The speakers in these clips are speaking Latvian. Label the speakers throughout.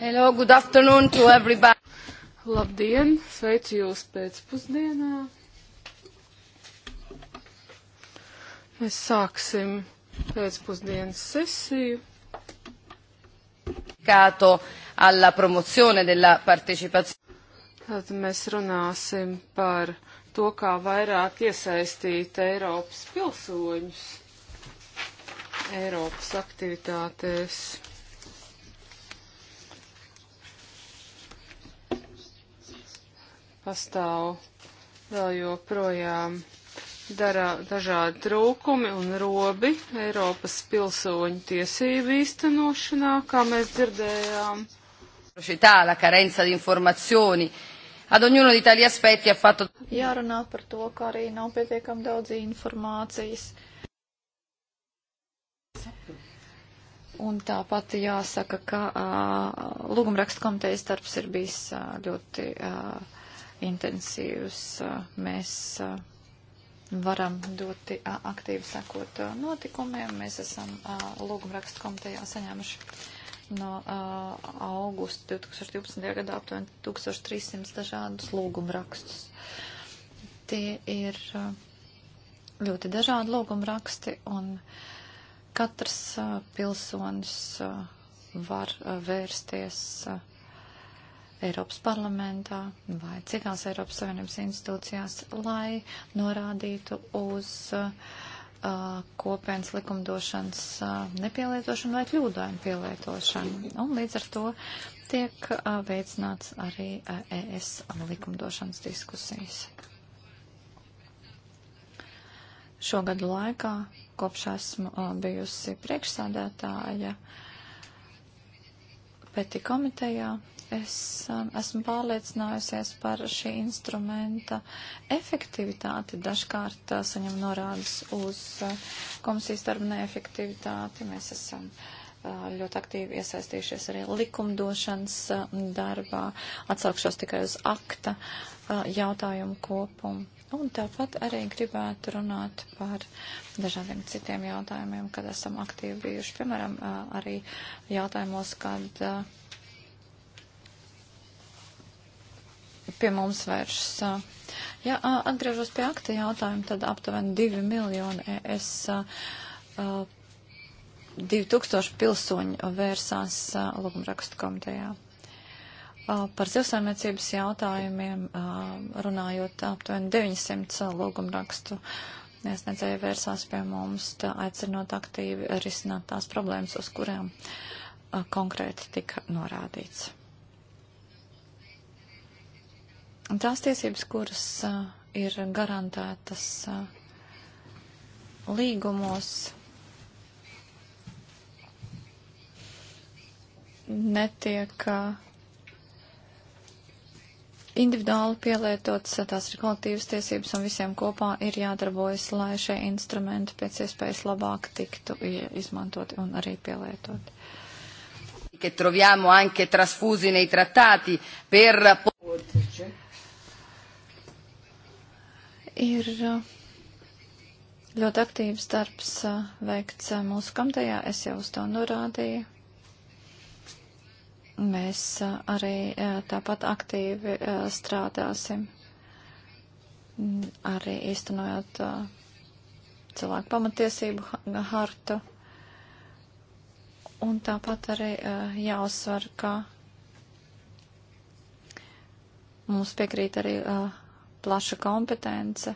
Speaker 1: Hello, good afternoon to everybody. Labdien, sveicu jūs pēcpusdienā. Mēs sāksim pēcpusdienas sesiju. Kāto alla promozione della partecipazione. Tad mēs runāsim par to, kā vairāk iesaistīt Eiropas pilsoņus Eiropas aktivitātēs. pastāv vēl joprojām darā, dažādi trūkumi un robi Eiropas pilsoņu tiesību īstenošanā, kā mēs
Speaker 2: dzirdējām. Società, la carenza di informazioni. Ad ognuno di tali aspetti ha fatto. Jārunā par to, ka arī nav pietiekam daudz informācijas. Un tāpat jāsaka, ka uh, lūgumrakstu komitejas darbs ir bijis uh, ļoti. Uh, intensīvs. Mēs varam ļoti aktīvi sekot notikumiem. Mēs esam lūgumrakstu komitejā saņēmuši no augusta 2012. gadā aptuveni 1300 dažādus lūgumrakstus. Tie ir ļoti dažādi lūgumraksti un katrs pilsonis var vērsties. Uh, Eiropas parlamentā vai citās Eiropas Savienības institūcijās, lai norādītu uz uh, kopienas likumdošanas uh, nepielietošanu vai kļūdainu pielietošanu. Un līdz ar to tiek uh, veicināts arī uh, ES likumdošanas diskusijas. Šogad laikā, kopš esmu uh, bijusi priekšsādātāja peti komitejā, es um, esmu pārliecinājusies par šī instrumenta efektivitāti. Dažkārt uh, saņem norādes uz uh, komisijas darba neefektivitāti. Mēs esam uh, ļoti aktīvi iesaistījušies arī likumdošanas uh, darbā. Atsaukšos tikai uz akta uh, jautājumu kopumu. Un tāpat arī gribētu runāt par dažādiem citiem jautājumiem, kad esam aktīvi bijuši, piemēram, arī jautājumos, kad pie mums vēršas. Ja atgriežos pie akta jautājuma, tad aptuveni 2 miljoni es 2000 pilsoņu vērsās lūgumrakstu komitejā. Par zivsaimniecības jautājumiem runājot, aptuveni 900 lūgumrakstu iesniedzēju vērsās pie mums, tā, aicinot aktīvi risināt tās problēmas, uz kurām konkrēti tika norādīts. Tās tiesības, kuras uh, ir garantētas uh, līgumos, netiek uh, individuāli pielietotas, tās ir kolektīvas tiesības un visiem kopā ir jādarbojas, lai šie instrumenti pēc iespējas labāk tiktu izmantoti un arī pielietoti. Che troviamo anche trasfusi nei trattati per Ir uh, ļoti aktīvs darbs uh, veikts uh, mūsu kamtajā, es jau uz to norādīju. Mēs arī tāpat aktīvi strādāsim, mm, arī īstenojot cilvēku pamatiesību hartu. Un tāpat arī jāuzsver, ka mums piekrīt arī uh, plaša kompetence.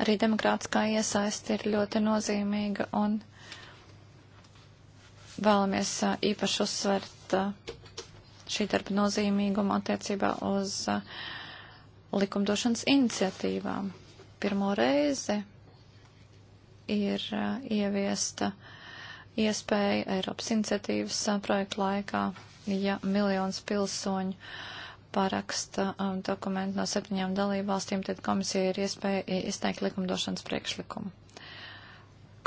Speaker 2: Arī demokrātiskā iesaiste ir ļoti nozīmīga un vēlamies īpaši uzsvert šī darba nozīmīgumu attiecībā uz likumdošanas iniciatīvām. Pirmo reizi ir ieviesta uh, iespēja Eiropas iniciatīvas projektu laikā, ja miljons pilsoņu paraksta dokumentu no septiņām dalībvalstīm, tad komisija ir iespēja izteikt likumdošanas priekšlikumu.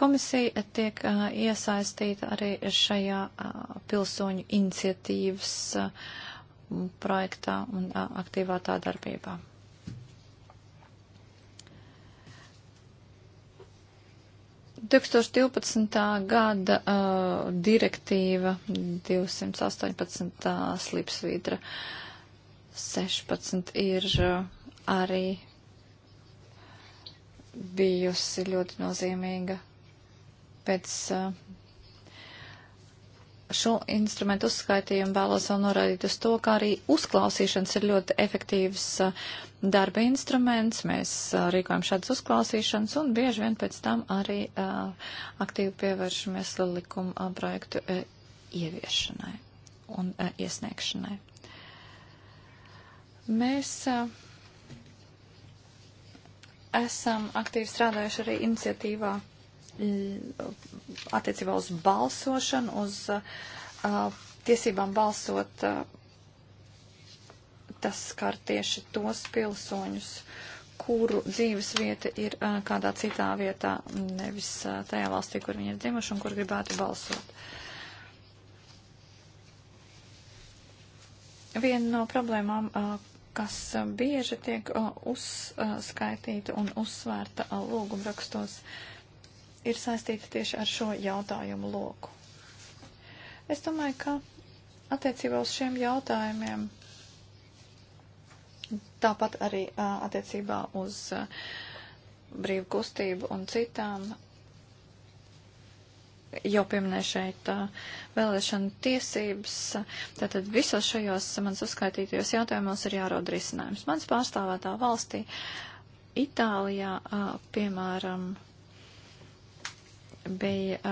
Speaker 2: Komisija tiek uh, iesaistīta arī šajā uh, pilsoņu iniciatīvas uh, projektā un aktīvā tā darbībā. 2012. gada uh, direktīva 218. slipsvītra 16 ir uh, arī bijusi ļoti nozīmīga pēc uh, šo instrumentu uzskaitījumu vēlos vēl norādīt uz to, ka arī uzklausīšanas ir ļoti efektīvs uh, darba instruments. Mēs uh, rīkojam šādas uzklausīšanas un bieži vien pēc tam arī uh, aktīvi pievēršamies likuma projektu ieviešanai un iesniegšanai. Mēs esam aktīvi strādājuši arī iniciatīvā Uh, attiecībā uz balsošanu, uz uh, tiesībām balsot, uh, tas skar tieši tos pilsoņus, kuru dzīves vieta ir uh, kādā citā vietā, nevis uh, tajā valstī, kur viņi ir dzimuši un kur gribētu balsot. Viena no problēmām, uh, kas bieži tiek uzskaitīta un uzsvērta lūgumrakstos, rakstos, ir saistīta tieši ar šo jautājumu loku. Es domāju, ka attiecībā uz šiem jautājumiem, tāpat arī attiecībā uz brīvu kustību un citām, jau pieminēju šeit vēlēšanu tiesības, tātad visos šajos manas uzskaitītajos jautājumos ir jārod risinājums. Mans pārstāvētā valstī, Itālijā, piemēram, bija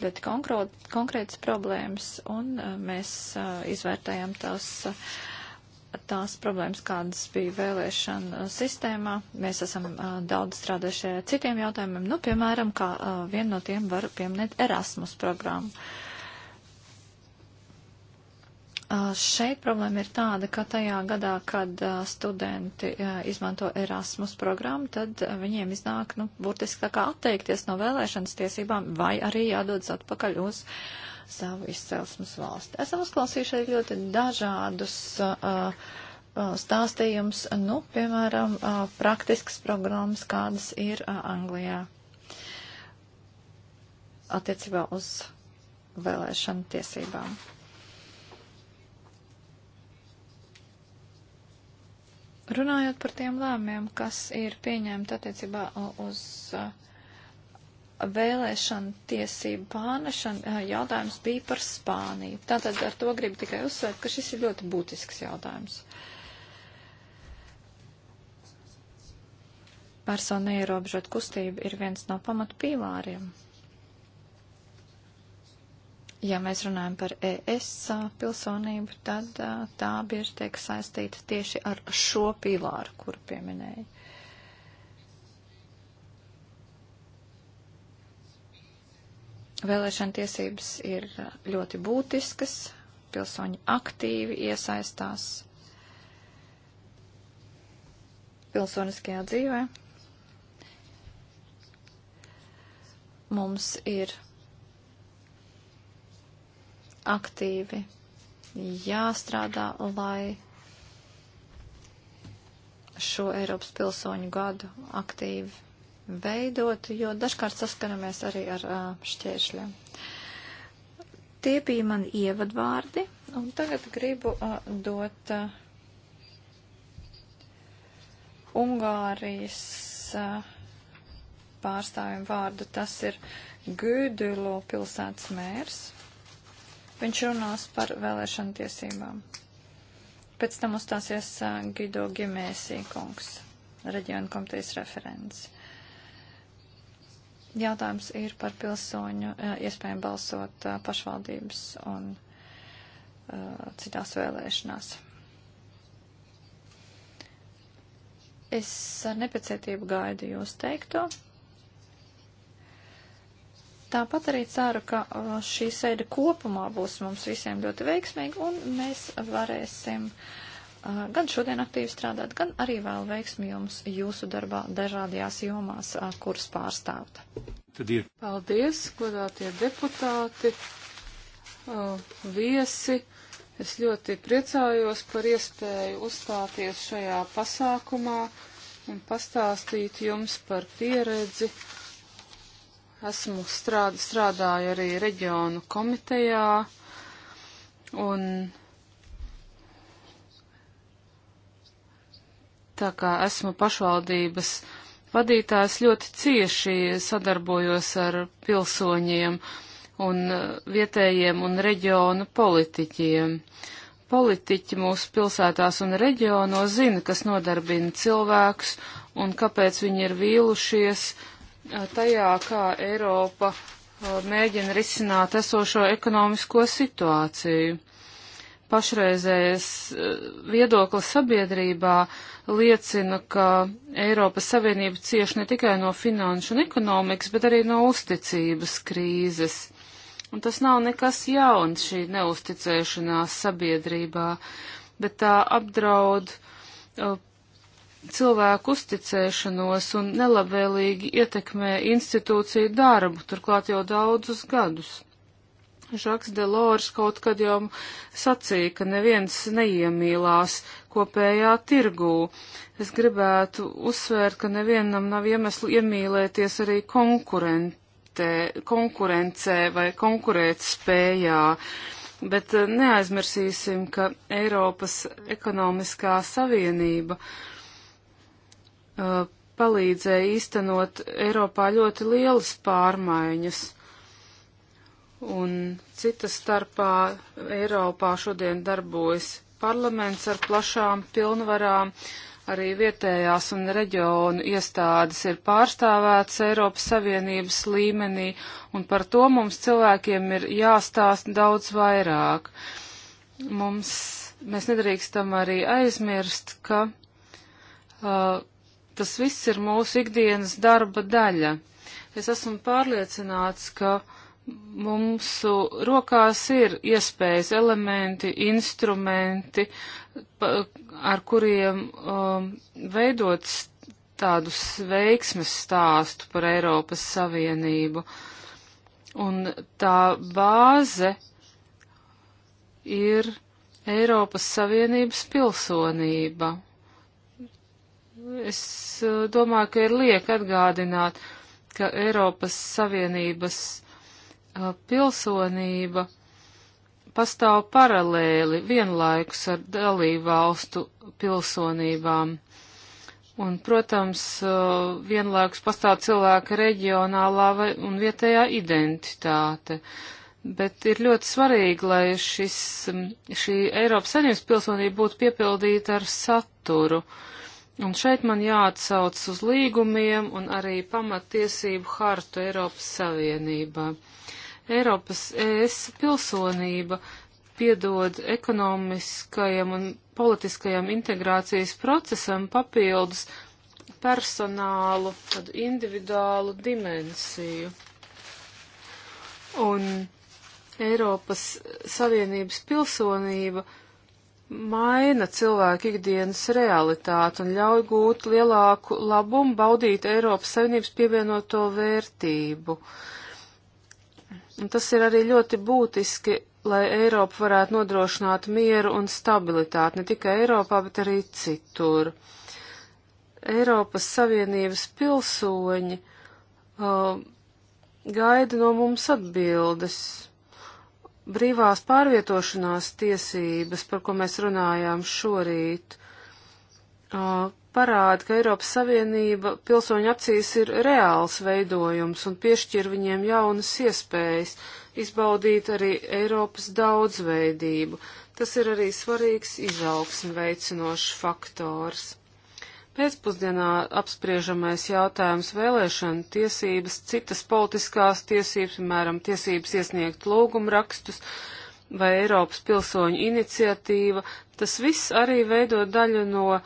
Speaker 2: ļoti konkrētas problēmas, un mēs izvērtējām tās, tās problēmas, kādas bija vēlēšana sistēmā. Mēs esam daudz strādājuši ar citiem jautājumiem, nu, piemēram, kā vienu no tiem var pieminēt Erasmus programmu Šeit problēma ir tāda, ka tajā gadā, kad studenti izmanto Erasmus programmu, tad viņiem iznāk, nu, burtiski tā kā atteikties no vēlēšanas tiesībām vai arī jādodas atpakaļ uz savu izcelsmes valsti. Esam uzklausījuši ļoti dažādus uh, stāstījumus, nu, piemēram, uh, praktiskas programmas, kādas ir uh, Anglijā attiecībā uz vēlēšanu tiesībām. Runājot par tiem lēmiem, kas ir pieņemti attiecībā uz uh, vēlēšanu tiesību pārnešanu, uh, jautājums bija par Spāniju. Tātad ar to gribu tikai uzsvērt, ka šis ir ļoti būtisks jautājums. Persona ierobežot kustību ir viens no pamatpīlāriem ja mēs runājam par ES pilsonību, tad tā bieži tiek saistīta tieši ar šo pīlāru, kuru pieminēju. Vēlēšana tiesības ir ļoti būtiskas, pilsoņi aktīvi iesaistās pilsoniskajā dzīvē. Mums ir aktīvi jāstrādā, lai šo Eiropas pilsoņu gadu aktīvi veidotu, jo dažkārt saskaramies arī ar šķēršļiem. Tie bija mani ievadvārdi, un tagad gribu a, dot a, Ungārijas a, pārstāvjumu vārdu. Tas ir Gudulu pilsētas mērs. Viņš runās par vēlēšanu tiesībām. Pēc tam uzstāsies Gido Gimēsī kungs, reģiona komitejas referents. Jautājums ir par pilsoņu iespējām balsot pašvaldības un citās vēlēšanās. Es ar nepacietību gaidu jūs teikto. Tāpat arī ceru, ka uh, šī sēde kopumā būs mums visiem ļoti veiksmīga un mēs varēsim uh, gan šodien aktīvi strādāt, gan arī vēl veiksmi jums jūsu darbā dažādajās jomās, uh, kuras pārstāvta. Paldies, godātie
Speaker 1: deputāti, viesi. Es ļoti priecājos par iespēju uzstāties šajā pasākumā un pastāstīt jums par pieredzi esmu strād, strādāju arī reģionu komitejā un tā kā esmu pašvaldības vadītājs ļoti cieši sadarbojos ar pilsoņiem un vietējiem un reģionu politiķiem. Politiķi mūsu pilsētās un reģionos zina, kas nodarbina cilvēkus un kāpēc viņi ir vīlušies Eh, tajā, kā Eiropa eh, mēģina risināt esošo ekonomisko situāciju. Pašreizējais eh, viedoklis sabiedrībā liecina, ka Eiropas Savienība cieši ne tikai no finanšu un ekonomikas, bet arī no uzticības krīzes. Un tas nav nekas jauns šī neusticēšanās sabiedrībā, bet tā apdraud uh, cilvēku uzticēšanos un nelabvēlīgi ietekmē institūciju darbu, turklāt jau daudzus gadus. Žaks Delors kaut kad jau sacīja, ka neviens neiemīlās kopējā tirgū. Es gribētu uzsvērt, ka nevienam nav iemeslu iemīlēties arī konkurencē vai konkurēt spējā. Bet eh, neaizmirsīsim, ka Eiropas ekonomiskā savienība uh, palīdzēja īstenot Eiropā ļoti lielas pārmaiņas. Un cita starpā Eiropā šodien darbojas parlaments ar plašām pilnvarām, arī vietējās un reģionu iestādes ir pārstāvētas Eiropas Savienības līmenī, un par to mums cilvēkiem ir jāstāst daudz vairāk. Mums, mēs nedrīkstam arī aizmirst, ka uh, tas viss ir mūsu ikdienas darba daļa. Es esmu pārliecināts, ka mūsu rokās ir iespējas, elementi, instrumenti, pa, ar kuriem um, veidot tādus veiksmes stāstu par Eiropas Savienību. Un tā bāze ir Eiropas Savienības pilsonība. Es eh, domāju, ka ir liek atgādināt, ka Eiropas Savienības eh, pilsonība pastāv paralēli vienlaikus ar dalību valstu pilsonībām. Un, protams, eh, vienlaikus pastāv cilvēka reģionālā vai, un vietējā identitāte. Bet ir ļoti svarīgi, lai šis, mm, šī Eiropas saimnības pilsonība būtu piepildīta ar saturu. Uh, Un šeit man jāatsauc uz līgumiem un arī pamatiesību hartu Eiropas Savienībā. Eiropas ES pilsonība piedod ekonomiskajam un politiskajam integrācijas procesam papildus personālu, tādu individuālu dimensiju. Un Eiropas Savienības pilsonība maina cilvēku ikdienas realitāti un ļauj gūt lielāku labumu, baudīt Eiropas Savienības pievienoto vērtību. Un tas ir arī ļoti būtiski, lai Eiropa varētu nodrošināt mieru un stabilitāti ne tikai Eiropā, bet arī citur. Eiropas Savienības pilsoņi uh, gaida no mums atbildes brīvās pārvietošanās tiesības, par ko mēs runājām šorīt, parāda, ka Eiropas Savienība pilsoņu acīs ir reāls veidojums un piešķir viņiem jaunas iespējas izbaudīt arī Eiropas daudzveidību. Tas ir arī svarīgs izaugsmu veicinošs faktors. Pēcpusdienā apspriežamais jautājums vēlēšana tiesības, citas politiskās tiesības, piemēram, tiesības iesniegt lūgumrakstus vai Eiropas pilsoņu iniciatīva, tas viss arī veido daļu no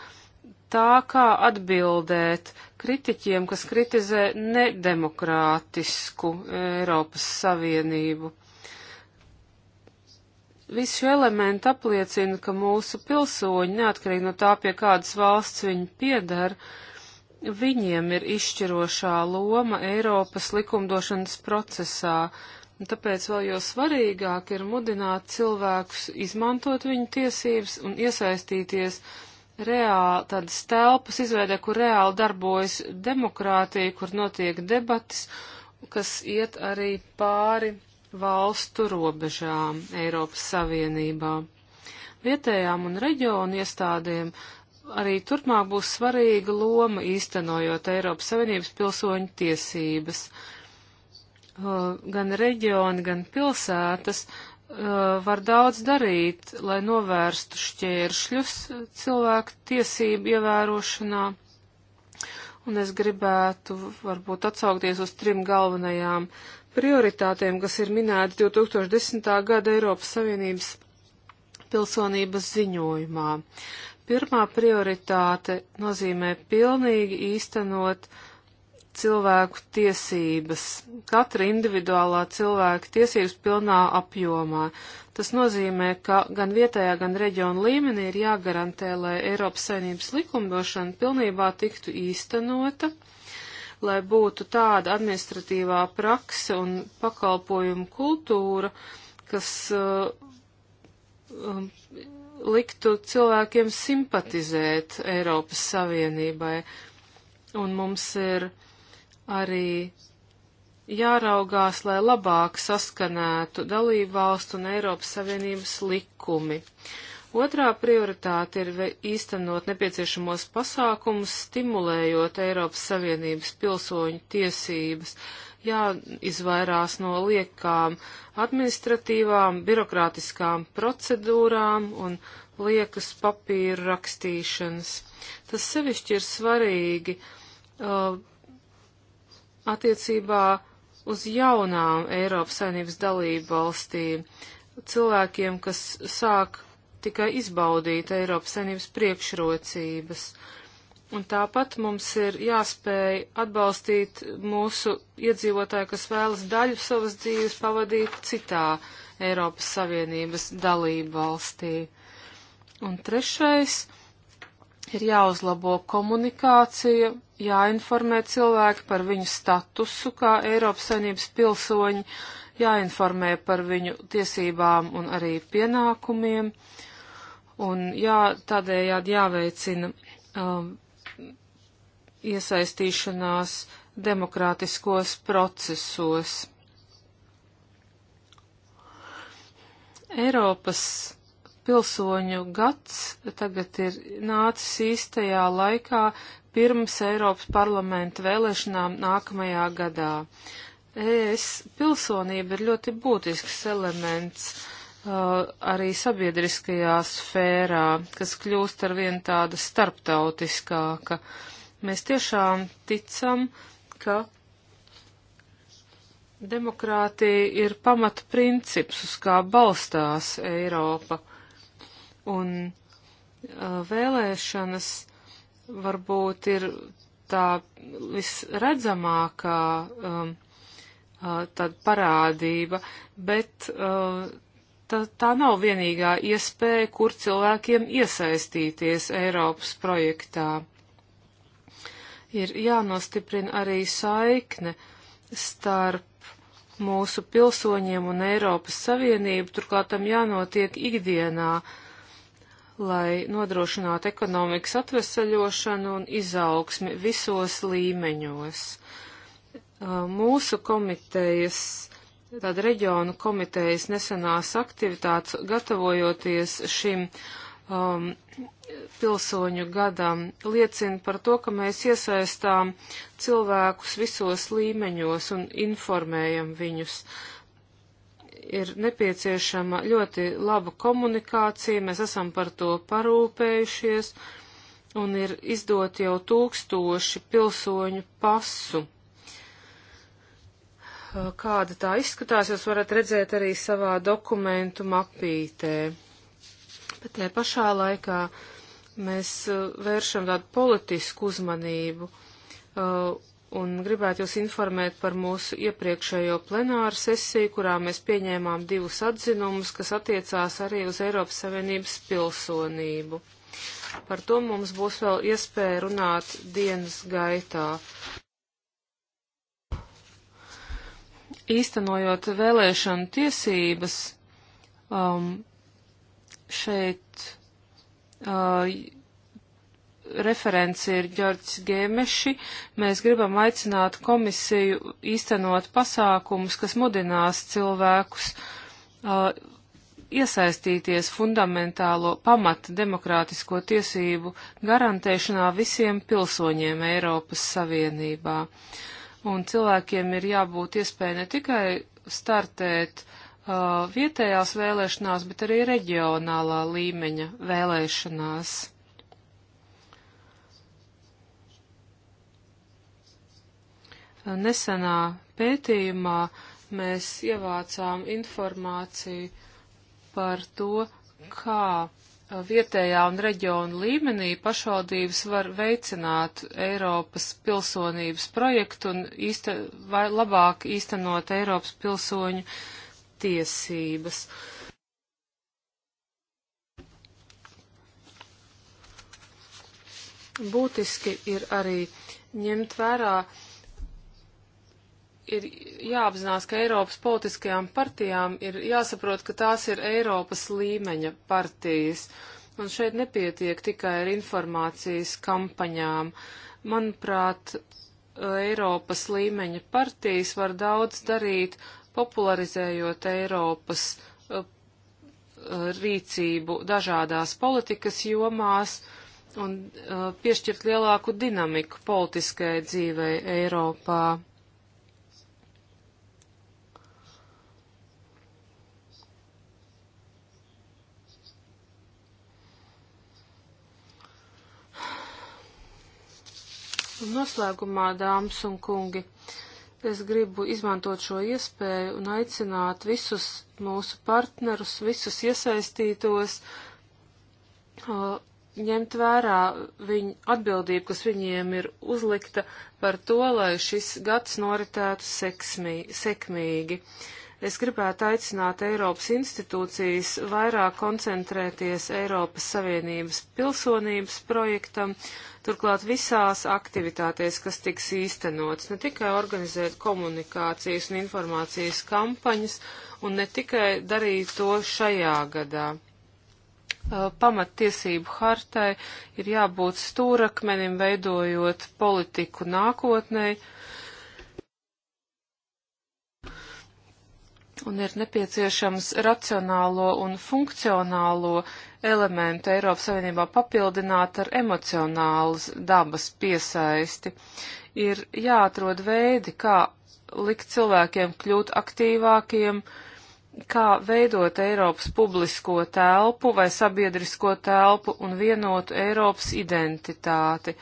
Speaker 1: tā, kā atbildēt kritiķiem, kas kritizē nedemokrātisku Eiropas Savienību. Visi šie elementi apliecina, ka mūsu pilsoņi, neatkarīgi no tā, pie kādas valsts viņi piedara, viņiem ir izšķirošā loma Eiropas likumdošanas procesā, un tāpēc vēl jo svarīgāk ir mudināt cilvēkus izmantot viņu tiesības un iesaistīties reāli tādas telpas izveidē, kur reāli darbojas demokrātija, kur notiek debatas, kas iet arī pāri valstu robežām Eiropas Savienībā. Vietējām un reģionu iestādēm arī turpmāk būs svarīga loma īstenojot Eiropas Savienības pilsoņu tiesības. Uh, gan reģioni, gan pilsētas uh, var daudz darīt, lai novērstu šķēršļus cilvēku tiesību ievērošanā. Un es gribētu varbūt atsaukties uz trim galvenajām prioritātēm, kas ir minēti 2010. gada Eiropas Savienības pilsonības ziņojumā. Pirmā prioritāte nozīmē pilnīgi īstenot cilvēku tiesības, katra individuālā cilvēka tiesības pilnā apjomā. Tas nozīmē, ka gan vietējā, gan reģiona līmenī ir jāgarantē, lai Eiropas saimnības likumdošana pilnībā tiktu īstenota lai būtu tāda administratīvā prakse un pakalpojumu kultūra, kas uh, um, liktu cilvēkiem simpatizēt Eiropas Savienībai. Un mums ir arī jāraugās, lai labāk saskanētu dalību valstu un Eiropas Savienības likumi. Uh, Otrā prioritāte ir īstenot nepieciešamos pasākumus, stimulējot Eiropas Savienības pilsoņu tiesības, jāizvairās no liekām administratīvām, birokrātiskām procedūrām un liekas papīra rakstīšanas. Tas sevišķi ir svarīgi uh, attiecībā uz jaunām Eiropas Savienības dalību valstīm, cilvēkiem, kas sāk tikai izbaudīt Eiropas saimnības priekšrocības. Un tāpat mums ir jāspēj atbalstīt mūsu iedzīvotāju, kas vēlas daļu savas dzīves pavadīt citā Eiropas Savienības dalību valstī. Un trešais ir jāuzlabo komunikācija, jāinformē cilvēki par viņu statusu kā Eiropas Savienības pilsoņi, jāinformē par viņu tiesībām un arī pienākumiem. Uh, un jā, tādējādi jāveicina um, iesaistīšanās demokrātiskos procesos. Eiropas pilsoņu gads tagad ir nācis īstajā laikā pirms Eiropas parlamenta vēlēšanām nākamajā gadā. ES pilsonība ir ļoti būtisks elements Uh, arī sabiedriskajā sfērā, kas kļūst ar vien tāda starptautiskāka. Mēs tiešām ticam, ka demokrātija ir pamata princips, uz kā balstās Eiropa. Un uh, vēlēšanas varbūt ir tā visredzamākā um, uh, tāda parādība, bet uh, tā, tā nav vienīgā iespēja, kur cilvēkiem iesaistīties Eiropas projektā. Ir jānostiprina arī saikne starp mūsu pilsoņiem un Eiropas Savienību, turklāt tam jānotiek ikdienā, lai nodrošinātu ekonomikas atvesaļošanu un izaugsmi visos līmeņos. Mūsu komitejas tāda reģionu komitejas nesenās aktivitātes, gatavojoties šim um, pilsoņu gadam, liecina par to, ka mēs iesaistām cilvēkus visos līmeņos un informējam viņus. Ir nepieciešama ļoti laba komunikācija, mēs esam par to parūpējušies un ir izdot jau tūkstoši pilsoņu pasu kāda tā izskatās, jūs varat redzēt arī savā dokumentu mapītē. Bet tajā pašā laikā mēs vēršam tādu politisku uzmanību un gribētu jūs informēt par mūsu iepriekšējo plenāru sesiju, kurā mēs pieņēmām divus atzinumus, kas attiecās arī uz Eiropas Savienības pilsonību. Par to mums būs vēl iespēja runāt dienas gaitā. īstenojot vēlēšanu tiesības, um, šeit uh, referents ir Ģorģis Gēmeši. Mēs gribam aicināt komisiju īstenot pasākumus, kas mudinās cilvēkus uh, iesaistīties fundamentālo pamata demokrātisko tiesību garantēšanā visiem pilsoņiem Eiropas Savienībā. Uh, un cilvēkiem ir jābūt iespēja ne tikai startēt uh, vietējās vēlēšanās, bet arī reģionālā līmeņa vēlēšanās. Nesenā pētījumā mēs ievācām informāciju par to, kā Uh, vietējā un reģionu līmenī pašvaldības var veicināt Eiropas pilsonības projektu un īsta, vai labāk īstenot Eiropas pilsoņu tiesības. Būtiski ir arī ņemt vērā uh, ir jāapzinās, ka Eiropas politiskajām partijām ir jāsaprot, ka tās ir Eiropas līmeņa partijas. Un šeit nepietiek tikai ar informācijas kampaņām. Manuprāt, Eiropas līmeņa partijas var daudz darīt, popularizējot Eiropas uh, rīcību dažādās politikas jomās un uh, piešķirt lielāku dinamiku politiskajai dzīvei Eiropā. Un noslēgumā, dāmas un kungi, es gribu izmantot šo iespēju un aicināt visus mūsu partnerus, visus iesaistītos, uh, ņemt vērā viņu atbildību, kas viņiem ir uzlikta par to, lai šis gads noritētu seksmī, sekmīgi. Es gribētu aicināt Eiropas institūcijas vairāk koncentrēties Eiropas Savienības pilsonības projektam, Turklāt visās aktivitātēs, kas tiks īstenots, ne tikai organizēt komunikācijas un informācijas kampaņas, un ne tikai darīt to šajā gadā. Pamattiesību hartai ir jābūt stūrakmenim veidojot politiku nākotnēji un ir nepieciešams racionālo un funkcionālo elementu Eiropas Savienībā papildināt ar emocionālas dabas piesaisti. Ir jāatrod veidi, kā likt cilvēkiem kļūt aktīvākiem, kā veidot Eiropas publisko telpu vai sabiedrisko telpu un vienotu Eiropas identitāti.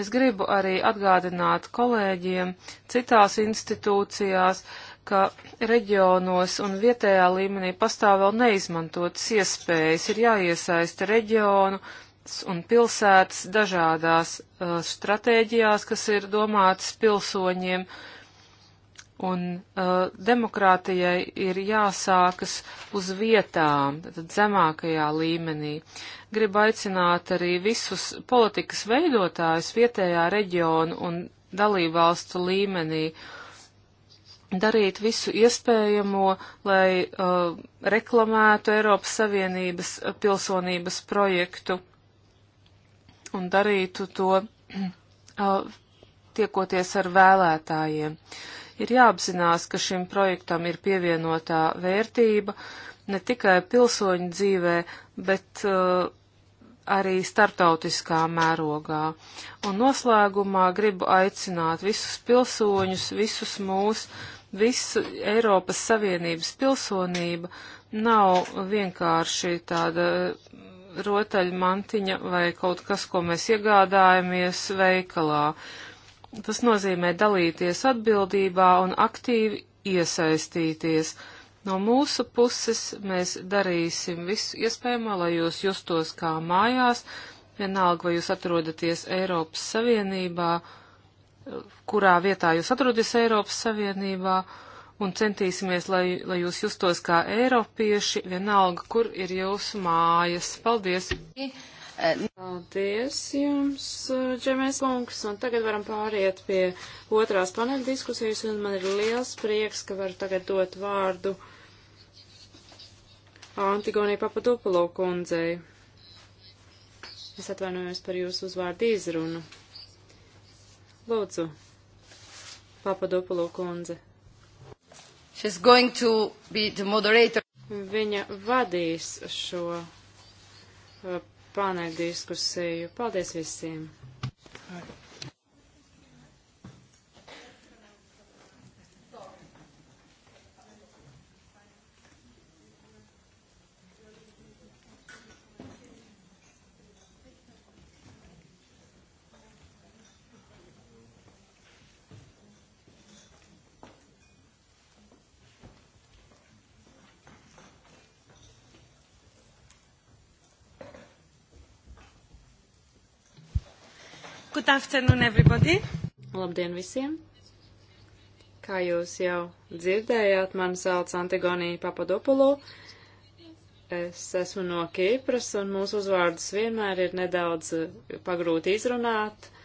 Speaker 1: Es gribu arī atgādināt kolēģiem citās institūcijās, uh, ka reģionos un vietējā līmenī pastāv vēl neizmantotas iespējas, ir jāiesaista reģionu un pilsētas dažādās uh, stratēģijās, kas ir domātas pilsoņiem, un uh, demokrātijai ir jāsākas uz vietām, tad zemākajā līmenī. Gribu aicināt arī visus politikas veidotājus vietējā reģionu un dalībvalstu līmenī, uh, darīt visu iespējamo, lai uh, reklamētu Eiropas Savienības uh, pilsonības projektu un darītu to uh, tiekoties ar vēlētājiem. Ir jāapzinās, ka šim projektam ir pievienotā vērtība ne tikai pilsoņu dzīvē, bet uh, arī starptautiskā mērogā. Un noslēgumā gribu aicināt visus pilsoņus, visus mūsu visu Eiropas Savienības pilsonība nav vienkārši tāda mm, rotaļmantiņa vai kaut kas, ko mēs iegādājamies veikalā. Tas nozīmē dalīties atbildībā un aktīvi iesaistīties. No mūsu puses mēs darīsim visu iespējamo, lai jūs justos kā mājās, vienalga vai jūs atrodaties Eiropas Savienībā kurā vietā jūs atrodaties Eiropas Savienībā, un centīsimies, lai, lai jūs justos kā Eiropieši, vienalga, kur ir jūsu mājas. Paldies!
Speaker 3: Paldies jums, Džemēs kungs, un tagad varam pāriet pie otrās paneļa diskusijas, un man ir liels prieks, ka varu tagad dot vārdu Antigonija Papadopulo kundzei. Es atvainojos par jūsu uzvārdu izrunu. Lūdzu, Papadopulo kundze. She's going to be the moderator. Viņa vadīs šo uh, paneļdiskusiju. Paldies visiem! All right. Good afternoon, everybody. Labdien visiem! Kā jūs jau dzirdējāt, mani sauc Antigonija Papadopulu. Es esmu no Kīpras, un mūsu uzvārdus vienmēr ir nedaudz pagrūti izrunāt. Uh,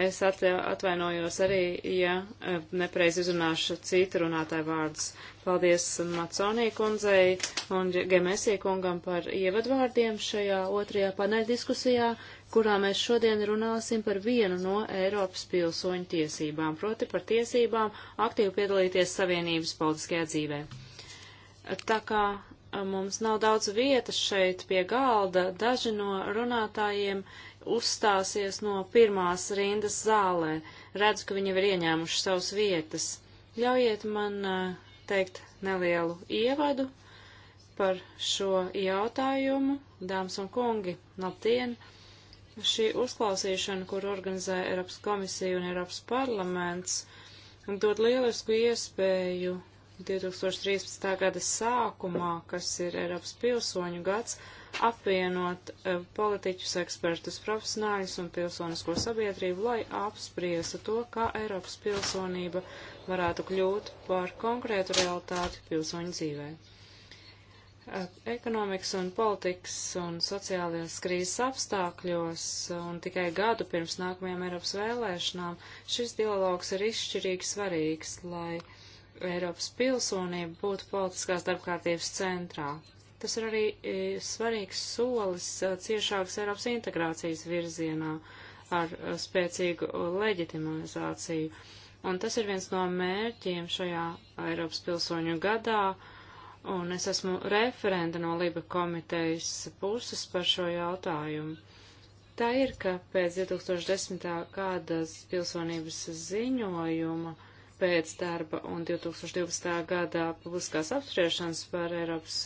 Speaker 3: Es atvainojos arī, ja e, nepareizi uzrunāšu citu runātāju vārdus. Paldies Maconī kundzei un Gemesī kungam par ievadvārdiem šajā otrajā paneļdiskusijā, kurā mēs šodien runāsim par vienu no Eiropas pilsoņu tiesībām, proti par tiesībām aktīvi piedalīties Savienības politiskajā dzīvē. Tā kā e, mums nav daudz vietas šeit pie galda, daži no runātājiem uh, uzstāsies no pirmās rindas zālē. Redzu, ka viņi ir ieņēmuši savas vietas. Ļaujiet man teikt nelielu ievadu par šo jautājumu, dāmas un kungi, labdien! Šī uzklausīšana, kur organizē Eiropas komisija un Eiropas parlaments, dod lielisku iespēju 2013. gada sākumā, kas ir Eiropas pilsoņu gads, apvienot eh, politiķus, ekspertus, profesionāļus un pilsonisko sabiedrību, lai apspriesta to, kā Eiropas pilsonība varētu kļūt par konkrētu realitāti pilsoņu dzīvē. Eh, ekonomikas un politikas un sociālajās krīzes apstākļos un tikai gadu pirms nākamajām Eiropas vēlēšanām šis dialogs ir izšķirīgi svarīgs, lai Eiropas pilsonība būtu politiskās darbkārtības centrā. Tas ir arī e, svarīgs solis e, ciešākas Eiropas integrācijas virzienā ar e, spēcīgu leģitimizāciju. Un tas ir viens no mērķiem šajā Eiropas pilsoņu gadā un es esmu referenta no Liba komitejas puses par šo jautājumu. Tā ir, ka pēc 2010. kādas pilsonības ziņojuma pēc darba un 2012. gadā publiskās apspriešanas par Eiropas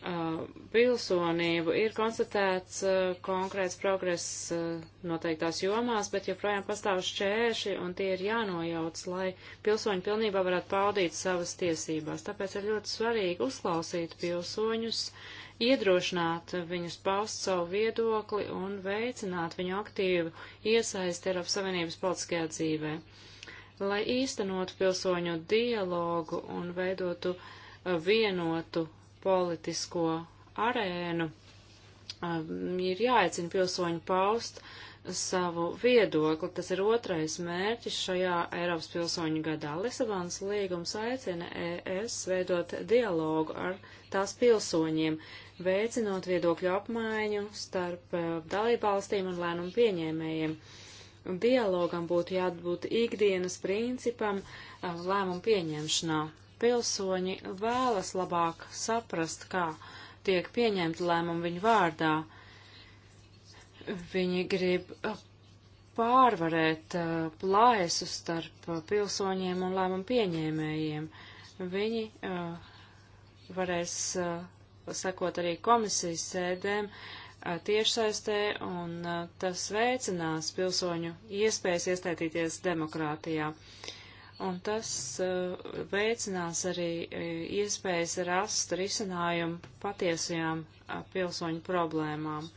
Speaker 3: Uh, pilsonību ir konstatēts uh, konkrēts progress uh, noteiktās jomās, bet joprojām pastāv šķērši un tie ir jānojauc, lai pilsoņi pilnībā varētu paudīt savas tiesībās. Tāpēc ir ļoti svarīgi uzklausīt pilsoņus, iedrošināt viņus paust savu viedokli un veicināt viņu aktīvu iesaisti Eiropas Savienības politiskajā dzīvē. Lai īstenotu pilsoņu dialogu un veidotu uh, vienotu politisko arēnu, um, ir jāaicina pilsoņu paust savu viedokli. Tas ir otrais mērķis šajā Eiropas pilsoņu gadā. Lisabonas līgums aicina ES veidot dialogu ar tās pilsoņiem, veicinot viedokļu apmaiņu starp uh, dalībvalstīm un lēmumu pieņēmējiem. Dialogam būtu jābūt ikdienas principam uh, lēmumu pieņemšanā pilsoņi vēlas labāk saprast, kā tiek pieņemti lēmumi viņu vārdā. Viņi grib uh, pārvarēt uh, plājesu starp uh, pilsoņiem un lēmumu pieņēmējiem. Viņi uh, varēs uh, sekot arī komisijas sēdēm uh, tiešsaistē, un tas veicinās pilsoņu iespējas iesaistīties demokrātijā. Uh, un tas eh, veicinās arī eh, iespējas rast risinājumu patiesajām pilsoņu problēmām.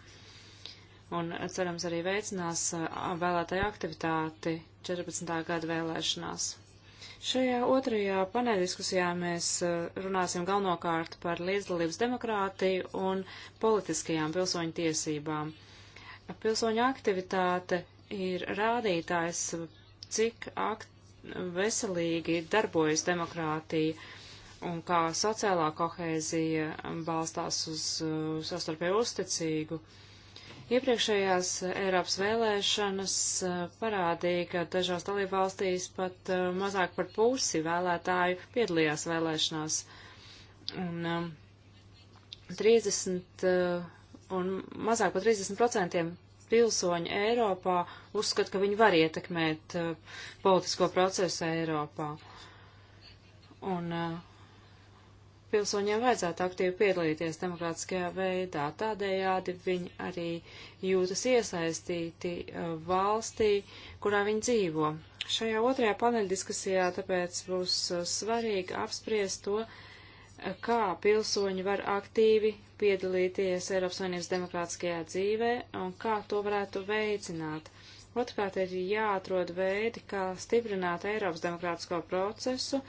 Speaker 3: Un eh, cerams arī veicinās vēlētāju aktivitāti 14. gada vēlēšanās. Šajā otrajā paneļdiskusijā mēs runāsim galvenokārt par līdzdalības demokrātiju un politiskajām pilsoņu tiesībām. Pilsoņu aktivitāte ir rādītājs cik akt, veselīgi darbojas demokrātija un kā sociālā kohēzija balstās uz uh, sastarpēju uzticīgu. Iepriekšējās Eiropas vēlēšanas uh, parādīja, ka dažās dalībvalstīs pat uh, mazāk par pusi vēlētāju piedalījās vēlēšanās. Un, um, 30 un mazāk par 30% pilsoņi Eiropā uzskata, ka viņi var ietekmēt uh, politisko procesu Eiropā. Un uh, pilsoņiem vajadzētu aktīvi piedalīties demokrātiskajā veidā. Tādējādi viņi arī jūtas iesaistīti uh, valstī, kurā viņi dzīvo. Šajā otrajā paneļdiskusijā tāpēc būs uh, svarīgi apspriest to, uh, kā pilsoņi var aktīvi piedalīties Eiropas Savienības demokrātiskajā dzīvē un kā to varētu veicināt. Otrkārt ir jāatrod veidi, kā stiprināt Eiropas demokrātisko procesu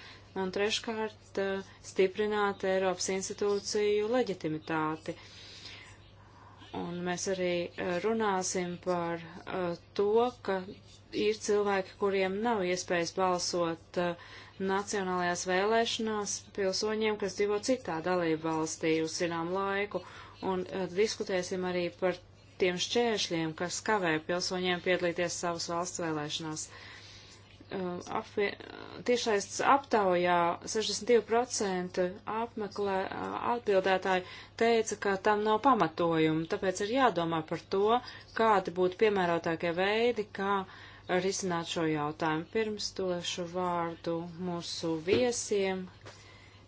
Speaker 3: un treškārt eh, stiprināt Eiropas institūciju leģitimitāti. Un mēs arī eh, runāsim par eh, to, ka ir cilvēki, kuriem nav iespējas balsot uh, nacionālajās vēlēšanās pilsoņiem, kas dzīvo citā dalība valstī uz zinām laiku, un e, diskutēsim arī par tiem šķēršļiem, kas kavē pilsoņiem piedalīties savas valsts vēlēšanās. E, Apvie, tiešais aptaujā 62% apmeklē, atbildētāji teica, ka tam nav pamatojumu, tāpēc ir jādomā par to, kādi būtu piemērotākie veidi, kā uh, risināt šo jautājumu. Pirms došu vārdu mūsu viesiem.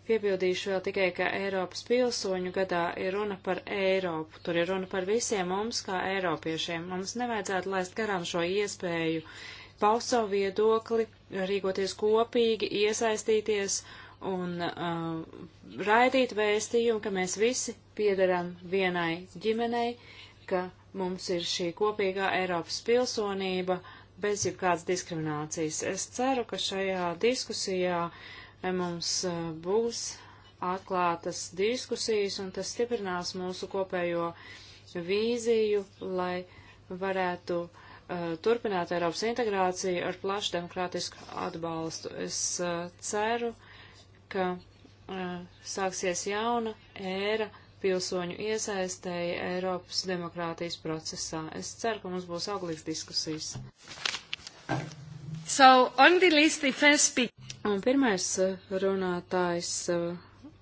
Speaker 3: Piebildīšu vēl tikai, ka Eiropas pilsoņu gadā ir runa par Eiropu. Tur ir runa par visiem mums, kā Eiropiešiem. Mums nevajadzētu laist garām šo iespēju paust savu viedokli, rīkoties kopīgi, iesaistīties un uh, raidīt vēstījumu, ka mēs visi piedaram vienai ģimenei, ka mums ir šī kopīgā Eiropas pilsonība. Uh, bez jebkādas diskriminācijas. Es ceru, ka šajā diskusijā eh, mums eh, būs atklātas diskusijas un tas stiprinās mūsu kopējo vīziju, lai varētu uh, turpināt Eiropas integrāciju ar plašu demokrātisku atbalstu. Es uh, ceru, ka uh, sāksies jauna ēra pilsoņu iesaistēja Eiropas demokrātijas procesā. Es ceru, ka mums būs auglīgs diskusijas. So, on the list, the first speaker. Un pirmais uh, runātājs uh,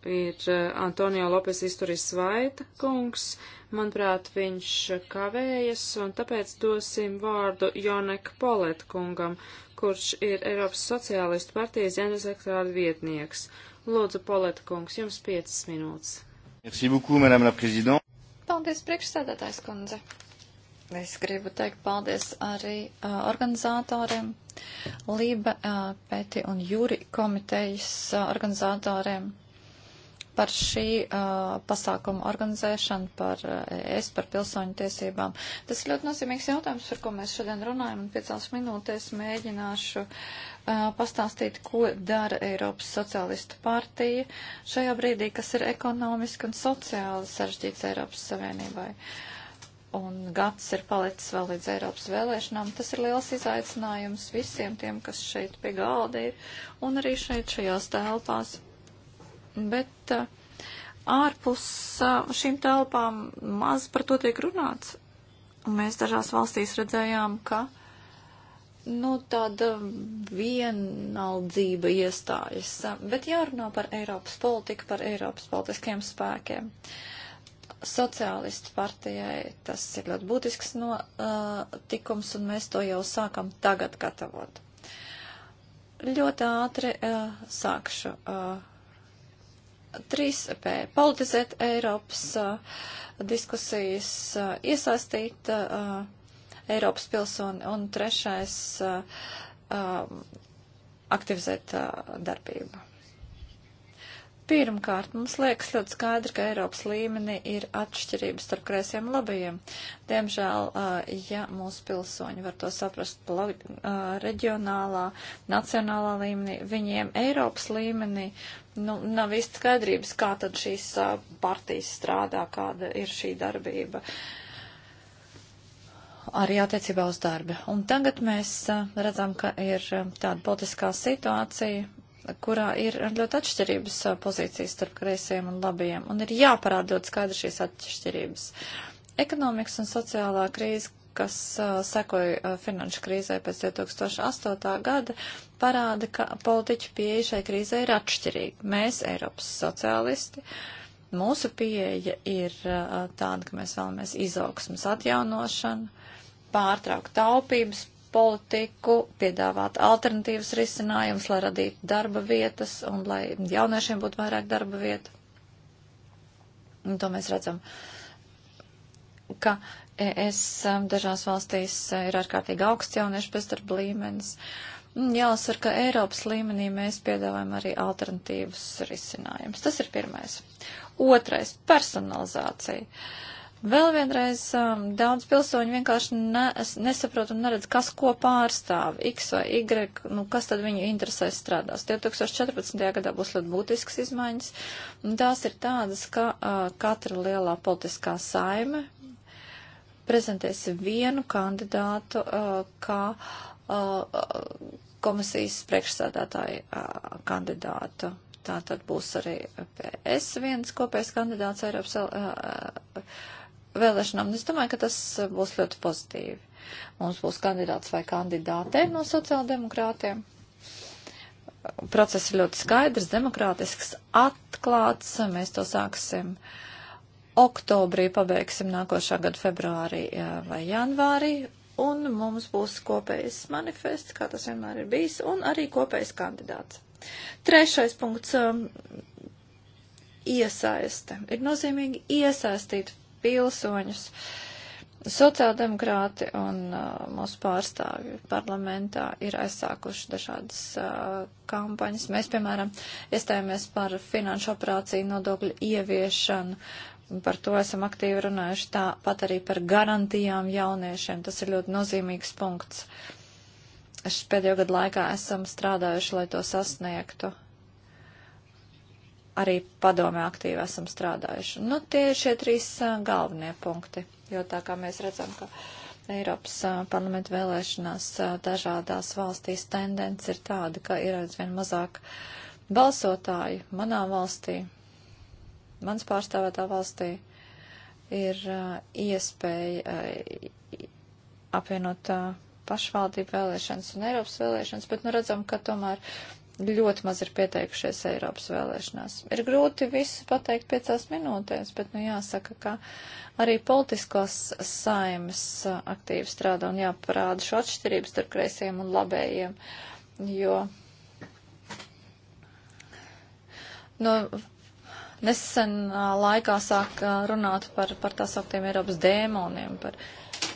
Speaker 3: ir uh, Antonio Lopes Isturis Svaita kungs. Manuprāt, viņš kavējas, un tāpēc dosim vārdu Jonek Polet kungam, kurš ir Eiropas Sociālistu partijas ģenerālsekretāra vietnieks. Lūdzu, Polet kungs, jums piecas minūtes. Merci beaucoup, madame la présidente.
Speaker 2: Paldies, priekšsēdētājs kundze. Es gribu teikt paldies arī uh, organizatoriem, Lība, uh, Pēti un Jūri komitejas uh, organizatoriem par šī uh, pasākuma organizēšanu, par uh, es, par pilsoņu tiesībām. Tas ir ļoti nozīmīgs jautājums, par ko mēs šodien runājam, un piecās minūtēs mēģināšu uh, pastāstīt, ko dara Eiropas sociālistu partija šajā brīdī, kas ir ekonomiski un sociāli sarežģīts Eiropas Savienībai. Un gads ir palicis vēl līdz Eiropas vēlēšanām. Tas ir liels izaicinājums visiem tiem, kas šeit pie galda ir un arī šeit šajās telpās. Bet uh, ārpus uh, šīm telpām maz par to tiek runāts. Un mēs dažās valstīs redzējām, ka uh, nu, tāda vienaldzība iestājas, bet jārunā par Eiropas politiku, par Eiropas politiskiem spēkiem. Sociālistu partijai tas ir ļoti būtisks notikums, uh, un mēs to jau sākam tagad gatavot. Ļoti ātri uh, sākšu. Uh, 3P - politizēt Eiropas uh, diskusijas, uh, iesaistīt. Uh, Eiropas pilsoni. Un trešais - aktivizēt darbību. Pirmkārt, mums liekas ļoti skaidri, ka Eiropas līmenī ir atšķirības starp kreisiem un labajiem. Diemžēl, ja mūsu pilsoņi var to saprast reģionālā, nacionālā līmenī, viņiem Eiropas līmenī nu, nav īsti skaidrības, kā tad šīs partijas strādā, kāda ir šī darbība. Uh, arī attiecībā uz darba. Un tagad mēs redzam, ka ir tāda politiskā situācija, kurā ir ļoti atšķirības pozīcijas starp kreisiem un labajiem, un ir jāparāda ļoti skaidri šīs atšķirības. Ekonomikas un sociālā krīze, kas uh, sekoja uh, finanšu krīzē pēc 2008. gada, parāda, ka politiķu pieeja šai krīzē ir atšķirīga. Mēs, Eiropas sociālisti, mūsu pieeja ir uh, tāda, ka mēs vēlamies izaugsmas atjaunošanu, pārtraukt taupības politiku, piedāvāt alternatīvas risinājumus, lai radītu darba vietas un lai jauniešiem būtu vairāk darba vietu. Un to mēs redzam, ka es um, dažās valstīs uh, ir ārkārtīgi augsts jauniešu bezdarba līmenis. Jāsaka, ka Eiropas līmenī mēs piedāvājam arī alternatīvas risinājumus. Tas ir pirmais. Otrais - personalizācija. Uh, Vēl vienreiz um, daudz pilsoņu vienkārši ne, nesaprot un neredz, kas ko pārstāv, X vai Y, nu, kas tad viņu interesēs strādās. 2014. gadā būs ļoti būtisks izmaiņas, un tās ir tādas, ka uh, katra lielā politiskā saime prezentēs vienu kandidātu uh, kā uh, komisijas priekšsādātāju uh, kandidātu. Tā tad būs arī PS viens kopējs kandidāts Eiropas. Uh, vēlēšanām. Es domāju, ka tas eh, būs ļoti pozitīvi. Mums būs kandidāts vai kandidāte no sociāldemokrātiem. Process ir ļoti skaidrs, demokrātisks, atklāts. Mēs to sāksim oktobrī, pabeigsim nākošā gada februārī eh, vai janvārī. Un mums būs kopējs manifests, kā tas vienmēr ir bijis, un arī kopējs kandidāts. Trešais punkts um, - iesaiste. Ir nozīmīgi iesaistīt pilsoņus. Sociāldemokrāti un uh, mūsu pārstāvju parlamentā ir aizsākuši dažādas uh, kampaņas. Mēs, piemēram, iestājāmies par finanšu operāciju nodokļu ieviešanu. Par to esam aktīvi runājuši, tāpat arī par garantijām jauniešiem. Tas ir ļoti nozīmīgs punkts. Uh, pēdējo gadu laikā esam strādājuši, lai to sasniegtu arī padomē aktīvi esam strādājuši. Nu, tie ir šie trīs galvenie punkti, jo tā kā mēs redzam, ka Eiropas parlamenta vēlēšanās dažādās valstīs tendence ir tāda, ka ir aizvien mazāk balsotāji manā valstī, mans pārstāvētā valstī, ir iespēja apvienot pašvaldību vēlēšanas un Eiropas vēlēšanas, bet nu redzam, ka tomēr ļoti maz ir pieteikušies Eiropas vēlēšanās. Ir grūti visu pateikt piecās minūtēs, bet, nu, jāsaka, ka arī politiskās saimas aktīvi strādā un jāparāda šo atšķirību starp kreisajiem un labējiem, jo no nesen laikā sāk runāt par, par tā sauktiem Eiropas dēmoniem, par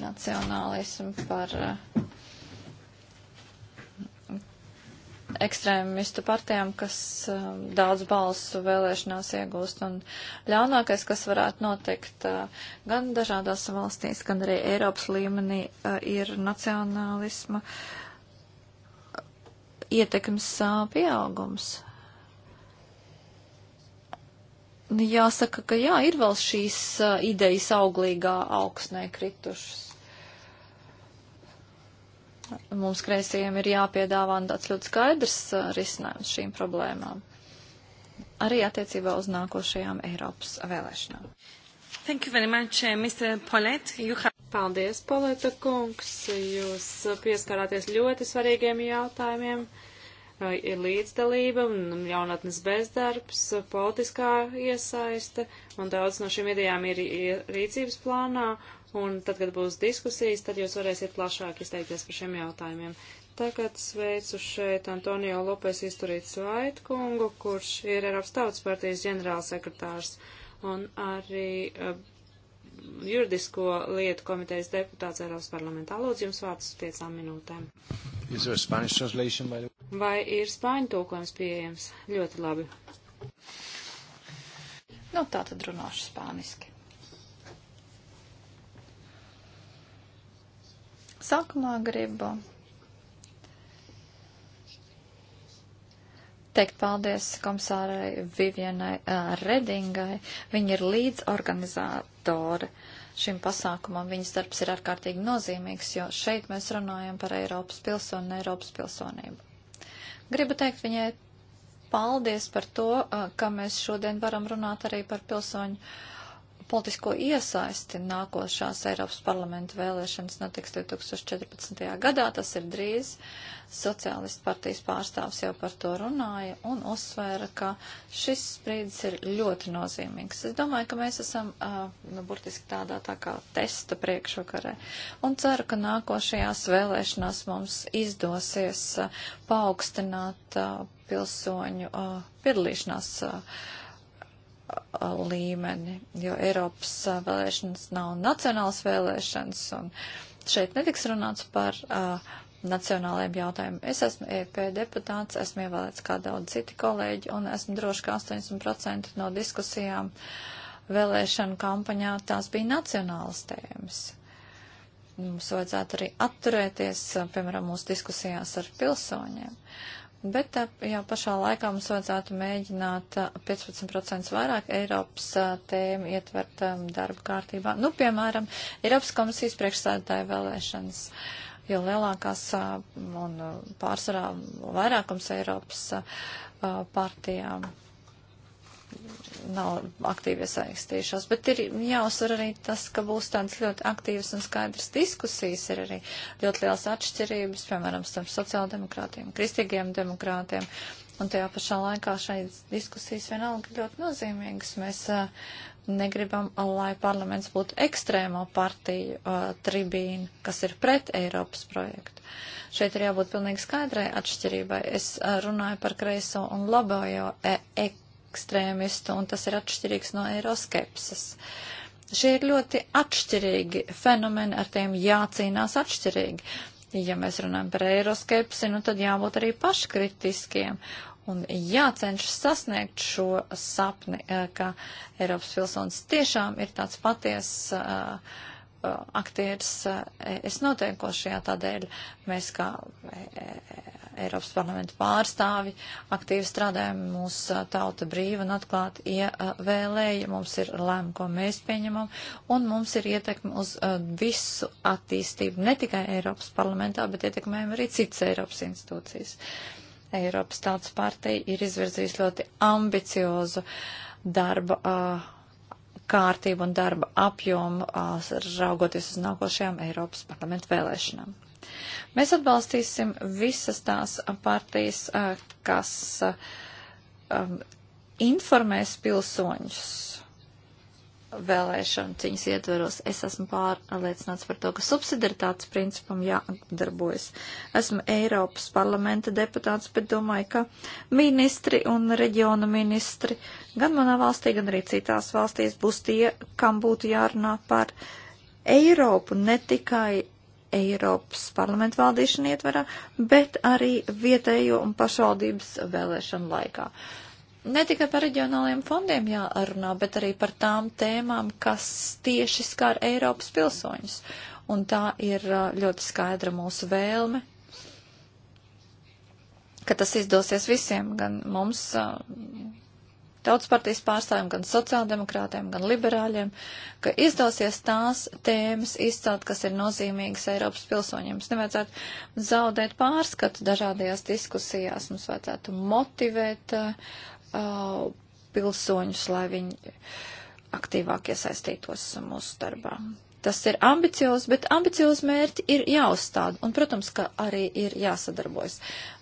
Speaker 2: nacionālismu, par uh, ekstrēmistu partijām, kas um, daudz balsu vēlēšanās iegūst. Un ļaunākais, kas varētu notikt uh, gan dažādās valstīs, gan arī Eiropas līmenī, uh, ir nacionālisma uh, ietekmes uh, pieaugums. Jāsaka, ka jā, ir vēl šīs uh, idejas auglīgā augsnē kritušas. Mums kreisajiem ir jāpiedāvā tāds ļoti skaidrs uh, risinājums šīm problēmām. Arī attiecībā uz nākošajām Eiropas vēlēšanām.
Speaker 3: Thank you very much, uh, Mr. Polet. You have... Paldies, Poleta kungs. Jūs uh, pieskarāties ļoti svarīgiem jautājumiem ir līdzdalība, jaunatnes bezdarbs, politiskā iesaiste, un daudz no šiem idejām ir rīcības plānā, un tad, kad būs diskusijas, tad jūs varēsiet plašāk izteikties par šiem jautājumiem. Tagad sveicu šeit Antonio Lopes izturīts Vaitkungu, kurš ir Eiropas Tautas partijas ģenerālsekretārs un arī uh, juridisko lietu komitejas deputāts Eiropas parlamentā. Lūdzu, jums vārds uz piecām minūtēm. Vai ir spāņu tūkojums pieejams? Ļoti labi. Nu, tā
Speaker 2: tad runāšu spāniski. Sākumā gribu teikt paldies komisārai Vivienai uh, Redingai. Viņa ir līdzorganizātori šim pasākumam. Viņas darbs ir ārkārtīgi nozīmīgs, jo šeit mēs runājam par Eiropas pilsoni un Eiropas pilsonību. Gribu teikt viņai paldies par to, uh, ka mēs šodien varam runāt arī par pilsoņu politisko iesaisti nākošās Eiropas parlamenta vēlēšanas notiks 2014. gadā, tas ir drīz. Sociālistu partijas pārstāvs jau par to runāja un uzsvēra, ka šis sprīdis ir ļoti nozīmīgs. Es domāju, ka mēs esam, uh, nu, burtiski tādā tā kā testa priekšvakarē un ceru, ka nākošajās vēlēšanās mums izdosies uh, paaugstināt uh, pilsoņu uh, piedalīšanās. Uh, līmeni, jo Eiropas vēlēšanas nav nacionāls vēlēšanas, un šeit netiks runāts par uh, nacionālajiem jautājumiem. Es esmu EP deputāts, esmu ievēlēts kā daudz citi kolēģi, un esmu droši, ka 80% no diskusijām vēlēšanu kampaņā tās bija nacionālas tēmas. Mums vajadzētu arī atturēties, uh, piemēram, mūsu diskusijās ar pilsoņiem. Uh, Bet jau pašā laikā mums vajadzētu mēģināt 15% vairāk Eiropas tēmu ietvert darba kārtībā. Nu, piemēram, Eiropas komisijas priekšsēdētāja vēlēšanas, jo lielākās un pārsvarā vairākums Eiropas partijām nav aktīvi iesaistījušās, bet ir jāuzsver arī tas, ka būs tādas ļoti aktīvas un skaidras diskusijas, ir arī ļoti lielas atšķirības, piemēram, starp sociāldemokrātiem, kristīgiem demokrātiem, un tajā pašā laikā šeit diskusijas vienalga ļoti nozīmīgas. Mēs a, uh, negribam, lai parlaments būtu ekstrēmo partiju a, uh, tribīna, kas ir pret Eiropas projektu. Šeit ir jābūt pilnīgi skaidrai atšķirībai. Es a, uh, runāju par kreiso un labojo e, e ekstrēmistu, un tas ir atšķirīgs no eiroskepses. Šie ir ļoti atšķirīgi fenomeni, ar tiem jācīnās atšķirīgi. Ja mēs runājam par eiroskepsi, nu tad jābūt arī paškritiskiem un jācenšas sasniegt šo sapni, eh, ka Eiropas pilsonis tiešām ir tāds paties uh, eh, Uh, aktieris uh, es notiekošajā tādēļ mēs kā e, e, Eiropas parlamenta pārstāvi aktīvi strādājam, mūsu uh, tauta brīva un atklāti ievēlēja, mums ir lēma, ko mēs pieņemam, un mums ir ietekme uz visu attīstību, ne tikai Eiropas parlamentā, bet ietekmējam arī citas Eiropas institūcijas. Eiropas tautas partija ir izvirzījusi ļoti ambiciozu darba uh, kārtību un darba apjomu, raugoties uz nākošajām Eiropas parlamentu vēlēšanām. Mēs atbalstīsim visas tās partijas, kas informēs pilsoņus vēlēšanu ciņas ietveros, es esmu pārliecināts par to, ka subsidaritātes principam jādarbojas. Esmu Eiropas parlamenta deputāts, bet domāju, ka ministri un reģiona ministri gan manā valstī, gan arī citās valstīs būs tie, kam būtu jārunā par Eiropu, ne tikai Eiropas parlamentu valdīšanu ietverā, bet arī vietējo un pašvaldības vēlēšanu laikā. Uh, Ne tikai par reģionāliem fondiem jārunā, bet arī par tām tēmām, kas tieši skar Eiropas pilsoņus. Un tā ir ļoti skaidra mūsu vēlme, ka tas izdosies visiem, gan mums, tautas partijas pārstāvjiem, gan sociāldemokrātiem, gan liberāļiem, ka izdosies tās tēmas izcelt, kas ir nozīmīgas Eiropas pilsoņiem. Mums nevajadzētu zaudēt pārskatu dažādajās diskusijās, mums vajadzētu motivēt uh, uh, pilsoņus, lai viņi aktīvāk iesaistītos mūsu darbā. Tas ir ambiciozs, bet ambiciozi mērķi ir jāuzstāda, un, protams, ka arī ir jāsadarbojas.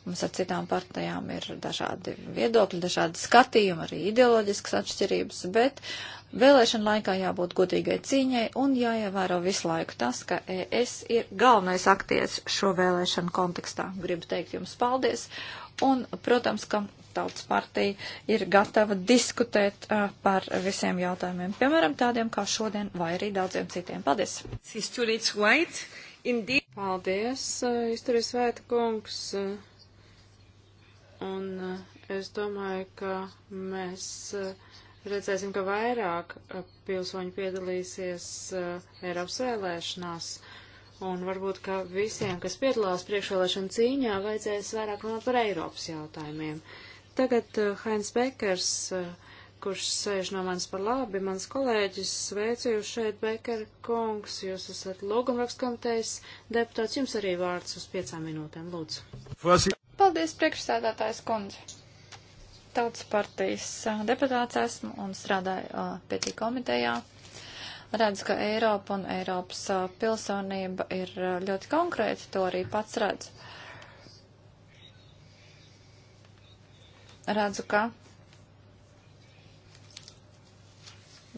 Speaker 2: Mums ar citām partijām ir dažādi viedokļi, dažādi skatījumi, arī ideoloģiskas atšķirības, bet vēlēšana laikā jābūt godīgai cīņai un jāievēro visu laiku tas, ka es ir galvenais aktieris šo vēlēšanu kontekstā. Gribu teikt jums paldies, un, protams, ka tautas partija ir gatava diskutēt uh, par visiem jautājumiem, piemēram, tādiem kā šodien vai arī daudziem citiem. Paldies!
Speaker 3: Paldies, izturies vēta kungs. Un es domāju, ka mēs redzēsim, ka vairāk pilsoņu piedalīsies Eiropas vēlēšanās. Un varbūt, ka visiem, kas piedalās priekšvēlēšana cīņā, vajadzēs vairāk runāt par Eiropas jautājumiem. Uh, Tagad Hains eh, Bekers, eh, kurš sēž no manis par labi, mans kolēģis, sveicu jūs šeit, Beker kungs, jūs esat logumrakskomitejas
Speaker 2: deputāts, jums arī vārds uz piecām minūtēm, lūdzu. Paldies, priekšsēdētājs kundze. Tautas partijas eh, deputāts esmu un strādāju pie tī komitejā. Redzu, ka Eiropa un Eiropas pilsonība ir ļoti konkrēta, to arī pats redzu. redzu, ka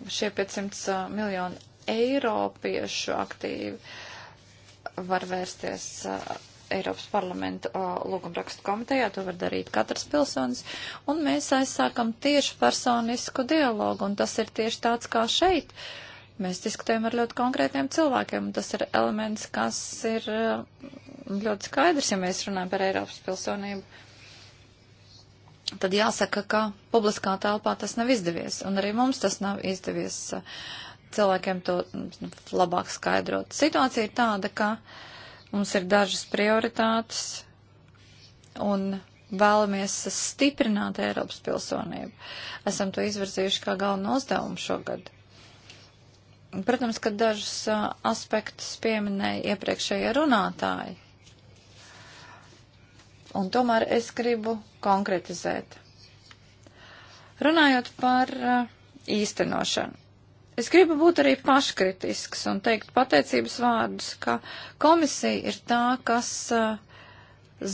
Speaker 2: šie 500 uh, miljoni eiropiešu aktīvi var vērsties uh, Eiropas parlamenta uh, lūgumrakstu komitejā, to var darīt katrs pilsonis, un mēs aizsākam tieši personisku dialogu, un tas ir tieši tāds kā šeit. Mēs diskutējam ar ļoti konkrētiem cilvēkiem, un tas ir elements, kas ir ļoti skaidrs, ja mēs runājam par Eiropas pilsonību tad jāsaka, ka publiskā telpā tas nav izdevies, un arī mums tas nav izdevies eh, cilvēkiem to mm, labāk skaidrot. Situācija ir tāda, ka mums ir dažas prioritātes, un vēlamies stiprināt Eiropas pilsonību. Esam to izvirzījuši kā galveno uzdevumu šogad. Protams, ka dažus eh, aspektus pieminēja iepriekšējie runātāji. Un tomēr es gribu konkretizēt. Runājot par uh, īstenošanu. Es gribu būt arī paškritisks un teikt pateicības vārdus, ka komisija ir tā, kas uh,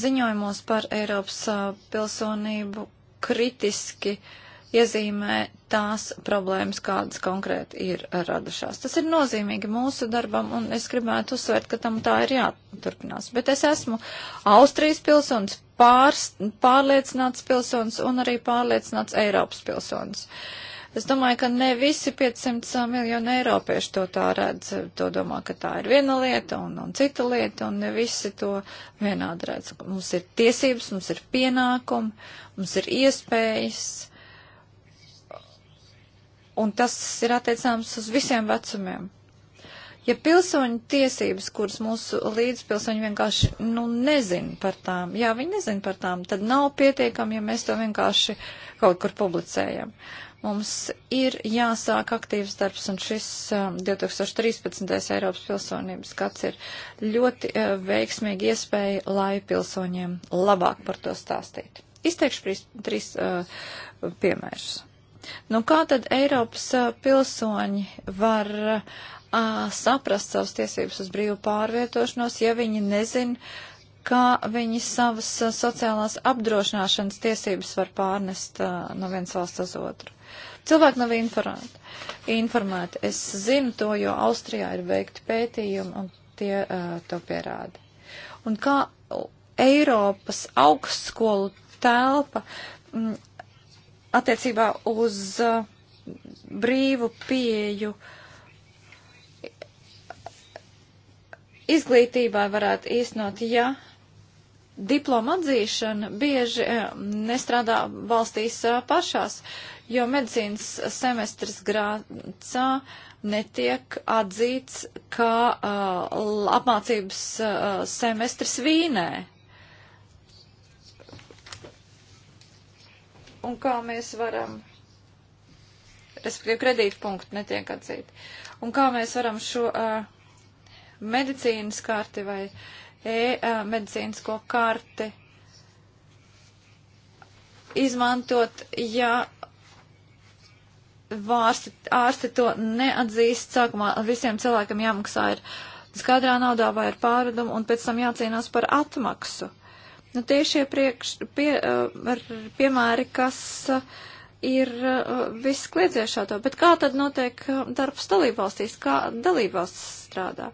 Speaker 2: ziņojumos par Eiropas uh, pilsonību kritiski uh, iezīmē tās problēmas, kādas konkrēti ir radušās. Tas ir nozīmīgi mūsu darbam, un es gribētu uzsvērt, ka tam tā ir jāturpinās. Bet es esmu Austrijas pilsonis, pārs, pārliecināts pilsonis un arī pārliecināts Eiropas pilsonis. Es domāju, ka ne visi 500 miljoni eiropieši to tā redz, to domā, ka tā ir viena lieta un, un cita lieta, un ne visi to vienādi redz. Mums ir tiesības, mums ir pienākumi, mums ir iespējas Un tas ir attiecāms uz visiem vecumiem. Ja pilsoņu tiesības, kuras mūsu līdzpilsoņi vienkārši nu, nezin par tām, jā, viņi nezin par tām, tad nav pietiekami, ja mēs to vienkārši kaut kur publicējam. Mums ir jāsāk aktīvs darbs, un šis 2013. Um, Eiropas pilsonības gads ir ļoti uh, veiksmīgi iespēja, lai pilsoņiem labāk par to stāstītu. Izteikšu trīs, trīs uh, piemērus. Nu, kā tad Eiropas pilsoņi var a, saprast savas tiesības uz brīvu pārvietošanos, ja viņi nezin, kā viņi savas sociālās apdrošināšanas tiesības var pārnest a, no viens valsts uz otru? Cilvēki nav informēti. informēti. Es zinu to, jo Austrijā ir veikti pētījumi, un tie uh, to pierāda. Un kā Eiropas augstskolu telpa m, mm, attiecībā uz uh, brīvu pieju izglītībai varētu īstenot, ja diploma atzīšana bieži uh, nestrādā valstīs uh, pašās, jo medicīnas semestrs Grācā netiek atzīts kā uh, apmācības uh, semestrs Vīnē. un kā mēs varam, respektīvi kredītpunkti netiek atzīti, un kā mēs varam šo uh, medicīnas karti vai e-medicīnisko karti izmantot, ja vārsti, ārsti to neatzīst. Sākumā visiem cilvēkiem jāmaksā ir skaidrā naudā vai ar pārredumu, un pēc tam jācīnās par atmaksu. Uh, Nu, tieši priekš, pie, uh, piemēri, kas uh, ir uh, eh, viskliedzēšāto, bet kā tad notiek darbs dalībvalstīs, kā dalībvalsts strādā?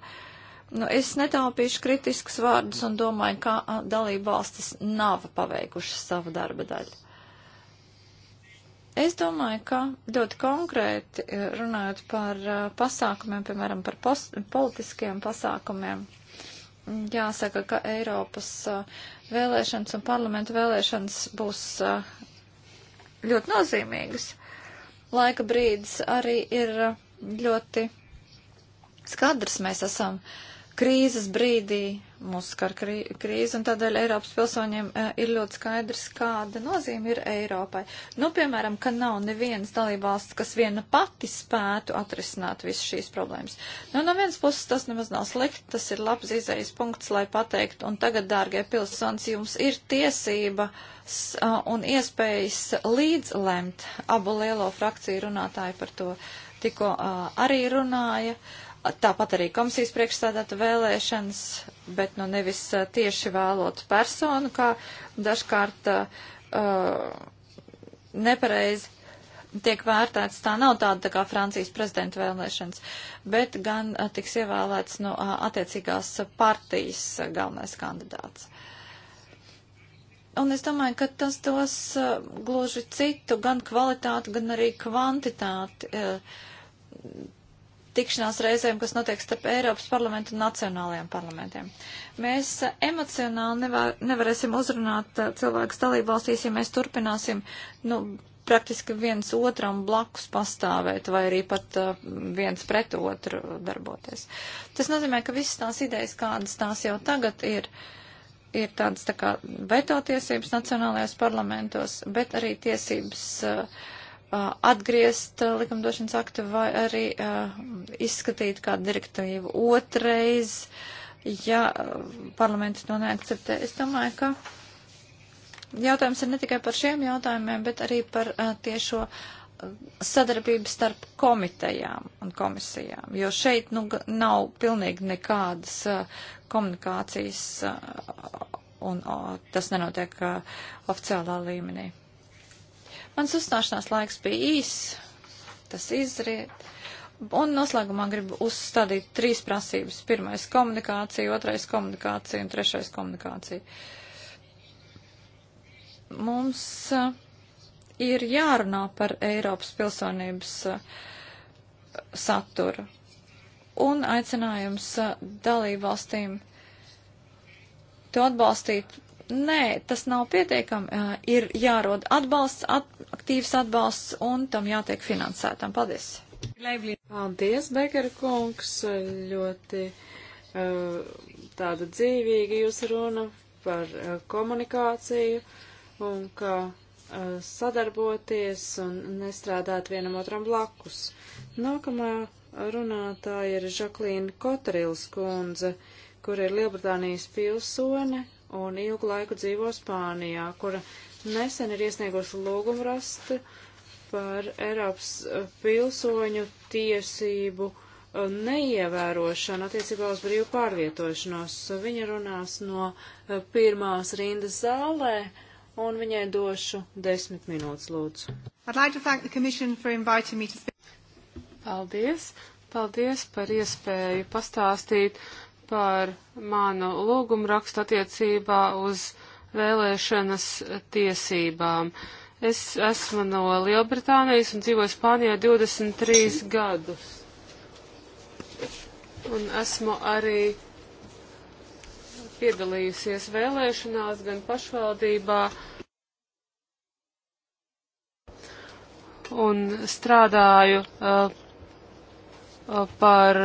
Speaker 2: Nu, es netaupīšu kritiskus vārdus un domāju, kā dalībvalstis nav paveikušas savu darba daļu. Es domāju, ka ļoti konkrēti runājot par pasākumiem, piemēram, par pos politiskiem pasākumiem, jāsaka, ka Eiropas uh, vēlēšanas un parlamenta vēlēšanas būs uh, ļoti nozīmīgas. Laika brīdis arī ir uh, ļoti skadrs. Mēs esam uh, Krīzes brīdī mūs skar krī, krīze, un tādēļ Eiropas pilsoņiem uh, ir ļoti skaidrs, kāda nozīme ir Eiropai. Nu, piemēram, ka nav nevienas dalībvalsts, kas viena pati spētu atrisināt visas šīs problēmas. Nu, no vienas puses tas nemaz nav slikti, tas ir labs izējas punkts, lai pateikt, un tagad, dārgie pilsons, jums ir tiesība uh, un iespējas līdzlemt abu lielo frakciju runātāju par to tikko uh, arī runāja. Uh, Tāpat arī komisijas priekšstādāta vēlēšanas, bet nu nevis tieši vēlot personu, kā dažkārt uh, nepareizi tiek vērtēts. Tā nav tāda tā kā Francijas prezidenta vēlēšanas, bet gan uh, tiks ievēlēts no nu, uh, attiecīgās partijas galvenais kandidāts. Un es domāju, ka tas dos uh, gluži citu gan kvalitāti, gan arī kvantitāti. Uh, tikšanās reizēm, kas notiek starp Eiropas parlamentu un nacionālajiem parlamentiem. Mēs eh, emocionāli nevar, nevarēsim uzrunāt eh, cilvēkus dalību valstīs, ja mēs turpināsim, nu, praktiski viens otram blakus pastāvēt vai arī pat uh, viens pret otru darboties. Tas nozīmē, ka visas tās idejas, kādas tās jau tagad ir, ir tādas tā kā veto tiesības nacionālajās parlamentos, bet arī tiesības uh, atgriezt likumdošanas aktu vai arī izskatīt kādu direktīvu otrais, ja parlaments to neakceptē. Es domāju, ka jautājums ir ne tikai par šiem jautājumiem, bet arī par uh, tiešo sadarbību starp komitejām un komisijām, jo šeit nu, nav pilnīgi nekādas uh, komunikācijas uh, un uh, tas nenotiek uh, oficiālā līmenī. Mans uzstāšanās laiks bija īss, tas izriet. Un noslēgumā gribu uzstādīt trīs prasības. Pirmais - komunikācija, otrais - komunikācija un trešais - komunikācija. Mums eh, ir jārunā par Eiropas pilsonības eh, saturu un aicinājums eh, dalībvalstīm to atbalstīt Nē, tas nav pietiekami. Ir jārod atbalsts, at, aktīvs atbalsts un tam jātiek finansētam. Paldies!
Speaker 3: Paldies, Bekara kungs! Ļoti eh, tāda dzīvīga jūs runa par eh, komunikāciju un kā eh, sadarboties un nestrādāt vienam otram blakus. Nākamā runātāja ir Žaklīna Kotarils kundze, kur ir Lielbritānijas pilsone un ilgu laiku dzīvo Spānijā, kura nesen ir iesniegusi lūgumu rastu par Eiropas eh, pilsoņu tiesību eh, neievērošanu attiecībā uz brīvu pārvietošanos. Viņa runās no eh, pirmās rindas zālē, un viņai došu desmit minūtes, lūdzu. Like to...
Speaker 1: Paldies! Paldies par iespēju pastāstīt par manu lūgumu rakstu attiecībā uz vēlēšanas tiesībām. Es esmu no Lielbritānijas un dzīvoju Spānijā 23 gadus. Un esmu arī piedalījusies vēlēšanās gan pašvaldībā un strādāju uh, par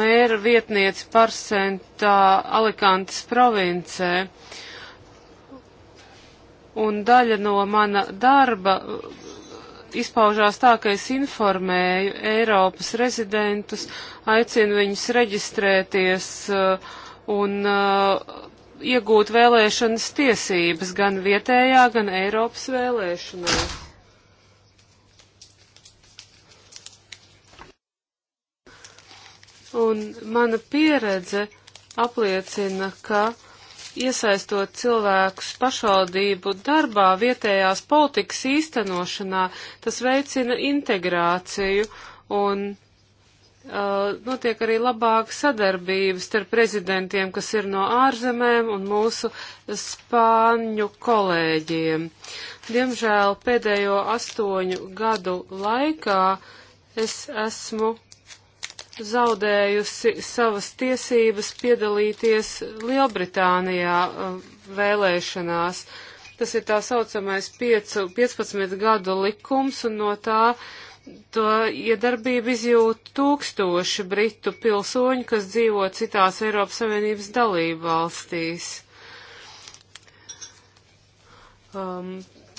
Speaker 1: mēra vietnieci Parsentā Alikantas provincē. Un daļa no mana darba izpaužās tā, ka es informēju Eiropas rezidentus, aicinu viņus reģistrēties uh, un uh, iegūt vēlēšanas tiesības gan vietējā, gan Eiropas vēlēšanās. Un mana pieredze apliecina, ka iesaistot cilvēkus pašvaldību darbā vietējās politikas īstenošanā, tas veicina integrāciju un uh, notiek arī labāka sadarbība starp prezidentiem, kas ir no ārzemēm un mūsu spāņu kolēģiem. Diemžēl pēdējo astoņu gadu laikā es esmu zaudējusi savas tiesības piedalīties Lielbritānijā uh, vēlēšanās. Tas ir tā saucamais 5, 15 gadu likums, un no tā to iedarbību izjūt tūkstoši britu pilsoņu, kas dzīvo citās Eiropas Savienības dalību valstīs. Um,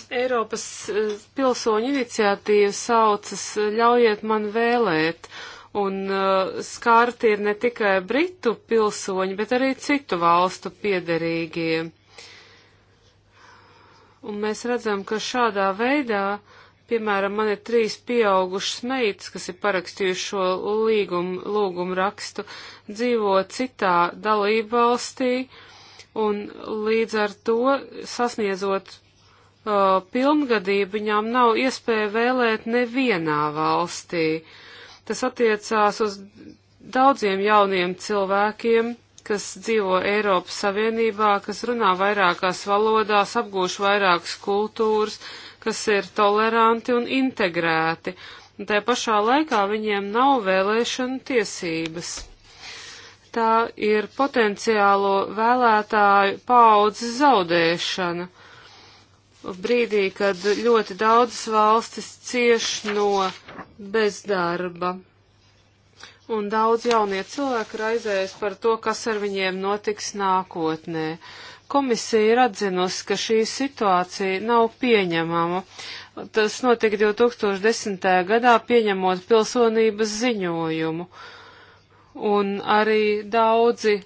Speaker 1: Eiropas uh, pilsoņu iniciatīva saucas uh, Ļaujiet man vēlēt, un uh, skārti ir ne tikai britu pilsoņi, bet arī citu valstu piederīgie. Un mēs redzam, ka šādā veidā, piemēram, man ir trīs pieaugušas meitas, kas ir parakstījuši šo līgumu, lūgumu rakstu, dzīvo citā dalību valstī, un līdz ar to sasniedzot uh, pilngadību, viņām nav iespēja vēlēt nevienā valstī. Uh, Tas attiecās uz daudziem jauniem cilvēkiem, kas dzīvo Eiropas Savienībā, kas runā vairākās valodās, apgūš vairākas kultūras, kas ir toleranti un integrēti. Un tajā pašā laikā viņiem nav vēlēšana tiesības. Tā ir potenciālo vēlētāju paudzes zaudēšana brīdī, kad ļoti daudzas valstis cieš no bezdarba. Un daudz jaunie cilvēki raizējas par to, kas ar viņiem notiks nākotnē. Komisija ir atzinusi, ka šī situācija nav pieņemama. Tas notika 2010. gadā, pieņemot pilsonības ziņojumu. Un arī daudzi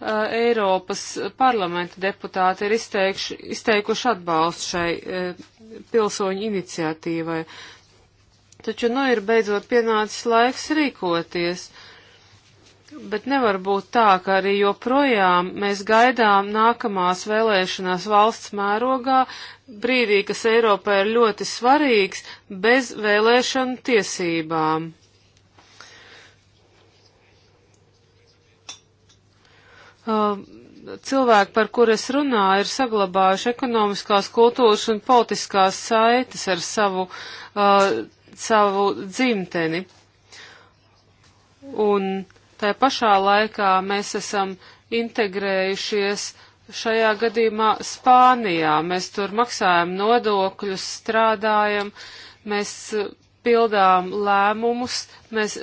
Speaker 1: Eh, Eiropas parlamenta deputāti ir izteikši, izteikuši atbalstu šai e, pilsoņu iniciatīvai. Taču nu ir beidzot pienācis laiks rīkoties. Bet nevar būt tā, ka arī joprojām mēs gaidām nākamās vēlēšanās valsts mērogā, brīdī, kas Eiropā ir ļoti svarīgs, bez vēlēšanu tiesībām. uh, cilvēki, par kur es runāju, ir saglabājuši ekonomiskās, kultūras un politiskās saites ar savu, uh, savu dzimteni. Un tā pašā laikā mēs esam integrējušies šajā gadījumā Spānijā. Mēs tur maksājam nodokļus, strādājam, mēs pildām lēmumus, mēs,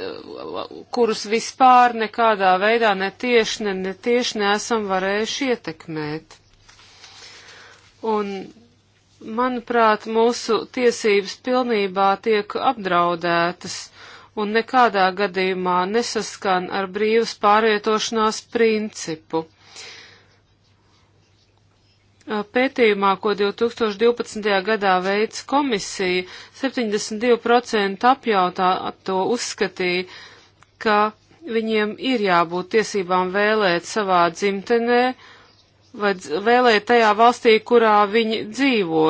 Speaker 1: kurus vispār nekādā veidā netieši, ne, netieši neesam varējuši ietekmēt. Un, manuprāt, mūsu tiesības pilnībā tiek apdraudētas un nekādā gadījumā nesaskan ar brīvas pārvietošanās principu. Pētījumā, ko 2012. gadā veica komisija, 72% apjautāto uzskatīja, ka viņiem ir jābūt tiesībām vēlēt savā dzimtenē vai vēlēt tajā valstī, kurā viņi dzīvo,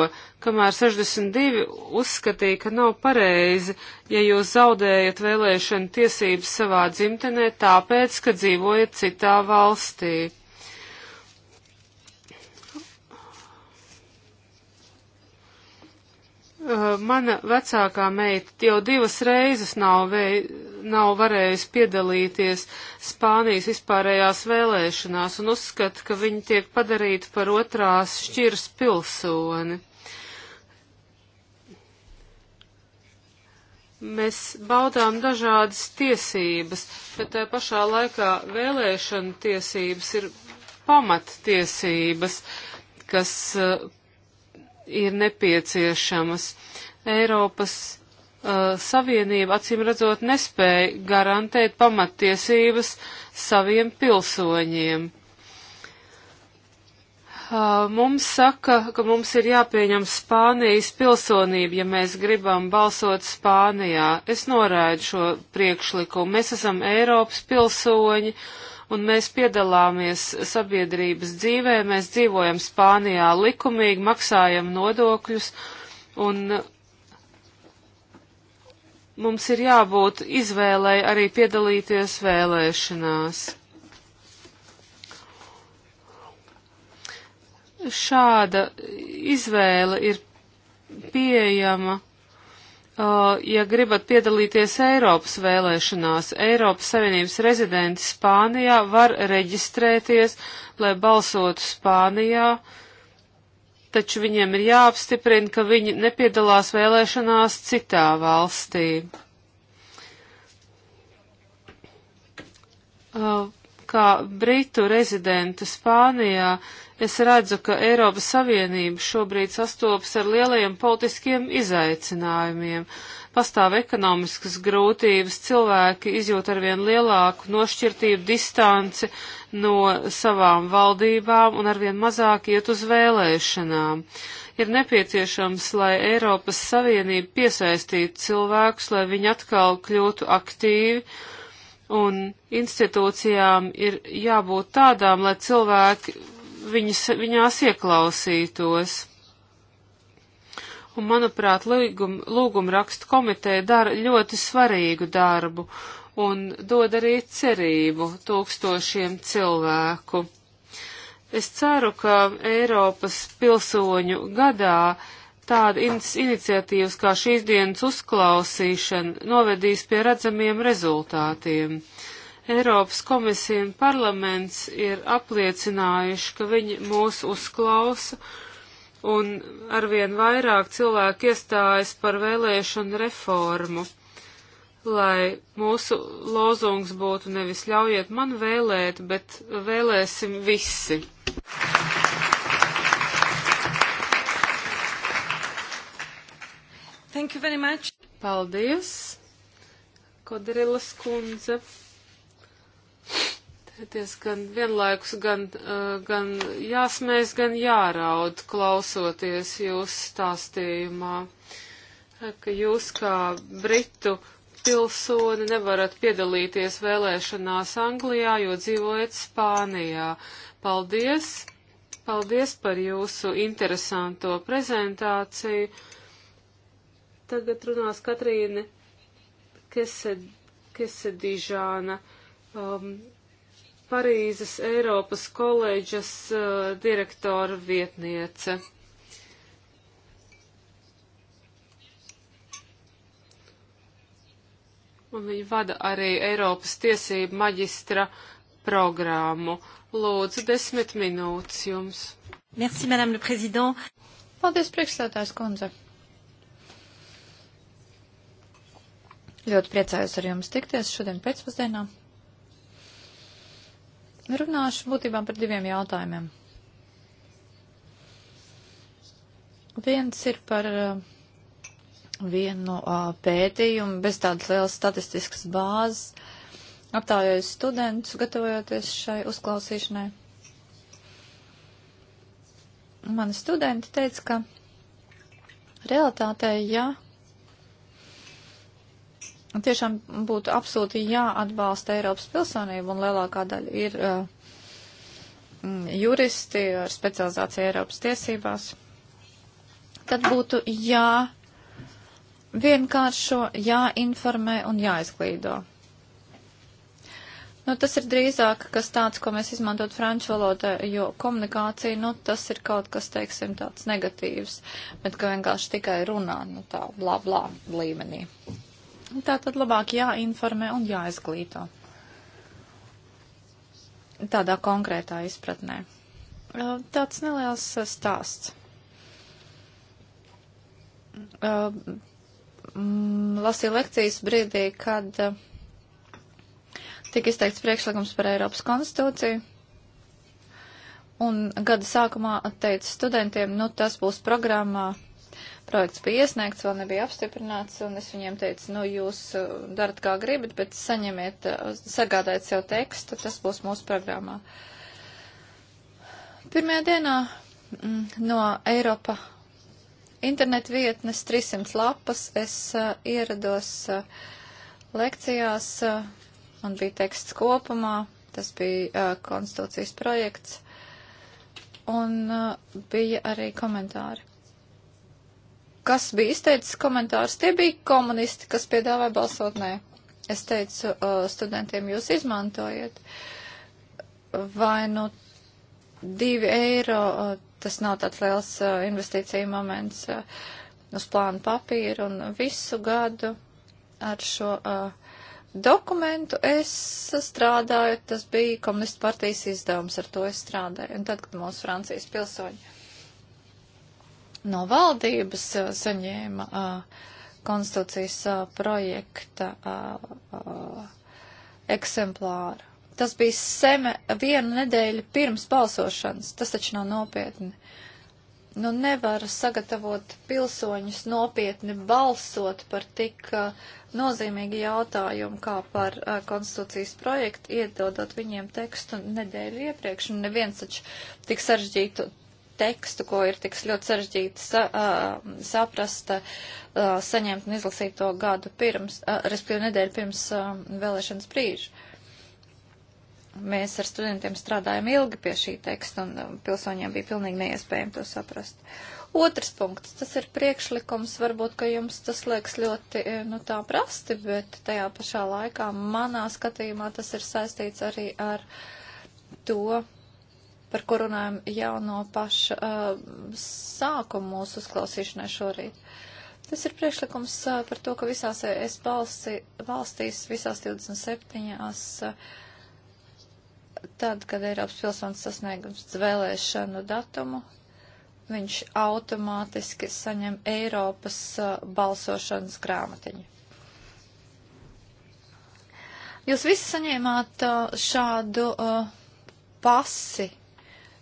Speaker 1: kamēr 62 uzskatīja, ka nav pareizi, ja jūs zaudējat vēlēšanu tiesības savā dzimtenē tāpēc, ka dzīvojat citā valstī. Uh, mana vecākā meita jau divas reizes nav, vei, nav varējusi piedalīties Spānijas vispārējās vēlēšanās un uzskata, ka viņi tiek padarīti par otrās šķiras pilsoni. Mēs baudām dažādas tiesības, bet tajā pašā laikā vēlēšana tiesības ir pamattiesības, kas uh, ir nepieciešamas. Eiropas uh, Savienība acīm redzot nespēja garantēt pamattiesības saviem pilsoņiem. Uh, mums saka, ka mums ir jāpieņem Spānijas pilsonība, ja mēs gribam balsot Spānijā. Es noraidu šo priekšlikumu. Mēs esam Eiropas pilsoņi un mēs piedalāmies sabiedrības dzīvē, mēs dzīvojam Spānijā likumīgi, maksājam nodokļus, un mums ir jābūt izvēlei arī piedalīties vēlēšanās. Šāda izvēle ir pieejama Uh, ja gribat piedalīties Eiropas vēlēšanās, Eiropas Savienības rezidenti Spānijā var reģistrēties, lai balsotu Spānijā, taču viņiem ir jāapstiprina, ka viņi nepiedalās vēlēšanās citā valstī. Uh, kā Britu rezidenta Spānijā, es redzu, ka Eiropas Savienība šobrīd sastopas ar lielajiem politiskiem izaicinājumiem. Pastāv ekonomiskas grūtības, cilvēki izjūt arvien lielāku nošķirtību distanci no savām valdībām un arvien mazāk iet uz vēlēšanām. Ir nepieciešams, lai Eiropas Savienība piesaistītu cilvēkus, lai viņi atkal kļūtu aktīvi un institūcijām ir jābūt tādām, lai cilvēki viņas, viņās ieklausītos. Un, manuprāt, līgum, lūguma rakstu komiteja dara ļoti svarīgu darbu un dod arī cerību tūkstošiem cilvēku. Es ceru, ka Eiropas pilsoņu gadā tāda iniciatīvas kā šīs dienas uzklausīšana novedīs pie redzamiem rezultātiem. Eiropas komisija un parlaments ir apliecinājuši, ka viņi mūs uzklausa un arvien vairāk cilvēki iestājas par vēlēšanu reformu, lai mūsu lozungs būtu nevis ļaujiet man vēlēt, bet vēlēsim visi. Thank you. Thank you very much. Paldies, Kodrilas kundze. Tieties gan vienlaikus, gan, uh, gan jāsmēs, gan jāraud, klausoties jūsu stāstījumā, eh, ka jūs kā Britu pilsoni nevarat piedalīties vēlēšanās Anglijā, jo dzīvojat Spānijā. Paldies! Paldies par jūsu interesanto prezentāciju! Tagad runās Katrīne Kesed, Kesedižāna, um, Parīzes Eiropas koledžas uh, direktora vietniece. Un viņa vada arī Eiropas tiesību maģistra programmu. Lūdzu, desmit
Speaker 2: minūtes jums. Merci, Madame le Président. Paldies, priekšstādājs kundze. Ļoti priecājos ar jums tikties šodien pēcpusdienā. Runāšu būtībā par diviem jautājumiem. Viens ir par uh, vienu no uh, pētījumu bez tādas lielas statistiskas bāzes, aptājot studentus, gatavojoties šai uzklausīšanai. Mani studenti teica, ka realitātei, ja tiešām būtu absolūti jāatbalsta Eiropas pilsonība, un lielākā daļa ir uh, mm, juristi ar specializāciju Eiropas tiesībās. Tad būtu jā vienkāršo, jāinformē un jāizglīdo. Nu, tas ir drīzāk kas tāds, ko mēs izmantot franču valodā, jo komunikācija, nu, tas ir kaut kas, teiksim, tāds negatīvs, bet ka vienkārši tikai runā, nu, tā, blā, blā līmenī. Uh, Tā tad labāk jāinformē un jāizglīto. Tādā konkrētā izpratnē. Tāds neliels stāsts. Lasīju lekcijas brīdī, kad tika izteikts priekšlikums par Eiropas konstitūciju. Un gada sākumā teica studentiem, nu tas būs programmā Projekts bija iesniegts, vēl nebija apstiprināts, un es viņiem teicu, nu, jūs uh, darat kā gribat, bet saņemiet, uh, sagādājiet sev tekstu, tas būs mūsu programmā. Pirmajā dienā mm, no Eiropa internetu vietnes 300 lapas es uh, ierados uh, lekcijās, uh, man bija teksts kopumā, tas bija uh, konstitūcijas projekts, un uh, bija arī komentāri kas bija izteicis komentārus, tie bija komunisti, kas piedāvāja balsot nē. Es teicu uh, studentiem, jūs izmantojiet vai nu divi eiro, uh, tas nav tāds liels uh, investīcija moments uh, uz plānu papīru un visu gadu ar šo uh, dokumentu es strādāju, tas bija komunistu partijas izdevums, ar to es strādāju. Un tad, kad mūsu Francijas pilsoņi no valdības saņēma konstitūcijas projekta eksemplāru. Tas bija seme vienu nedēļu pirms balsošanas. Tas taču nav nopietni. Nu, nevar sagatavot pilsoņus nopietni balsot par tik uh, nozīmīgu jautājumu kā par uh, konstitūcijas projektu, iedodot viņiem tekstu nedēļu iepriekš. Un neviens taču tik sarežģītu tekstu, ko ir tik ļoti sarežģīti sa, uh, saprast, uh, saņemt un izlasīt to gadu pirms, uh, respektīvi nedēļu pirms uh, vēlēšanas brīža. Mēs ar studentiem strādājam ilgi pie šī teksta, un pilsoņiem bija pilnīgi neiespējami to saprast. Otrs punkts, tas ir priekšlikums, varbūt, ka jums tas liekas ļoti, nu, tā prasti, bet tajā pašā laikā manā skatījumā tas ir saistīts arī ar to, par ko runājam jau no paša uh, sākuma mūsu uzklausīšanai šorīt. Tas ir priekšlikums uh, par to, ka visās ES valsti, valstīs, visās 27-ās, uh, tad, kad Eiropas pilsonis sasniegums vēlēšanu datumu, viņš automātiski saņem Eiropas uh, balsošanas grāmatiņu. Jūs visi saņēmāt uh, šādu uh, pasi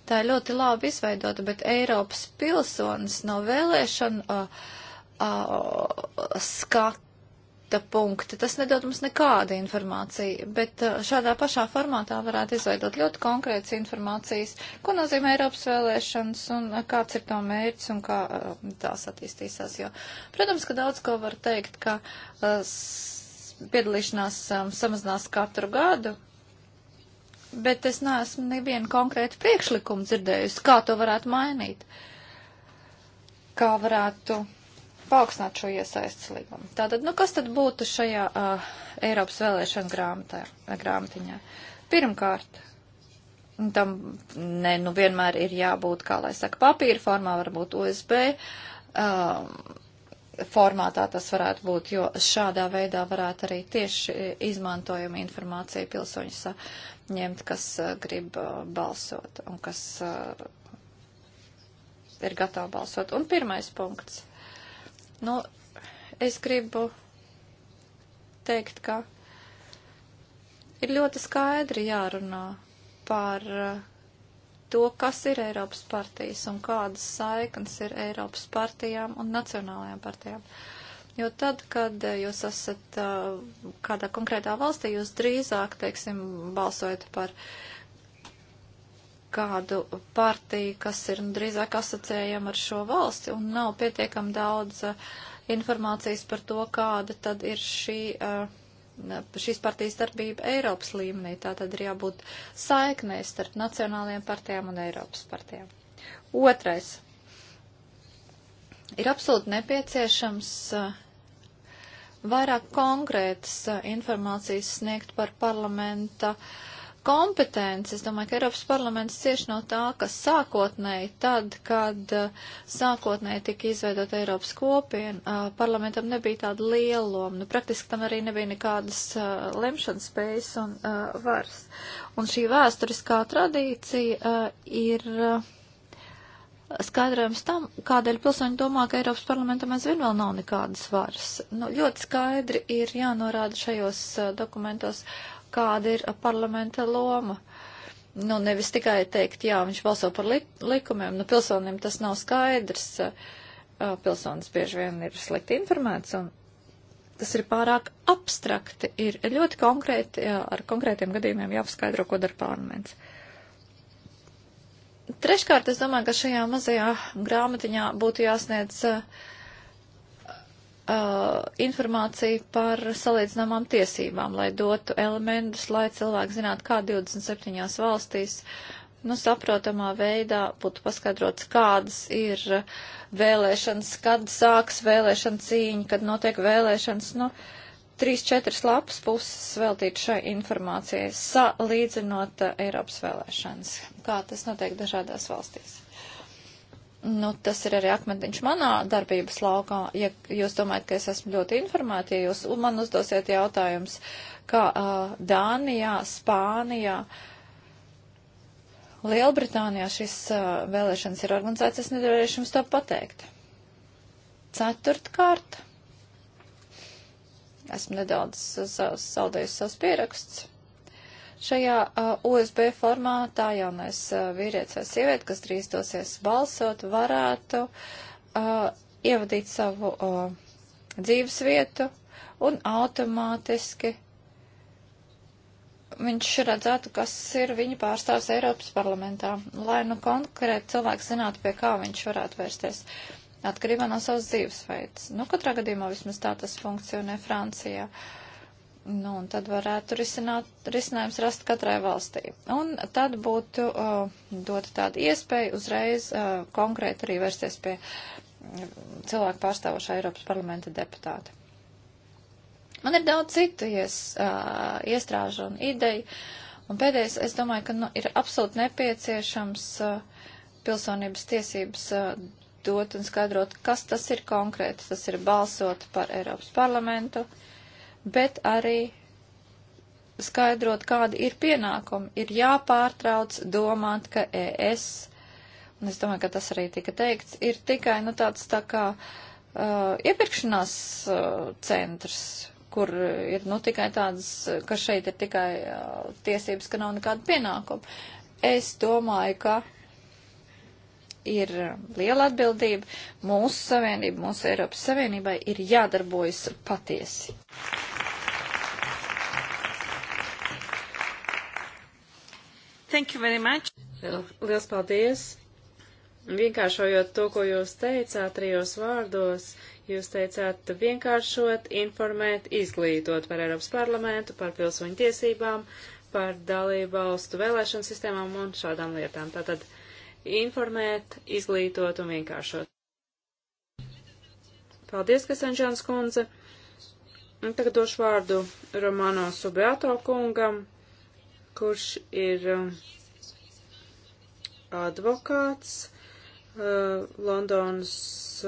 Speaker 2: Tā ir ļoti labi izveidota, bet Eiropas pilsonis no vēlēšana uh, uh, skata punkta, tas nedod mums nekādu informāciju, bet uh, šādā pašā formātā varētu izveidot ļoti konkrētas informācijas, ko nozīmē Eiropas vēlēšanas un uh, kāds ir to mērķis un kā uh, tās attīstīsies. Jo, protams, ka daudz ko var teikt, ka uh, piedalīšanās um, samazinās katru gadu, bet es neesmu nevienu konkrētu priekšlikumu dzirdējusi, kā to varētu mainīt, kā varētu paaugstināt šo iesaistas līgumu. Tātad, nu, kas tad būtu šajā uh, Eiropas vēlēšana grāmatā, grāmatiņā? Pirmkārt, tam ne, nu, vienmēr ir jābūt, kā lai saka, papīra formā, varbūt USB. Uh, um, formātā tas varētu būt, jo šādā veidā varētu arī tieši izmantojuma informācija pilsoņi saņemt, kas uh, grib uh, balsot un kas uh, ir gatavi balsot. Un pirmais punkts. Nu, es gribu teikt, ka ir ļoti skaidri jārunā par uh, to, kas ir Eiropas partijas un kādas saiknes ir Eiropas partijām un nacionālajām partijām. Jo tad, kad jūs esat uh, kādā konkrētā valstī, jūs drīzāk, teiksim, balsojat par kādu partiju, kas ir nu, drīzāk asociējama ar šo valsti un nav pietiekam daudz uh, informācijas par to, kāda tad ir šī. Uh, šīs partijas darbība Eiropas līmenī. Tā tad ir jābūt saiknē starp nacionālajiem partijām un Eiropas partijām. Otrais. Ir absolūti nepieciešams uh, vairāk konkrētas uh, informācijas sniegt par parlamenta uh, kompetenci. Es domāju, ka Eiropas parlaments cieši no tā, ka sākotnēji, tad, kad eh, sākotnēji tika izveidot Eiropas kopiena, eh, parlamentam nebija tāda liela loma. Nu, praktiski tam arī nebija nekādas uh, lemšanas spējas un uh, varas. Un šī vēsturiskā tradīcija uh, ir. Uh, skaidrojums tam, kādēļ pilsoņi domā, ka Eiropas parlamentam aizvien vēl nav nekādas varas. Nu, ļoti skaidri ir jānorāda šajos uh, dokumentos kāda ir parlamenta loma. Nu, nevis tikai teikt, jā, viņš balso par li likumiem, nu, pilsonim tas nav skaidrs. Pilsonis bieži vien ir slikti informēts un tas ir pārāk abstrakti, ir ļoti konkrēti, jā, ar konkrētiem gadījumiem jāpaskaidro, ko dara parlaments. Treškārt, es domāju, ka šajā mazajā grāmatiņā būtu jāsniedz uh, uh, informāciju par salīdzināmām tiesībām, lai dotu elementus, lai cilvēki zinātu, kā 27 valstīs nu, saprotamā veidā būtu paskaidrots, kādas ir vēlēšanas, kad sāks vēlēšana cīņa, kad notiek vēlēšanas. Nu, Trīs, četras lapas puses veltīt šai informācijai, salīdzinot uh, Eiropas vēlēšanas, kā tas notiek dažādās valstīs. Nu, tas ir arī akmentiņš manā darbības laukā. Ja jūs domājat, ka es esmu ļoti informēta, ja jūs man uzdosiet jautājums, kā uh, Dānijā, Spānijā, Lielbritānijā šis uh, vēlēšanas ir organizēts, es nedarīšu jums to pateikt. Ceturtkārt. Esmu nedaudz zaudējusi savus pierakstus. Šajā uh, USB formātā jaunais uh, vīrietis vai sieviete, kas drīz dosies balsot, varētu uh, ievadīt savu uh, dzīves vietu un automātiski viņš redzētu, kas ir viņa pārstāvs Eiropas parlamentā, lai nu konkrēti cilvēks zinātu, pie kā viņš varētu vērsties atkarībā no savas dzīvesveids. Nu, katrā gadījumā vismaz tā tas funkcionē Francijā. Uh, Nu, un tad varētu risināt, risinājums rast katrai valstī. Un tad būtu uh, dota tāda iespēja uzreiz uh, konkrēti arī vērsties pie mm, cilvēku pārstāvošā Eiropas parlamenta deputāta. Man ir daudz citu ies, uh, iestrāžu un ideju, un pēdējais, es domāju, ka nu, ir absolūti nepieciešams uh, pilsonības tiesības. Uh, dot un skaidrot, kas tas ir konkrēti. Tas ir balsot par Eiropas parlamentu, uh, bet arī skaidrot, kādi ir pienākumi. Ir jāpārtrauc domāt, ka ES, un es domāju, ka tas arī tika teikts, ir tikai nu, tāds tā kā uh, iepirkšanās uh, centrs, kur ir nu, tikai tādas, ka šeit ir tikai uh, tiesības, ka nav nekāda pienākuma. Es domāju, ka ir liela atbildība. Mūsu savienība, mūsu Eiropas Savienībai ir jādarbojas patiesi.
Speaker 3: Thank you very much. Liels paldies. Vienkāršojot to, ko jūs teicāt trijos vārdos, jūs teicāt vienkāršot, informēt, izglītot par Eiropas parlamentu, par pilsoņu tiesībām, par dalību valstu vēlēšanu sistēmām un šādām lietām. Tātad informēt, izglītot un vienkāršot. Paldies, Kasančāns kundze. Un tagad došu vārdu Romano Subiato kungam, kurš ir um, advokāts uh, Londonas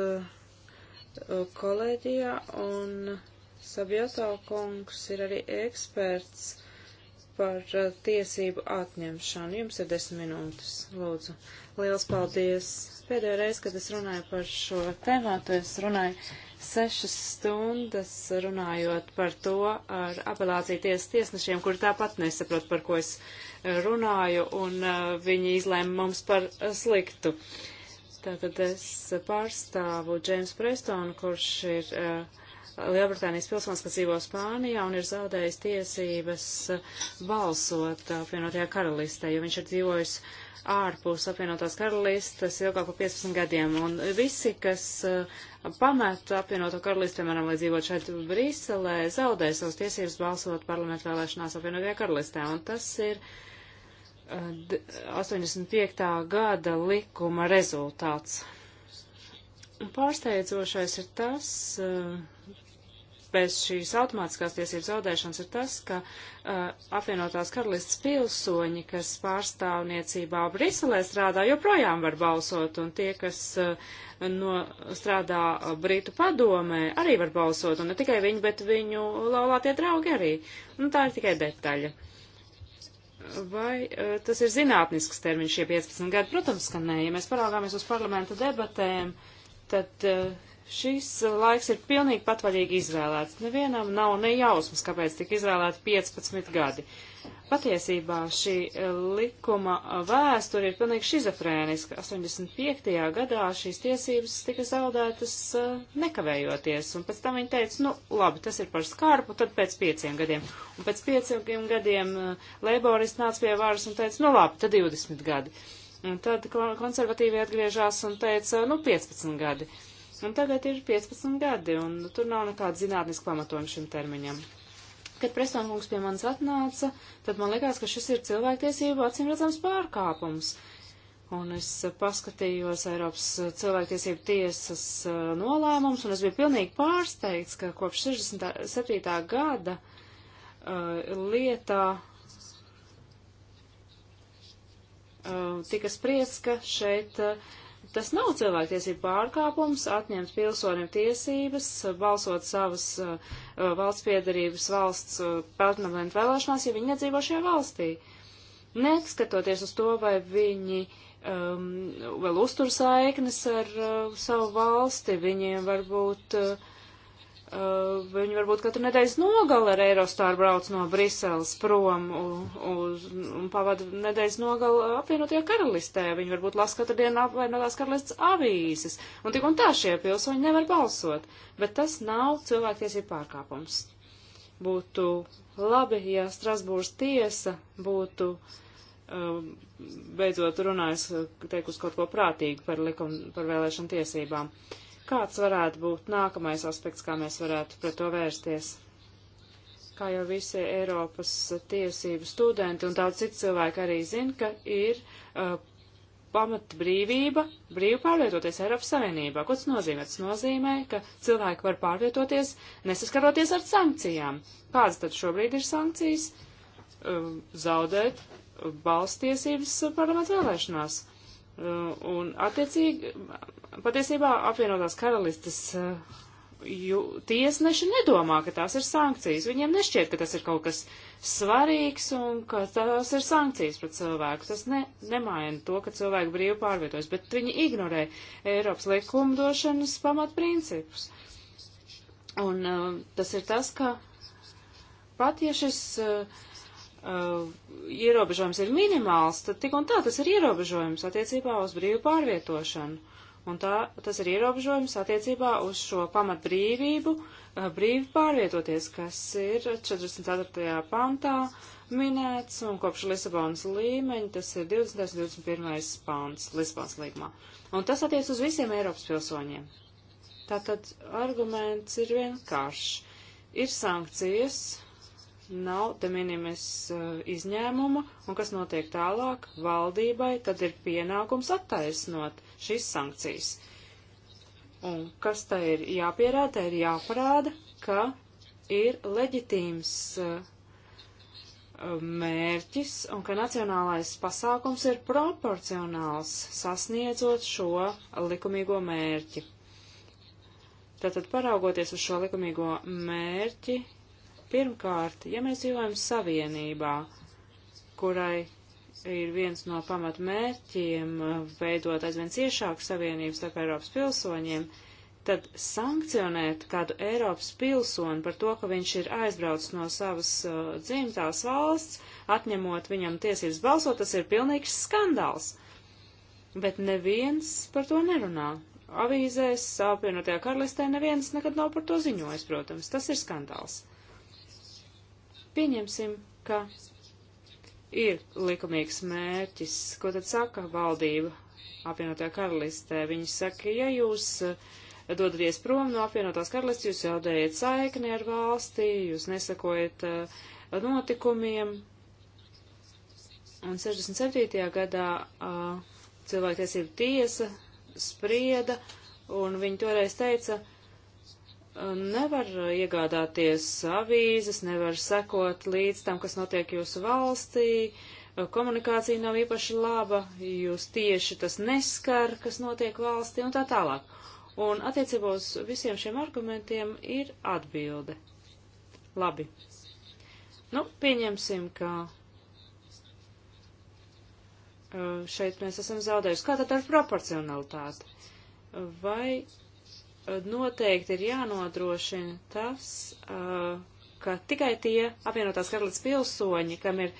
Speaker 3: uh, kolēģijā, un Sabiato kungs ir arī eksperts par uh, tiesību atņemšanu. Jums ir desmit minūtes, lūdzu. Liels paldies. Pēdējo reizi, kad es runāju par šo tēmātu, es runāju sešas stundas runājot par to ar apelāciju tiesas tiesnešiem, kuri tāpat nesaprot, par ko es uh, runāju, un uh, viņi izlēma mums par sliktu. Tātad es pārstāvu Džēms Prestonu, kurš ir uh, Lielbritānijas pilsonis, kas dzīvo Spānijā un ir zaudējis tiesības balsot apvienotajā karalistē, jo viņš ir dzīvojis ārpus apvienotās karalistes ilgāk par 15 gadiem. Un visi, kas uh, pamet apvienoto karalisti, piemēram, lai dzīvot šeit Briselē, zaudē savas tiesības balsot parlamentu vēlēšanās apvienotajā karalistē. Un tas ir 85. Uh, gada likuma rezultāts. Pārsteidzošais ir tas, uh, bez šīs automātiskās tiesības zaudēšanas ir tas, ka uh, apvienotās karalistas pilsoņi, kas pārstāvniecībā Briselē strādā, joprojām var balsot, un tie, kas uh, no, strādā uh, Britu padomē, arī var balsot, un ne tikai viņi, bet viņu laulātie draugi arī. Un nu, tā ir tikai detaļa. Vai uh, tas ir zinātnisks termiņš šie 15 gadi? Protams, ka nē. Ja mēs paraugāmies uz parlamenta debatēm, tad uh, Šis laiks ir pilnīgi patvaļīgi izvēlēts. Nevienam nav ne jausmas, kāpēc tika izvēlēti 15 gadi. Patiesībā šī e, likuma vēsture ir pilnīgi šizofrēniska. 85. gadā šīs tiesības tika zaudētas e, nekavējoties, un pēc tam viņi teica, nu, labi, tas ir par skarpu, tad pēc pieciem gadiem. Un pēc pieciem gadiem e, Leiboris nāca pie varas un teica, nu, labi, tad 20 gadi. Un tad konservatīvi atgriežās un teica, nu, 15 gadi. Uh, Un tagad ir 15 gadi, un nu, tur nav nekāda zinātniska pamatojuma šim termiņam. Kad Prestonkungs pie manis atnāca, tad man likās, ka šis ir cilvēktiesību acīm redzams pārkāpums. Un es paskatījos Eiropas cilvēktiesību tiesas uh, nolēmums, un es biju pilnīgi pārsteigts, ka kopš 67. gada uh, lietā uh, tika spriests, ka šeit uh, Tas nav cilvēktiesība pārkāpums, atņemt pilsonim tiesības, balsot savas uh, valsts piedarības valsts uh, parlamentu vēlēšanās, ja viņi nedzīvo šajā valstī. Neskatoties uz to, vai viņi um, vēl uztur saiknes ar uh, savu valsti, viņiem varbūt uh, Uh, viņi varbūt katru nedēļas nogali ar Eurostāru brauc no Briseles prom uz, un, un pavada nedēļas nogali apvienotajā karalistē. Viņi varbūt las katru dienu apvienotās karalistes avīzes. Un tik un tā šie pilsoņi nevar balsot. Bet tas nav cilvēktiesība pārkāpums. Būtu labi, ja Strasbūras tiesa būtu uh, beidzot runājis, teikusi kaut ko prātīgu par, likum, par vēlēšanu tiesībām. Uh, Kāds varētu būt nākamais aspekts, kā mēs varētu pret to vērsties? Kā jau visi Eiropas tiesību studenti un daudz citu cilvēku arī zina, ka ir uh, pamat brīvība brīvi pārvietoties Eiropas Savienībā. Ko tas nozīmē? Tas nozīmē, ka cilvēki var pārvietoties nesaskaroties ar sankcijām. Kādas tad šobrīd ir sankcijas? Uh, zaudēt uh, balstiesības uh, parlamentu vēlēšanās. Uh, un attiecīgi, patiesībā apvienotās karalistas uh, tiesneši nedomā, ka tās ir sankcijas. Viņiem nešķiet, ka tas ir kaut kas svarīgs un ka tās ir sankcijas pret cilvēku. Tas ne, nemaina to, ka cilvēki brīvi pārvietojas, bet viņi ignorē Eiropas likumdošanas pamatprincipus. Un uh, tas ir tas, ka pat ja šis uh, uh, ierobežojums ir minimāls, tad tik un tā tas ir ierobežojums attiecībā uz brīvu pārvietošanu. Un tā, tas ir ierobežojums attiecībā uz šo pamatbrīvību, uh, brīvi pārvietoties, kas ir 44. pantā minēts, un kopš Lisabonas līmeņa tas ir 20. un 21. pants Lisabonas līgumā. Un tas attiec uz visiem Eiropas pilsoņiem. Tātad arguments ir vienkāršs. Ir sankcijas, nav de minimis eh, izņēmuma, un kas notiek tālāk valdībai, tad ir pienākums attaisnot šīs sankcijas. Un kas tā ir jāpierāda, ir jāparāda, ka ir leģitīms eh, mērķis un ka nacionālais pasākums ir proporcionāls sasniedzot šo likumīgo mērķi. Tātad paraugoties uz šo likumīgo mērķi, Pirmkārt, ja mēs dzīvojam savienībā, kurai ir viens no pamatmērķiem eh, veidot aizvien ciešāku savienību starp Eiropas pilsoņiem, tad sankcionēt kādu Eiropas pilsoni par to, ka viņš ir aizbraucis no savas uh, dzimtās valsts, atņemot viņam tiesības balsot, tas ir pilnīgs skandāls. Bet neviens par to nerunā. Avīzēs, apvienotajā karalistē neviens nekad nav par to ziņojis, protams. Tas ir skandāls. Pieņemsim, ka ir likumīgs mērķis, ko tad saka valdība apvienotajā karalistē. Viņi saka, ja jūs eh, dodaties prom no apvienotās karalistes, jūs zaudējat saikni ar valsti, jūs nesakojat eh, notikumiem. Un 67. gadā eh, cilvēktiesība tiesa sprieda, un viņi toreiz teica, uh, nevar iegādāties avīzes, nevar sekot līdz tam, kas notiek jūsu valstī, komunikācija nav īpaši laba, jūs tieši tas neskar, kas notiek valstī un tā tālāk. Un attiecībā uz visiem šiem argumentiem ir atbilde. Labi. Nu, pieņemsim, ka uh, šeit mēs esam zaudējuši. Kā tad ar proporcionalitāti? Vai noteikti ir jānodrošina tas, ka tikai tie apvienotās karalists pilsoņi, kam ir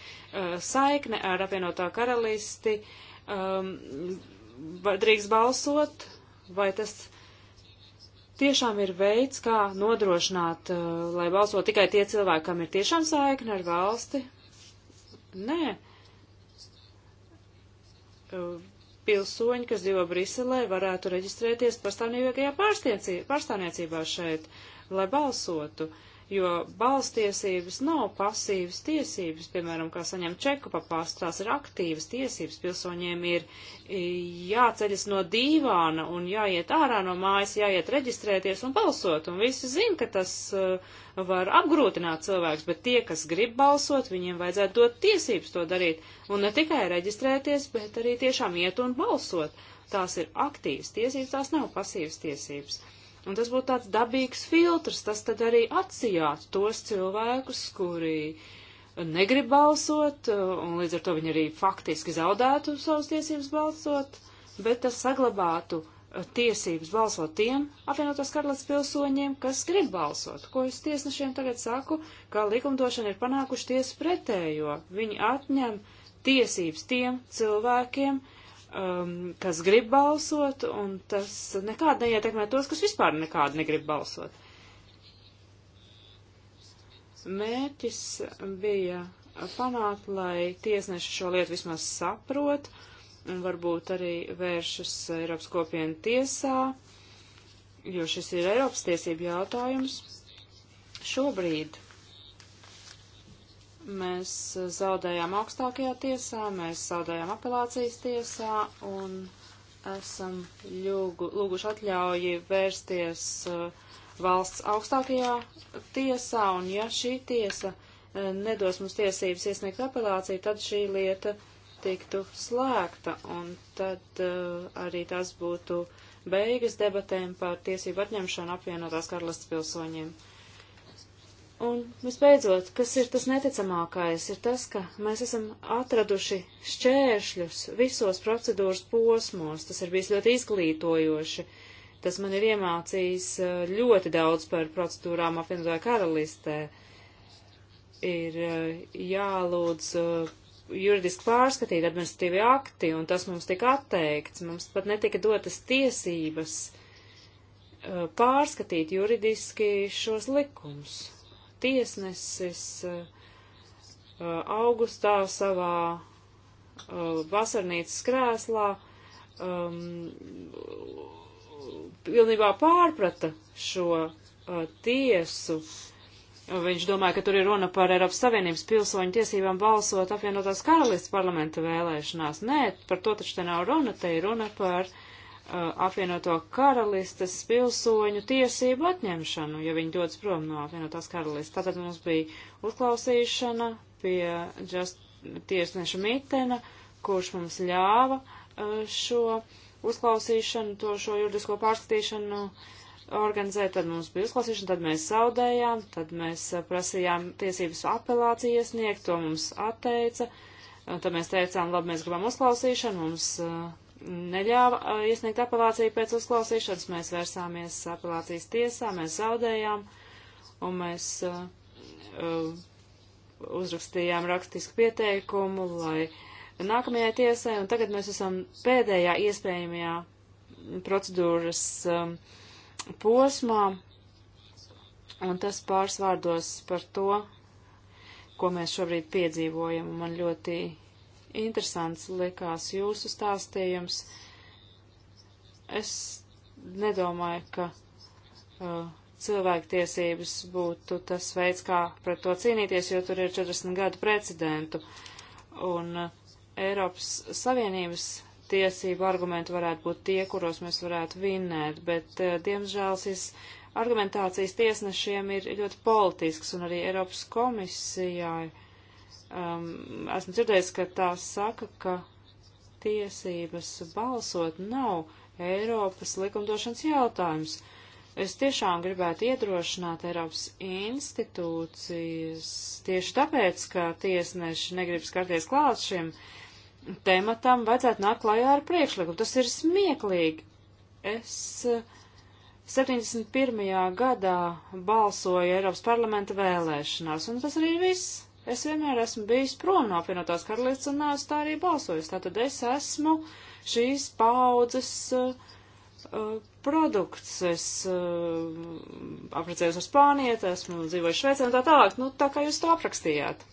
Speaker 3: saikne ar apvienotā karalisti, drīkst balsot, vai tas tiešām ir veids, kā nodrošināt, lai balso tikai tie cilvēki, kam ir tiešām saikne ar valsti? Nē pilsoņi, kas dzīvo Briselē, varētu reģistrēties pastāvīgajā pārstāvniecībā šeit, lai balsotu. Uh, jo balstiesības nav pasīvas tiesības, piemēram, kā saņemt čeku pa pastu, tās ir aktīvas tiesības. Pilsoņiem ir jāceļas no dīvāna un jāiet ārā no mājas, jāiet reģistrēties un balsot. Un visi zin, ka tas e, var apgrūtināt cilvēks, bet tie, kas grib balsot, viņiem vajadzētu dot tiesības to darīt. Un ne tikai reģistrēties, bet arī tiešām iet un balsot. Tās ir aktīvas tiesības, tās nav pasīvas tiesības. Un tas būtu tāds dabīgs filtrs, tas tad arī atsijātu tos cilvēkus, kuri negrib balsot, un līdz ar to viņi arī faktiski zaudētu savus tiesības balsot, bet tas saglabātu eh, tiesības balsot tiem apvienotās karalists pilsoņiem, kas grib balsot. Ko es tiesnešiem tagad saku, ka likumdošana ir panākuši tiesu pretējo. Viņi atņem tiesības tiem cilvēkiem, uh, um, kas grib balsot, un tas nekādi neietekmē tos, kas vispār nekādi negrib balsot. Mērķis bija panākt, lai tiesneši šo lietu vismaz saprot un varbūt arī vēršas Eiropas kopienu tiesā, jo šis ir Eiropas tiesību jautājums. Šobrīd Mēs eh, zaudējām augstākajā tiesā, mēs zaudējām apelācijas tiesā un esam ļūgu, lūguši atļauju vērsties eh, valsts augstākajā tiesā, un ja šī tiesa eh, nedos mums tiesības iesniegt apelāciju, tad šī lieta tiktu slēgta, un tad uh, arī tas būtu beigas debatēm par tiesību atņemšanu apvienotās karalists pilsoņiem. Un visbeidzot, kas ir tas neticamākais, ir tas, ka mēs esam atraduši šķēršļus visos procedūras posmos. Tas ir bijis ļoti izglītojoši. Tas man ir iemācījis eh, ļoti daudz par procedūrām apvienotāju karalistē. Ir eh, jālūdz eh, juridiski pārskatīt administratīvi akti, un tas mums tika atteikts. Mums pat netika dotas tiesības pārskatīt juridiski šos likumus tiesnesis eh, augustā savā eh, vasarnīcas krēslā um, pilnībā pārprata šo uh, tiesu. Viņš domāja, ka tur ir runa par Eiropas Savienības pilsoņu tiesībām balsot apvienotās karalists parlamenta vēlēšanās. Nē, par to taču te nav runa, te ir runa par uh, Uh, apvienoto karalistes pilsoņu tiesību atņemšanu, ja viņi dodas prom no apvienotās karalistes. Tātad mums bija uzklausīšana pie just, tiesneša Mitena, kurš mums ļāva uh, šo uzklausīšanu, to šo juridisko pārskatīšanu organizēt, tad mums bija uzklausīšana, tad mēs zaudējām, tad mēs uh, prasījām tiesības apelāciju iesniegt, to mums atteica, tad mēs teicām, labi, mēs gribam uzklausīšanu, mums neļāva iesniegt apelāciju pēc uzklausīšanas. Mēs vērsāmies apelācijas tiesā, mēs zaudējām un mēs uh, uzrakstījām rakstisku pieteikumu, lai nākamajai tiesai, un tagad mēs esam pēdējā iespējamajā procedūras um, posmā, un tas pārsvārdos par to, ko mēs šobrīd piedzīvojam, un man ļoti interesants likās jūsu stāstījums. Es nedomāju, ka uh, cilvēktiesības būtu tas veids, kā pret to cīnīties, jo tur ir 40 gadu precedentu. Un uh, Eiropas Savienības tiesību argumenti varētu būt tie, kuros mēs varētu vinnēt, bet, uh, diemžēl, šis argumentācijas tiesnešiem ir ļoti politisks, un arī Eiropas komisijai um, esmu dzirdējis, ka tā saka, ka tiesības balsot nav Eiropas likumdošanas jautājums. Es tiešām gribētu iedrošināt Eiropas institūcijas tieši tāpēc, ka tiesneši negrib skarties klāt šim tematam, vajadzētu nākt klajā ar priekšlikumu. Tas ir smieklīgi. Es 71. Eh, gadā balsoju Eiropas parlamenta vēlēšanās, un tas arī viss. Es vienmēr esmu bijis prom no apvienotās karalītes un neesmu tā arī balsojis. Tātad es esmu šīs paudzes uh, uh produkts. Es uh, aprecējos ar Spānieti, esmu dzīvojis Šveicē un tā tālāk. Nu, tā kā jūs to aprakstījāt.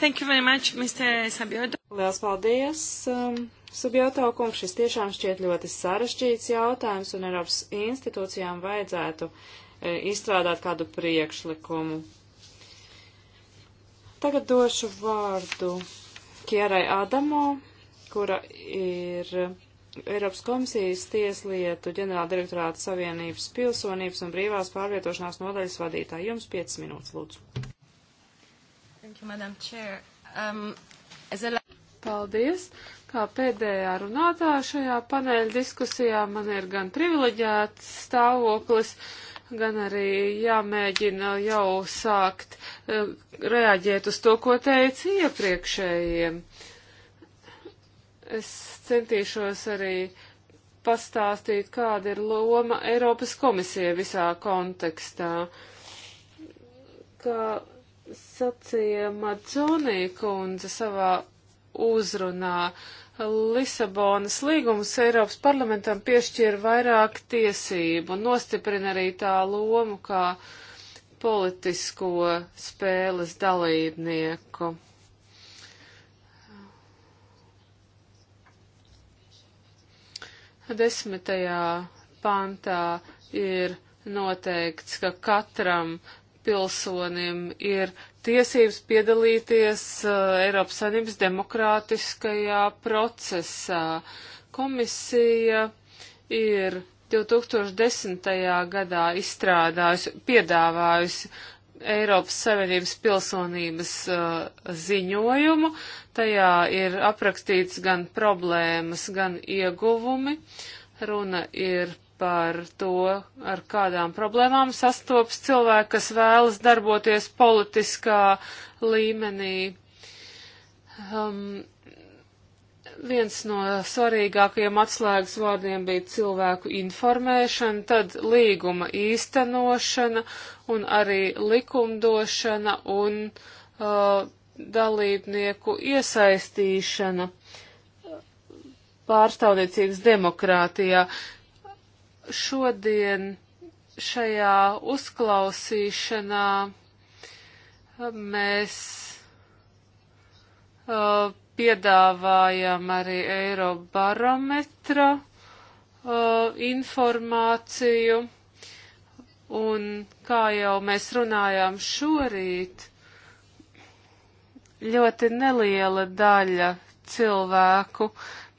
Speaker 3: Thank you very much, Mr. Sabiodo. Liels paldies, um, Sabiodo kungs. Šis tiešām šķiet ļoti sarežģīts jautājums un Eiropas institūcijām vajadzētu uh, E, izstrādāt kādu priekšlikumu. Tagad došu vārdu Kierai Adamo, kura ir Eiropas komisijas tieslietu ģenerāldirektorāta Savienības pilsonības un brīvās pārvietošanās nodaļas vadītāja. Jums 5 minūtes, lūdzu.
Speaker 2: Thank you, Madam Chair. Um, as a...
Speaker 1: Paldies! Kā pēdējā runātāja šajā paneļa diskusijā man ir gan privileģēts stāvoklis. Uh, gan arī jāmēģina jau sākt uh, reaģēt uz to, ko teica iepriekšējiem. Es centīšos arī pastāstīt, kāda ir loma Eiropas komisija visā kontekstā. Kā sacīja Madzonī kundze savā uzrunā, uh, Lisabonas līgums Eiropas parlamentam piešķir vairāk tiesību un nostiprina arī tā lomu kā politisko spēles dalībnieku. Desmitajā pantā ir noteikts, ka katram pilsonim ir tiesības piedalīties uh, Eiropas Savienības demokrātiskajā procesā. Komisija ir 2010. gadā izstrādājusi, piedāvājusi Eiropas Savienības pilsonības uh, ziņojumu. Tajā ir aprakstīts gan problēmas, gan ieguvumi. Runa ir par to, ar kādām problēmām sastopas cilvēki, kas vēlas darboties politiskā līmenī. Um, viens no svarīgākajiem atslēgas vārdiem bija cilvēku informēšana, tad līguma īstenošana un arī likumdošana un uh, dalībnieku iesaistīšana pārstāvniecības demokrātijā. Uh, Šodien šajā uzklausīšanā uh, mēs uh, piedāvājam arī Eirobarometra uh, informāciju. Un kā jau mēs runājām šorīt, ļoti neliela daļa cilvēku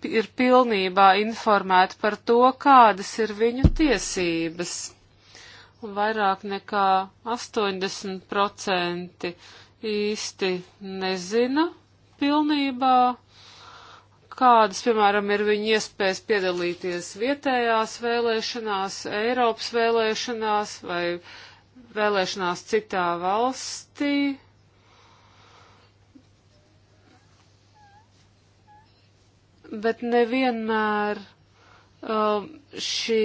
Speaker 1: ir pilnībā informēti par to, kādas ir viņu tiesības. Un vairāk nekā 80% īsti nezina pilnībā, kādas, piemēram, ir viņa iespējas piedalīties vietējās vēlēšanās, Eiropas vēlēšanās vai vēlēšanās citā valstī bet nevienmēr uh, šī,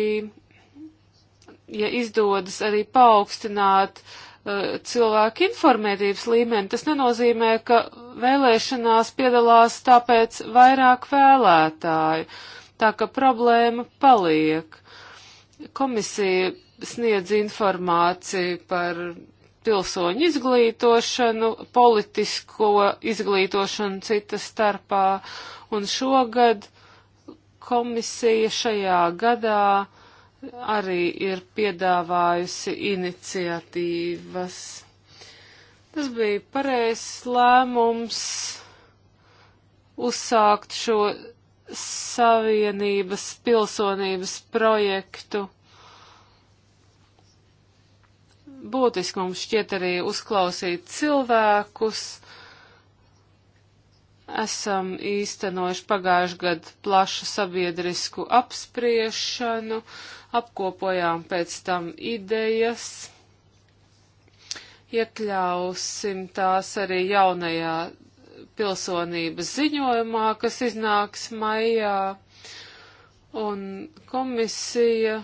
Speaker 1: ja izdodas arī paaugstināt uh, cilvēku informētības līmeni, tas nenozīmē, ka vēlēšanās piedalās tāpēc vairāk vēlētāju, tā ka problēma paliek. Komisija sniedz informāciju par pilsoņu izglītošanu, politisko izglītošanu citas starpā, un šogad komisija šajā gadā arī ir piedāvājusi iniciatīvas. Tas bija pareizs lēmums uzsākt šo savienības pilsonības projektu būtiski mums šķiet arī uzklausīt cilvēkus. Esam īstenojuši pagājuši gadu plašu sabiedrisku apspriešanu, apkopojām pēc tam idejas iekļausim tās arī jaunajā pilsonības ziņojumā, kas iznāks maijā, un komisija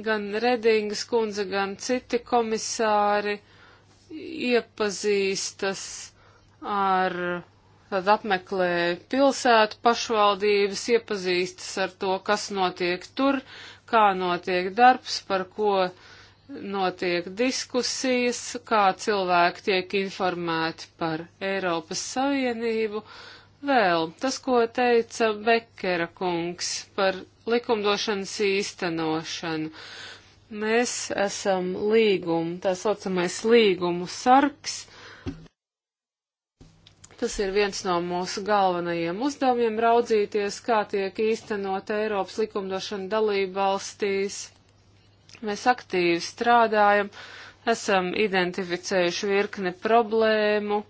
Speaker 1: gan Redingas kundze, gan citi komisāri iepazīstas ar, tad apmeklē pilsētu pašvaldības, iepazīstas ar to, kas notiek tur, kā notiek darbs, par ko notiek diskusijas, kā cilvēki tiek informēti par Eiropas Savienību, uh, Vēl tas, ko teica Bekera kungs par likumdošanas īstenošanu. Mēs esam līgumu, tā saucamais līgumu sargs. Tas ir viens no mūsu galvenajiem uzdevumiem raudzīties, kā tiek īstenot Eiropas likumdošana dalību valstīs. Mēs aktīvi strādājam, esam identificējuši virkni problēmu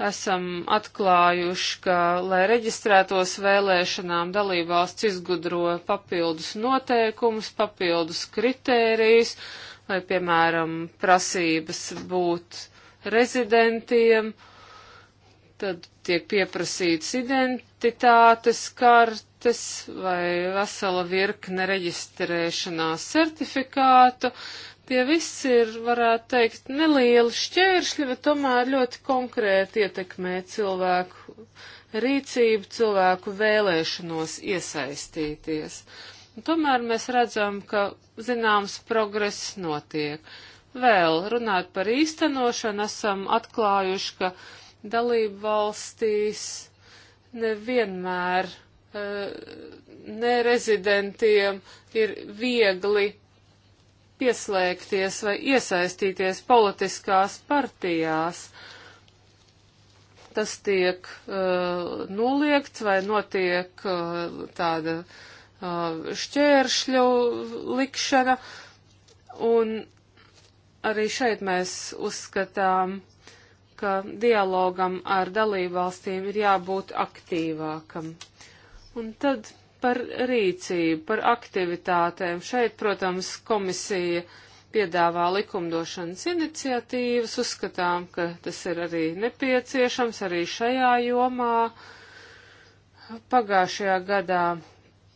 Speaker 1: esam atklājuši, ka, lai reģistrētos vēlēšanām, dalībvalsts izgudro papildus noteikumus, papildus kritērijus, vai, piemēram, prasības būt rezidentiem, tad tiek pieprasīts identitātes kartes vai vesela virkne reģistrēšanās certifikātu, Tie viss ir, varētu teikt, nelieli šķēršļi, bet tomēr ļoti konkrēti ietekmē cilvēku rīcību, cilvēku vēlēšanos iesaistīties. Un tomēr mēs redzam, ka zināms progress notiek. Vēl runāt par īstenošanu, esam atklājuši, ka dalību valstīs nevienmēr e, eh, nerezidentiem ir viegli pieslēgties vai iesaistīties politiskās partijās. Tas tiek uh, noliegts vai notiek uh, tāda uh, šķēršļu likšana. Un arī šeit mēs uzskatām, ka dialogam ar dalībvalstīm ir jābūt aktīvākam. Un tad par rīcību, par aktivitātēm. Šeit, protams, komisija piedāvā likumdošanas iniciatīvas, uzskatām, ka tas ir arī nepieciešams arī šajā jomā. Pagājušajā gadā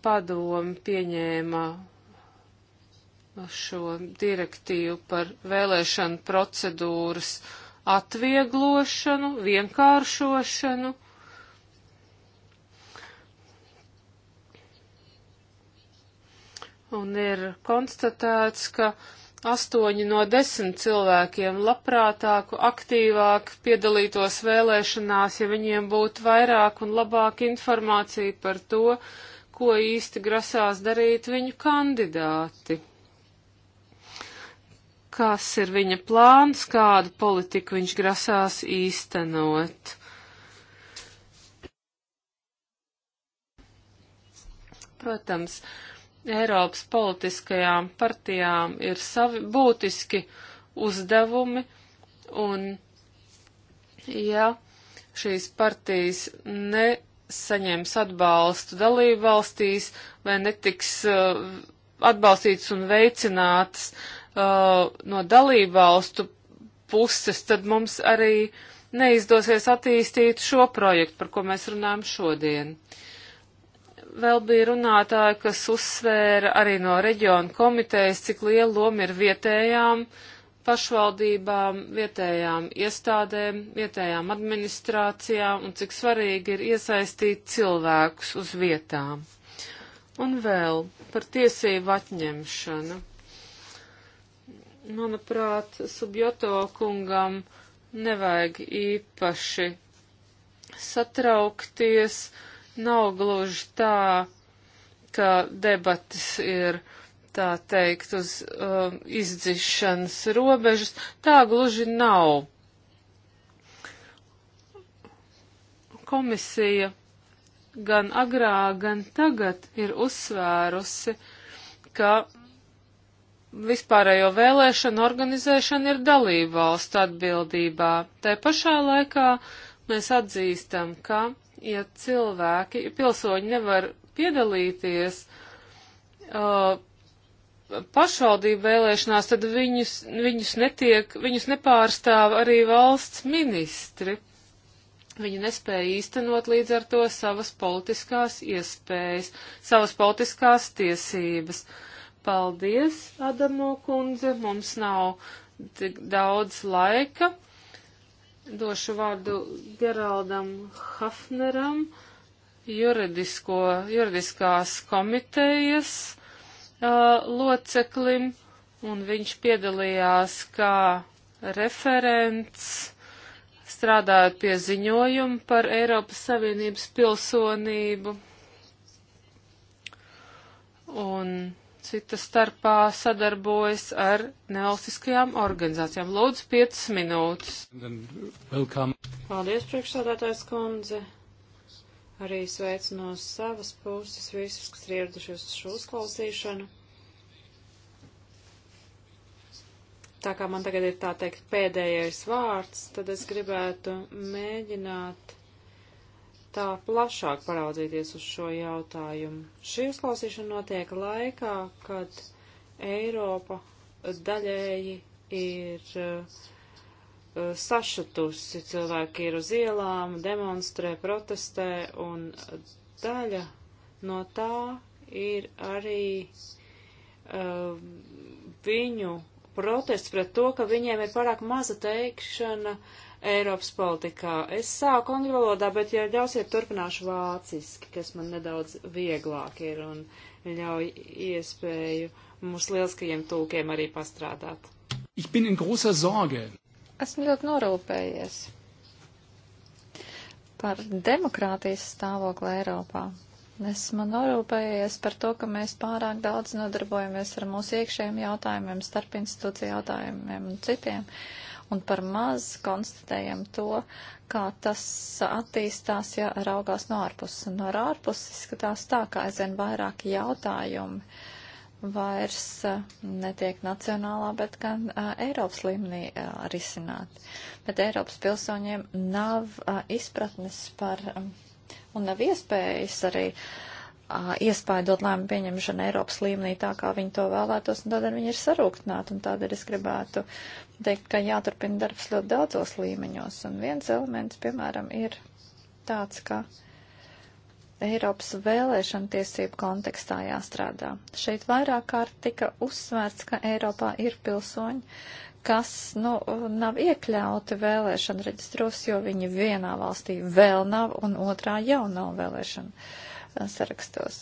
Speaker 1: padomi pieņēma šo direktīvu par vēlēšanu procedūras atvieglošanu, vienkāršošanu. Un ir konstatēts, ka astoņi no desmit cilvēkiem labprātāku, aktīvāk piedalītos vēlēšanās, ja viņiem būtu vairāk un labāk informācija par to, ko īsti grasās darīt viņu kandidāti. Kas ir viņa plāns, kādu politiku viņš grasās īstenot? Protams, uh, Eiropas politiskajām partijām ir savi būtiski uzdevumi, un ja šīs partijas nesaņems atbalstu dalību valstīs vai netiks uh, atbalstītas un veicinātas uh, no dalību valstu puses, tad mums arī neizdosies attīstīt šo projektu, par ko mēs runājam šodien. Uh, vēl bija runātāji, kas uzsvēra arī no reģiona komitejas, cik liela loma ir vietējām pašvaldībām, vietējām iestādēm, vietējām administrācijām un cik svarīgi ir iesaistīt cilvēkus uz vietām. Un vēl par tiesību atņemšanu. Manuprāt, Subjoto kungam nevajag īpaši satraukties. Uh, Nav gluži tā, ka debatas ir, tā teikt, uz um, izdzišanas robežas. Tā gluži nav. Komisija gan agrā, gan tagad ir uzsvērusi, ka vispārējo vēlēšanu organizēšana ir dalība valstu atbildībā. Tā pašā laikā mēs atzīstam, ka ja cilvēki, pilsoņi nevar piedalīties uh, pašvaldību vēlēšanās, tad viņus, viņus netiek, viņus nepārstāv arī valsts ministri. Viņi nespēja īstenot līdz ar to savas politiskās iespējas, savas politiskās tiesības. Paldies, Adamo kundze, mums nav tik daudz laika došu vārdu Geraldam Hafneram, juridisko, juridiskās komitejas uh, loceklim, un viņš piedalījās kā referents strādājot pie ziņojuma par Eiropas Savienības pilsonību. Un cita starpā sadarbojas ar nevalstiskajām
Speaker 3: organizācijām. Lūdzu, 5 minūtes. Paldies, priekšsādātājs kundze. Arī sveicu no savas puses visus, kas ir ieradušies uz šo uzklausīšanu. Tā kā man tagad ir tā teikt pēdējais vārds, tad es gribētu mēģināt tā plašāk paraudzīties uz šo jautājumu. Šī uzklausīšana notiek laikā, kad Eiropa daļēji ir uh, sašutusi, cilvēki ir uz ielām, demonstrē, protestē, un daļa no tā ir arī uh, viņu protests pret to, ka viņiem ir pārāk maza teikšana uh, Eiropas politikā. Es sāku angļu valodā, bet, ja ļausiet, turpināšu vāciski, kas man nedaudz vieglāk ir un ļauj iespēju mums lieliskajiem tūkiem arī pastrādāt.
Speaker 2: Ich bin in großer Sorge. Esmu ļoti norūpējies par demokrātijas stāvokli Eiropā. Esmu norūpējies par to, ka mēs pārāk daudz nodarbojamies ar mūsu iekšējiem jautājumiem, starpinstitūciju jautājumiem un citiem. Uh, un par maz konstatējam to, kā tas attīstās, ja raugās no ārpuses. Un no ārpuses izskatās tā, ka aizvien vairāk jautājumi vairs netiek nacionālā, bet gan uh, Eiropas līmenī uh, risināt. Bet Eiropas pilsoņiem nav uh, izpratnes par, um, un nav iespējas arī uh, iespējot lēmumu pieņemšanu Eiropas līmenī tā, kā viņi to vēlētos, un tādēļ viņi ir sarūktināti, un tādēļ es gribētu teikt, ka jāturpina darbs ļoti daudzos līmeņos, un viens elements, piemēram, ir tāds, ka Eiropas vēlēšana tiesību kontekstā jāstrādā. Šeit vairāk kārt tika uzsvērts, ka Eiropā ir pilsoņi, kas nu, nav iekļauti vēlēšana reģistros, jo viņi vienā valstī vēl nav un otrā jau nav vēlēšana. Uh, Uh, sarakstos.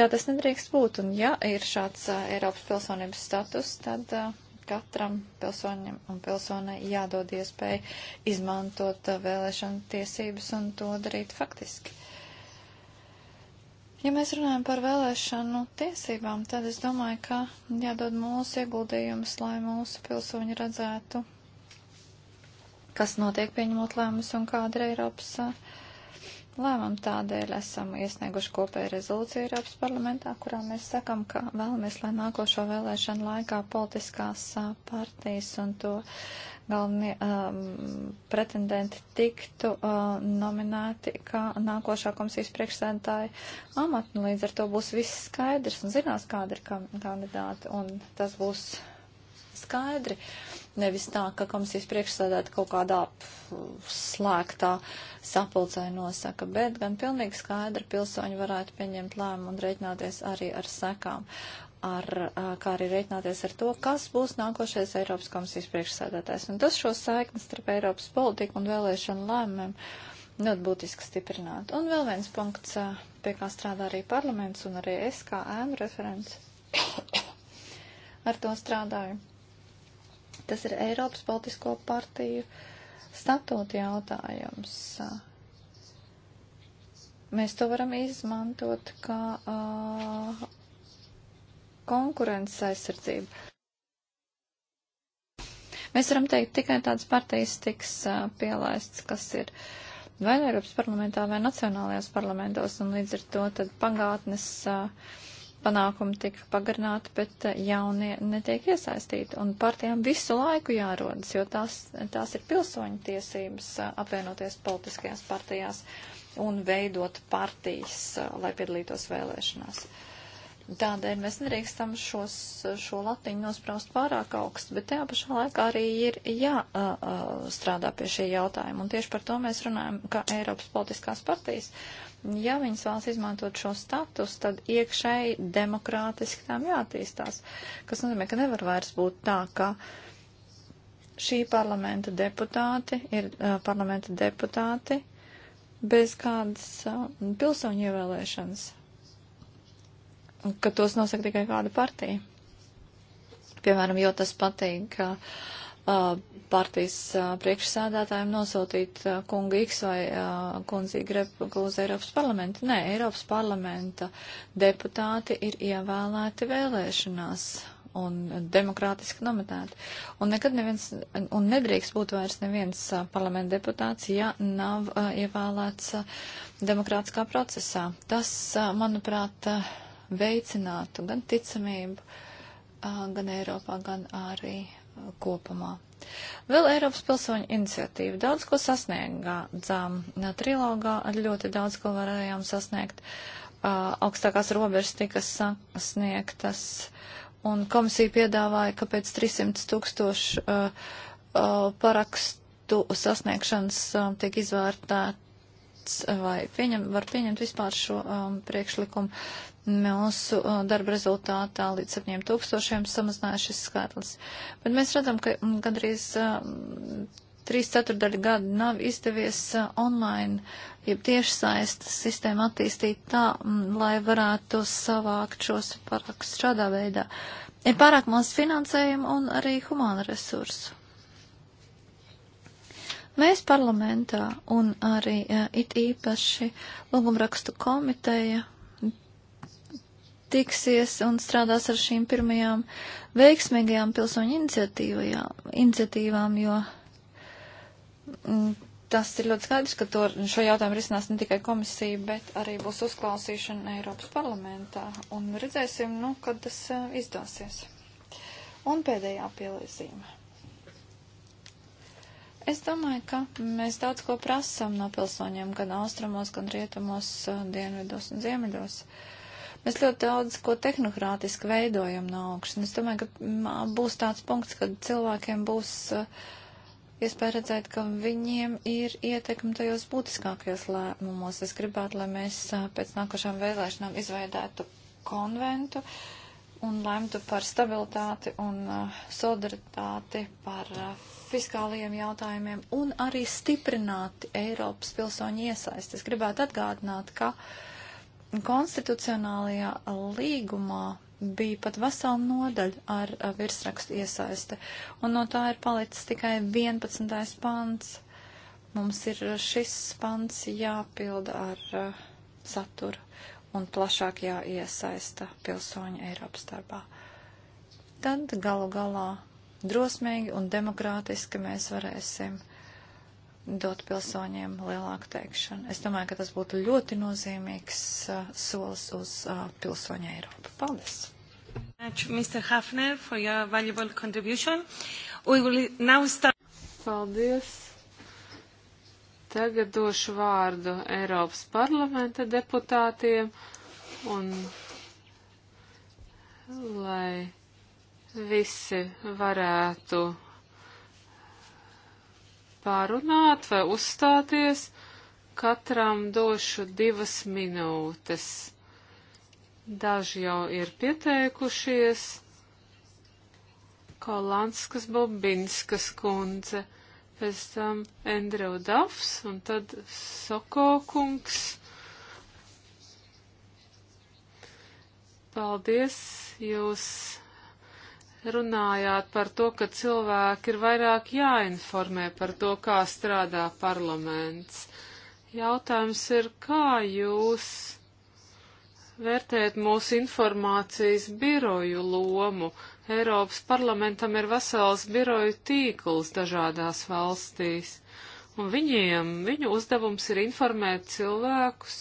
Speaker 2: Tā tas nedrīkst būt, un ja ir šāds uh, Eiropas pilsonības status, tad uh, katram pilsoņam un pilsonai jādod iespēja izmantot vēlēšanu tiesības un to darīt faktiski. Ja mēs runājam par vēlēšanu tiesībām, tad es domāju, ka jādod mūsu ieguldījums, lai mūsu pilsoņi redzētu, kas notiek pieņemot lēmumus un kāda ir Eiropas uh, lēmumu. Tādēļ esam iesnieguši kopēju rezolūciju Eiropas parlamentā, kurā mēs sakam, ka vēlamies, lai nākošo vēlēšanu laikā politiskās partijas un to galvenie um, pretendenti tiktu uh, nominēti kā nākošā komisijas priekšsēdētāja amatu. Nu, līdz ar to būs viss skaidrs un zinās, kāda ir kandidāti, un tas būs skaidri. Uh, Nevis tā, ka komisijas priekšsēdētāja kaut kādā slēgtā sapulcē nosaka, bet gan pilnīgi skaidri pilsoņi varētu pieņemt lēmumu un reiķināties arī ar sekām. Ar, kā arī reiķināties ar to, kas būs nākošais Eiropas komisijas priekšsēdētājs. Un tas šo saiknes starp Eiropas politiku un vēlēšanu lēmumiem ļoti būtiski stiprināt. Un vēl viens punkts, pie kā strādā arī parlaments un arī es kā ēnu referents. Ar to strādāju. Tas ir Eiropas politisko partiju statūta jautājums. Mēs to varam izmantot kā uh, konkurences aizsardzību. Mēs varam teikt, tikai tādas partijas tiks uh, pielaists, kas ir vai Eiropas parlamentā, vai nacionālajās parlamentos, un līdz ar to tad pagātnes uh, panākumi tika pagarināti, bet eh, jaunie netiek iesaistīti. Un partijām visu laiku jārodas, jo tās, tās ir pilsoņu tiesības eh, apvienoties politiskajās partijās un veidot partijas, eh, lai piedalītos vēlēšanās. Tādēļ mēs nedrīkstam šos, šo latiņu nospraust pārāk augstu, bet tajā pašā laikā arī ir jāstrādā pie šī jautājuma. Un tieši par to mēs runājam, ka Eiropas politiskās partijas uh, Ja viņas vēlas izmantot šo status, tad iekšēji demokrātiski tām jātīstās, kas nozīmē, ka nevar vairs būt tā, ka šī parlamenta deputāti ir uh, parlamenta deputāti bez kādas uh, pilsoņu ievēlēšanas, ka tos nosaka tikai kāda partija. Piemēram, jo tas patīk. Uh, partijas priekšsādātājiem nosūtīt kunga X vai kundzi Grepu uz Eiropas parlamentu. Nē, Eiropas parlamenta deputāti ir ievēlēti vēlēšanās un demokrātiski nometēti. Un nekad neviens, un nedrīkst būt vairs neviens parlamenta deputāts, ja nav uh, ievēlēts uh, demokrātiskā procesā. Tas, uh, manuprāt, uh, veicinātu gan ticamību, uh, gan Eiropā, gan arī kopumā. Vēl Eiropas pilsoņu iniciatīva. Daudz ko sasniegām trilogā, ļoti daudz ko varējām sasniegt. Uh, augstākās robežas tika sasniegtas, un komisija piedāvāja, ka pēc 300 tūkstošu uh, uh, parakstu sasniegšanas uh, tiek izvērtēta vai pieņem, var pieņemt vispār šo um, priekšlikumu. Mūsu uh, darba rezultātā līdz 7000 samazinājās šis skaitlis. Bet mēs redzam, ka mm, gandrīz 3 uh, ceturdaļa gada nav izdevies uh, online, jeb tiešsaistes sistēmu attīstīt tā, mm, lai varētu savākt šos parakstus šādā veidā. Ir pārāk maz finansējumu un arī humāna resursu. Mēs parlamentā un arī it īpaši lūgumrakstu komiteja tiksies un strādās ar šīm pirmajām veiksmīgajām pilsoņu iniciatīvām, jo mm, tas ir ļoti skaidrs, ka to, šo jautājumu risinās ne tikai komisija, bet arī būs uzklausīšana Eiropas parlamentā. Un redzēsim, nu, kad tas eh, izdosies. Un pēdējā pielīzīme. Es domāju, ka mēs daudz ko prasām no pilsoņiem, gan austrumos, gan rietumos, eh, dienvidos un ziemeļos. Uh, Mēs ļoti daudz ko tehnokrātiski veidojam no augšas. Es domāju, ka būs tāds punkts, kad cilvēkiem būs iespēja redzēt, ka viņiem ir ietekme tajos būtiskākajos lēmumos. Es gribētu, lai mēs pēc nākošām vēlēšanām izveidētu konventu un lemtu par stabilitāti un solidaritāti, par fiskālajiem jautājumiem un arī stiprinātu Eiropas pilsoņu iesaisti. Es gribētu atgādināt, ka. Uh, konstitucionālajā līgumā bija pat vesela nodaļa ar a, virsrakstu iesaiste, un no tā ir palicis tikai 11. pants. Mums ir šis pants jāpilda ar a, eh, saturu un plašāk jāiesaista pilsoņu Eiropas darbā. Tad galu galā drosmīgi un demokrātiski mēs varēsim dot pilsoņiem lielāku teikšanu. Es domāju, ka tas būtu ļoti nozīmīgs uh, solis uz uh, pilsoņu Eiropu. Paldies!
Speaker 1: Mr. Hafner, for your valuable contribution. We will now start. Paldies. Tagad došu vārdu Eiropas parlamenta deputātiem un lai visi varētu pārunāt vai uzstāties. Katram došu divas minūtes. Daži jau ir pieteikušies. Kolanskas Bobinskas kundze, pēc tam Endrew Dafs un tad Soko kungs. Paldies, jūs runājāt par to, ka cilvēki ir vairāk jāinformē par to, kā strādā parlaments. Jautājums ir, kā jūs vērtējat mūsu informācijas biroju lomu? Eiropas parlamentam ir vesels biroju tīkls dažādās valstīs, un viņiem, viņu uzdevums ir informēt cilvēkus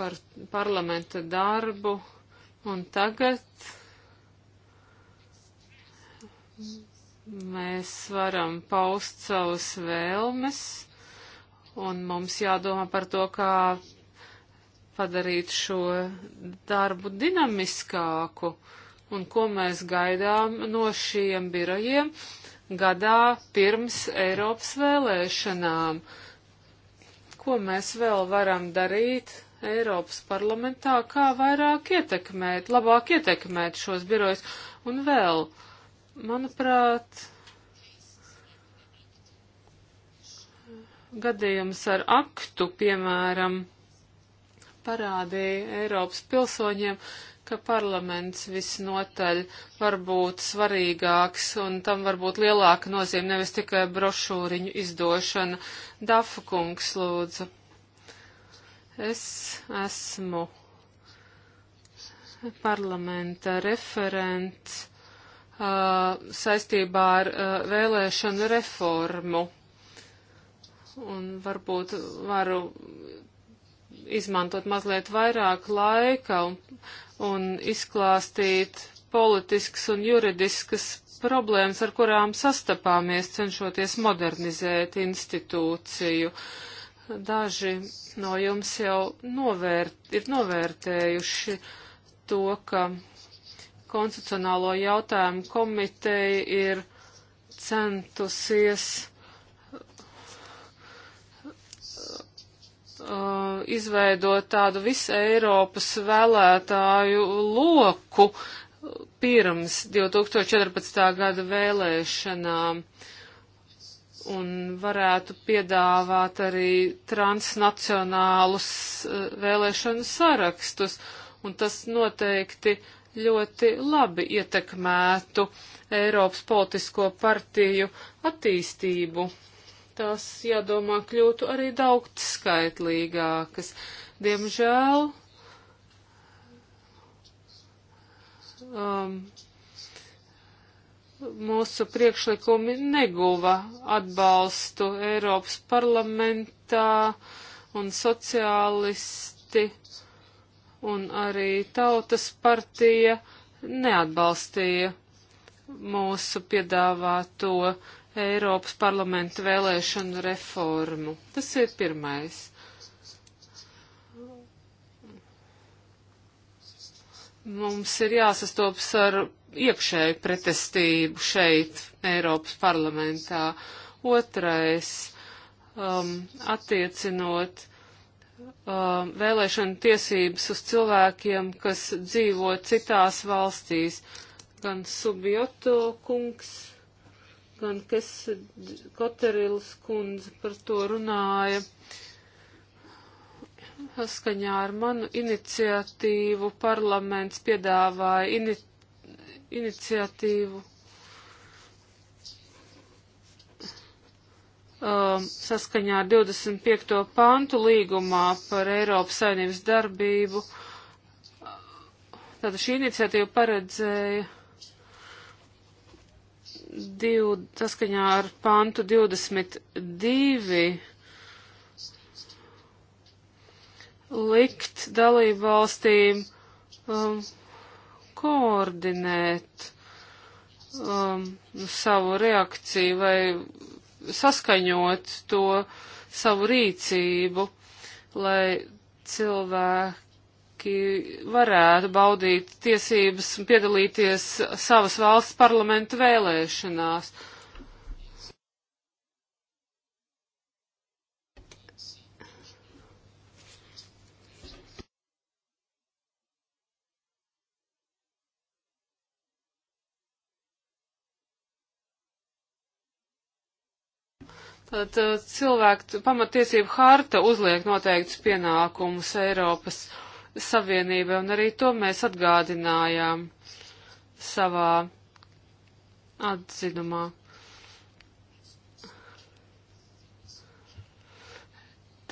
Speaker 1: par parlamenta darbu, un tagad Mēs varam paust savus vēlmes, un mums jādomā par to, kā padarīt šo darbu dinamiskāku, un ko mēs gaidām no šiem birojiem gadā pirms Eiropas vēlēšanām. Ko mēs vēl varam darīt Eiropas parlamentā, kā vairāk ietekmēt, labāk ietekmēt šos birojus un vēl. Uh, Manuprāt, gadījums ar aktu, piemēram, parādīja Eiropas pilsoņiem, ka parlaments visnotaļ var būt svarīgāks un tam var būt lielāka nozīme nevis tikai brošūriņu izdošana. Dafa kungs lūdzu. Es esmu parlamenta referents Uh, saistībā ar uh, vēlēšanu reformu. Un varbūt varu izmantot mazliet vairāk laika un, un izklāstīt politiskas un juridiskas problēmas, ar kurām sastapāmies, cenšoties modernizēt institūciju. Daži no jums jau novērt, ir novērtējuši to, ka konstitucionālo jautājumu komiteja ir centusies uh, izveidot tādu visu Eiropas vēlētāju loku pirms 2014. gada vēlēšanām un varētu piedāvāt arī transnacionālus uh, vēlēšanu sarakstus. Un tas noteikti uh, ļoti labi ietekmētu Eiropas politisko partiju attīstību. Tās, jādomā, kļūtu arī daudz skaitlīgākas. Diemžēl um, mūsu priekšlikumi neguva atbalstu Eiropas parlamentā un sociālisti un arī tautas partija neatbalstīja mūsu piedāvāto Eiropas parlamenta vēlēšanu reformu. Tas ir pirmais. Mums ir jāsastops ar iekšēju pretestību šeit, Eiropas parlamentā. Otrais, um, attiecinot uh, vēlēšana tiesības uz cilvēkiem, kas dzīvo citās valstīs. Gan Subjoto kungs, gan Kes Koterils kundze par to runāja. Saskaņā ar manu iniciatīvu parlaments piedāvāja ini iniciatīvu Um, saskaņā ar 25. pantu līgumā par Eiropas saimnības darbību. Tātad šī iniciatīva paredzēja div, saskaņā ar pantu 22 likt dalību valstīm um, koordinēt um, savu reakciju vai saskaņot to savu rīcību, lai cilvēki varētu baudīt tiesības un piedalīties savas valsts parlamentu vēlēšanās. Uh, Tad eh, cilvēku pamatiesību harta uzliek noteiktus pienākumus Eiropas Savienībai, un arī to mēs atgādinājām savā atzinumā.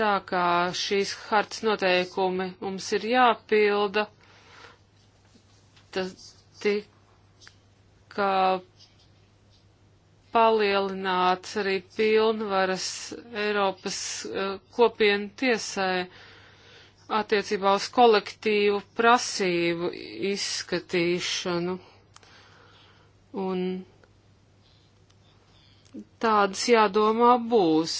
Speaker 1: Tā kā šīs hartas noteikumi mums ir jāpilda, tad tik kā palielināts arī pilnvaras Eiropas uh, kopienu tiesai attiecībā uz kolektīvu prasību izskatīšanu. Un tādas jādomā būs.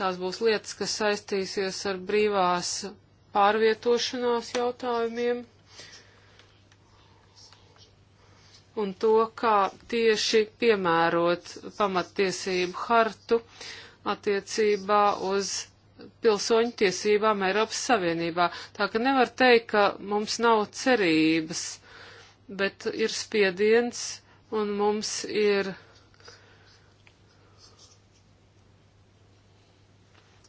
Speaker 1: Tās būs lietas, kas saistīsies ar brīvās pārvietošanās jautājumiem. un to, kā tieši piemērot pamattiesību hartu attiecībā uz pilsoņu tiesībām Eiropas Savienībā. Tā ka nevar teikt, ka mums nav cerības, bet ir spiediens un mums ir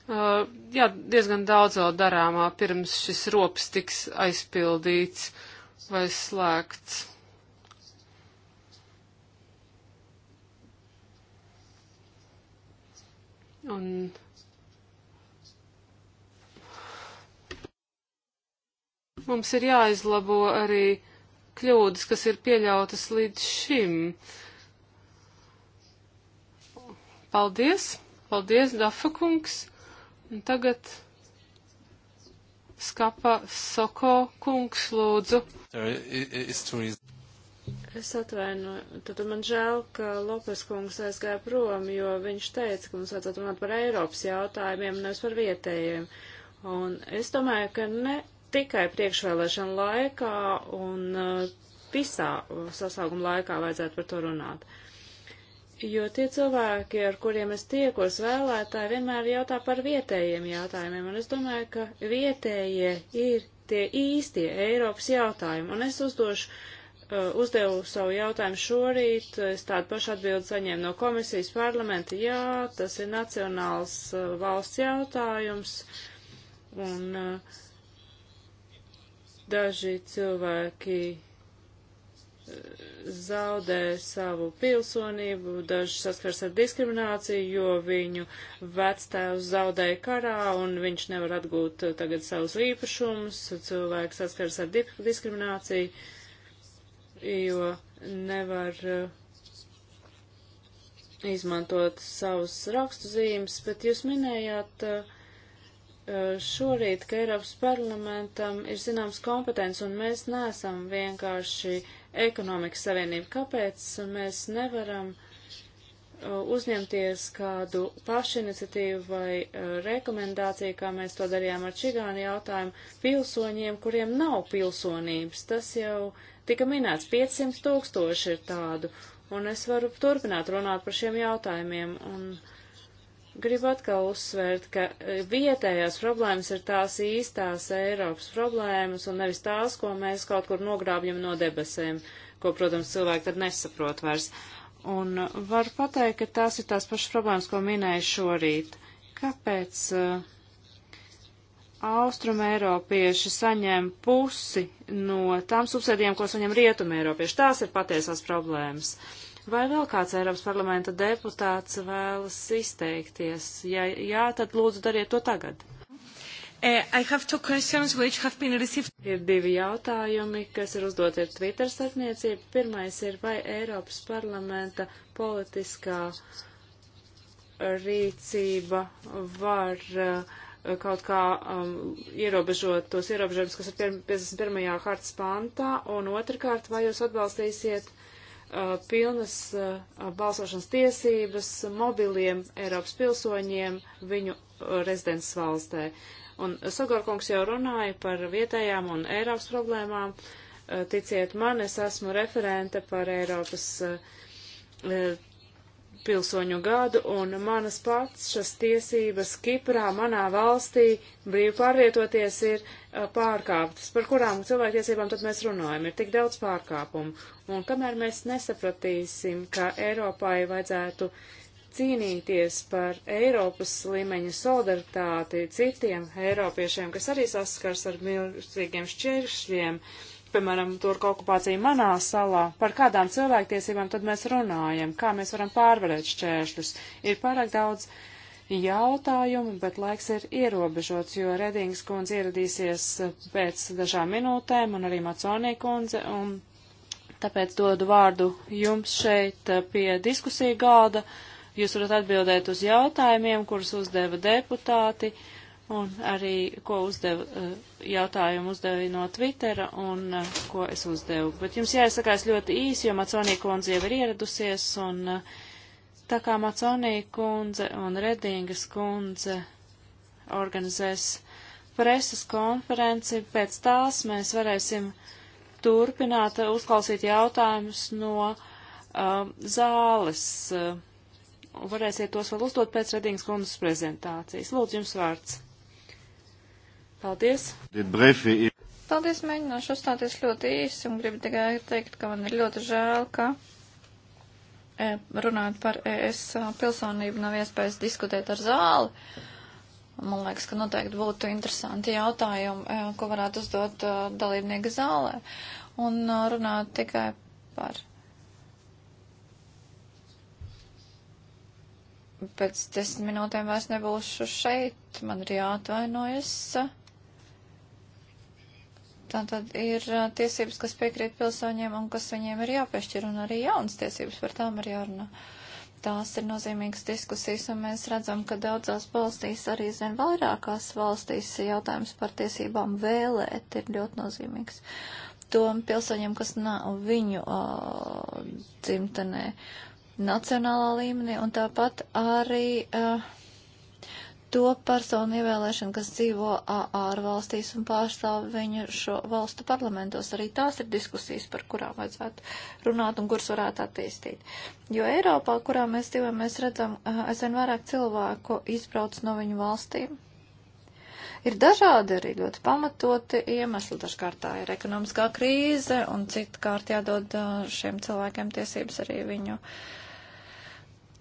Speaker 1: uh, jā, diezgan daudz vēl darāmā pirms šis rops tiks aizpildīts vai slēgts. Un mums ir jāizlabo arī kļūdas, kas ir pieļautas līdz šim. Paldies! Paldies, Dafa kungs! Un tagad skapa Soko kungs lūdzu.
Speaker 3: Es atvainoju, tad man žēl, ka Lopes kungs aizgāja prom, jo viņš teica, ka mums vajadzētu runāt par Eiropas jautājumiem, nevis par vietējiem. Un es domāju, ka ne tikai priekšvēlēšana laikā un uh, visā sasauguma laikā vajadzētu par to runāt. Jo tie cilvēki, ar kuriem es tiekos vēlētāji, vienmēr jautā par vietējiem jautājumiem, un es domāju, ka vietējie ir tie īstie Eiropas jautājumi, un es uzdošu Uh, uzdevu savu jautājumu šorīt, es tādu pašu atbildi saņēmu no komisijas parlamenta. Jā, tas ir nacionāls uh, valsts jautājums, un uh, daži cilvēki zaudē savu pilsonību, daži saskars ar diskrimināciju, jo viņu vectēvs zaudēja karā un viņš nevar atgūt tagad savus īpašumus, cilvēki saskars ar diskrimināciju. Uh, jo nevar eh, izmantot savus rakstuzīmes, bet jūs minējāt eh, šorīt, ka Eiropas parlamentam ir zināms kompetence un mēs neesam vienkārši ekonomikas savienība. Kāpēc mēs nevaram uh, Uh, uzņemties kādu pašiniciatīvu vai uh, rekomendāciju, kā mēs to darījām ar čigānu jautājumu, pilsoņiem, kuriem nav pilsonības. Tas jau tika minēts, 500 tūkstoši ir tādu, un es varu turpināt runāt par šiem jautājumiem. Un gribu atkal uzsvērt, ka uh, vietējās problēmas ir tās īstās Eiropas problēmas, un nevis tās, ko mēs kaut kur nogrābjam no debesēm, ko, protams, cilvēki tad nesaprot vairs. Uh, Un var pateikt, ka tās ir tās pašas problēmas, ko minēju šorīt. Kāpēc uh, Austrumēropieši saņem pusi no tām subsēdijām, ko saņem Rietumēropieši. Tās ir patiesās problēmas. Vai vēl kāds Eiropas parlamenta deputāts vēlas izteikties? Ja jā, tad lūdzu dariet to tagad. Uh, ir divi jautājumi, kas ir uzdoti ar Twitter starpniecību. Pirmais ir, vai Eiropas parlamenta politiskā rīcība var uh, kaut kā um, ierobežot tos ierobežojumus, kas ir 51. hartas pantā, un otrkārt, vai jūs atbalstīsiet uh, pilnas uh, balsošanas tiesības mobiliem Eiropas pilsoņiem viņu uh, rezidents valstē. Un Sogorkungs jau runāja par vietējām un Eiropas problēmām. E, ticiet man, es esmu referente par Eiropas e, e, pilsoņu gadu, un manas pats šas tiesības Kiprā, manā valstī, brīvi pārvietoties ir pārkāptas. Par kurām cilvēktiesībām tad mēs runājam? Ir tik daudz pārkāpumu. Un kamēr mēs nesapratīsim, ka Eiropai vajadzētu uh, cīnīties par Eiropas līmeņa solidaritāti citiem Eiropiešiem, kas arī saskars ar milzīgiem šķēršļiem, piemēram, tur okupācija manā salā, par kādām cilvēktiesībām tad mēs runājam, kā mēs varam pārvarēt šķēršļus. Ir pārāk daudz jautājumu, bet laiks ir ierobežots, jo Redings kundze ieradīsies pēc dažām minūtēm un arī Maconī kundze, un tāpēc dodu vārdu jums šeit pie diskusiju galda, Jūs varat atbildēt uz jautājumiem, kurus uzdeva deputāti un arī, ko uzdeva, eh, jautājumu uzdeva no Twittera un eh, ko es uzdevu. Bet jums jāizsakās ļoti īsi, jo Maconī kundze jau ir ieradusies, un eh, tā kā Maconī kundze un Redingas kundze organizēs preses konferenci, pēc tās mēs varēsim turpināt uzklausīt jautājumus no uh, zāles. Uh, varēsiet tos vēl uzdot pēc Redingas kundzes prezentācijas. Lūdzu, jums vārds.
Speaker 2: Paldies. Paldies, mēģināšu uzstāties ļoti īsi un gribu tikai teikt, ka man ir ļoti žēl, ka e, runājot par ES pilsonību nav iespējas diskutēt ar zāli. Man liekas, ka noteikti būtu interesanti jautājumi, e, ko varētu uzdot e, dalībnieki zālē. Un runāt tikai par pēc desmit minūtēm vairs nebūšu šeit, man ir jāatvainojas. Tātad ir uh, tiesības, kas piekrīt pilsoņiem un kas viņiem ir jāpiešķir, un arī jaunas tiesības par tām ir jārunā. Tās ir nozīmīgas diskusijas, un mēs redzam, ka daudzās valstīs, arī zin vairākās valstīs, jautājums par tiesībām vēlēt ir ļoti nozīmīgs. To pilsoņiem, kas nav viņu uh, dzimtenē. Uh, nacionālā līmenī un tāpat arī uh, to personu ievēlēšanu, kas dzīvo ārvalstīs un pārstāv viņu šo valstu parlamentos. Arī tās ir diskusijas, par kurām vajadzētu runāt un kuras varētu attīstīt. Jo Eiropā, kurā mēs dzīvojam, mēs redzam uh, aizvien vairāk cilvēku izbrauc no viņu valstīm. Ir dažādi arī ļoti pamatoti iemesli. Dažkārt tā ir ekonomiskā krīze, un citkārt jādod šiem cilvēkiem tiesības arī viņu uh,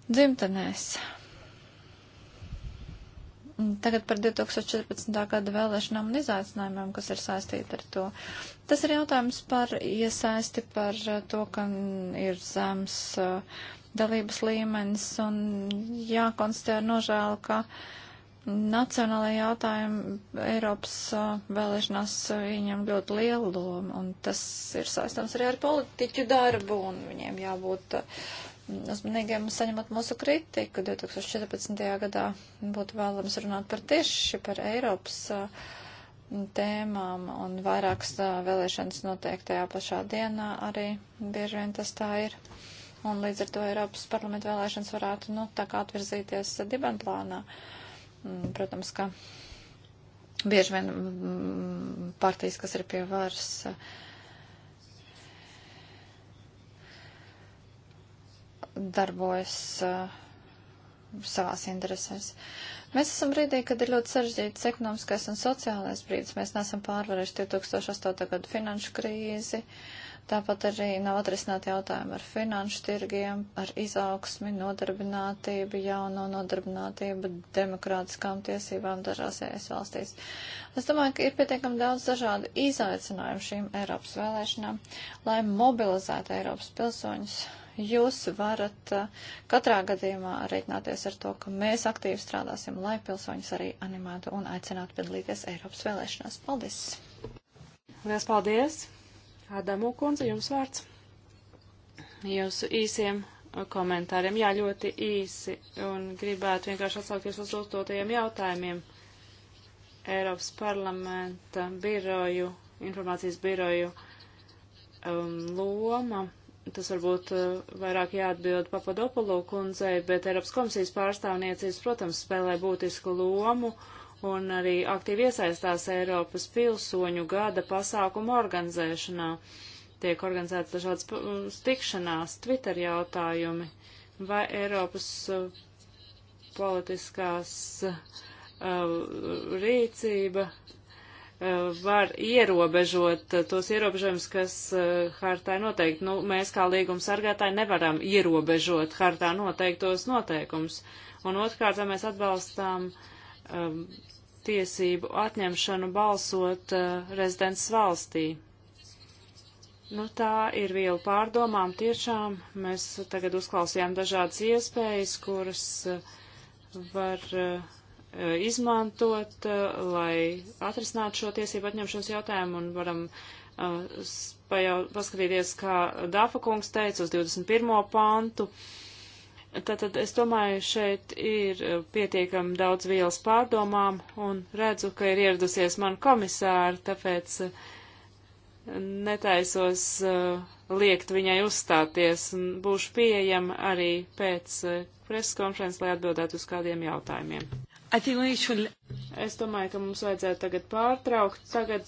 Speaker 2: dzimtenēs. Tagad par 2014. gada vēlēšanām un izaicinājumiem, kas ir saistīti ar to. Tas ir jautājums par iesaisti, par uh, to, ka ir zems uh, dalības līmenis un jākonstatē ar nožēlu, ka nacionālajā jautājumā Eiropas uh, vēlēšanās viņam ļoti lielu lomu, un tas ir saistams arī ar politiķu darbu, un viņiem jābūt uh, uzmanīgiem saņemot mūsu kritiku. 2014. gadā būtu vēlams runāt par tieši par Eiropas uh, tēmām un vairākas uh, vēlēšanas notiek tajā pašā dienā arī bieži vien tas tā ir. Un līdz ar to Eiropas parlamenta vēlēšanas varētu, nu, tā kā atvirzīties uh, dibanplānā. Mm, protams, ka bieži vien mm, mm, partijas, kas ir pie varas, uh, darbojas uh, savās interesēs. Mēs esam brīdī, kad ir ļoti sarežģīts ekonomiskais un sociālais brīdis. Mēs nesam pārvarējuši 2008. gadu finanšu krīzi, tāpat arī nav atrisināti jautājumi ar finanšu tirgiem, ar izaugsmi, nodarbinātību, jauno nodarbinātību, demokrātiskām tiesībām dažās ES valstīs. Es domāju, ka ir pietiekami daudz dažādu izaicinājumu šīm Eiropas vēlēšanām, lai mobilizētu Eiropas pilsoņus jūs varat eh, katrā gadījumā reiķināties ar to, ka mēs aktīvi strādāsim, lai pilsoņus arī animētu un aicinātu piedalīties Eiropas vēlēšanās. Paldies! Lielas paldies!
Speaker 3: Ādamu kundze, jums vārds. Jūsu īsiem eh, komentāriem. Jā, ļoti īsi un gribētu vienkārši atsaukties uz uzdotajiem jautājumiem. Eiropas parlamenta biroju, informācijas biroju um, loma Tas varbūt eh, vairāk jāatbild Papadopolo kundzei, bet Eiropas komisijas pārstāvniecības, protams, spēlē būtisku lomu un arī aktīvi iesaistās Eiropas pilsoņu gada pasākumu organizēšanā. Tiek organizētas dažādas tikšanās, Twitter jautājumi, vai Eiropas eh, politiskās uh, rīcība Eh, var ierobežot eh, tos ierobežojumus, kas eh, hartā ir noteikti. Nu, mēs kā līguma sargātāji nevaram ierobežot hartā noteiktos noteikumus. Un otrkārt, mēs atbalstām um, tiesību atņemšanu balsot uh, rezidents valstī. Nu, tā ir viela pārdomām tiešām. Mēs tagad uzklausījām dažādas iespējas, kuras uh, var. Uh, E, izmantot, e, lai atrisinātu šo tiesību atņemšanas jautājumu un varam e, paskatīties, kā Dāfa kungs teica uz 21. pantu. Tātad es domāju, šeit ir pietiekami daudz vielas pārdomām un redzu, ka ir ieradusies man komisāri, tāpēc netaisos liekt viņai uzstāties un būšu pieejama arī pēc preses konferences, lai atbildētu uz kādiem jautājumiem. Should... Es domāju, ka mums vajadzētu tagad pārtraukt tagad,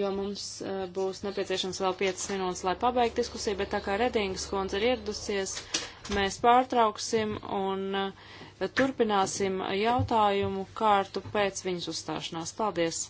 Speaker 3: jo mums uh, būs nepieciešams vēl 5 minūtes, lai pabeigtu diskusiju, bet tā kā Redingas kundze ir ieradusies, mēs pārtrauksim un uh, turpināsim jautājumu kārtu pēc viņas uzstāšanās. Paldies!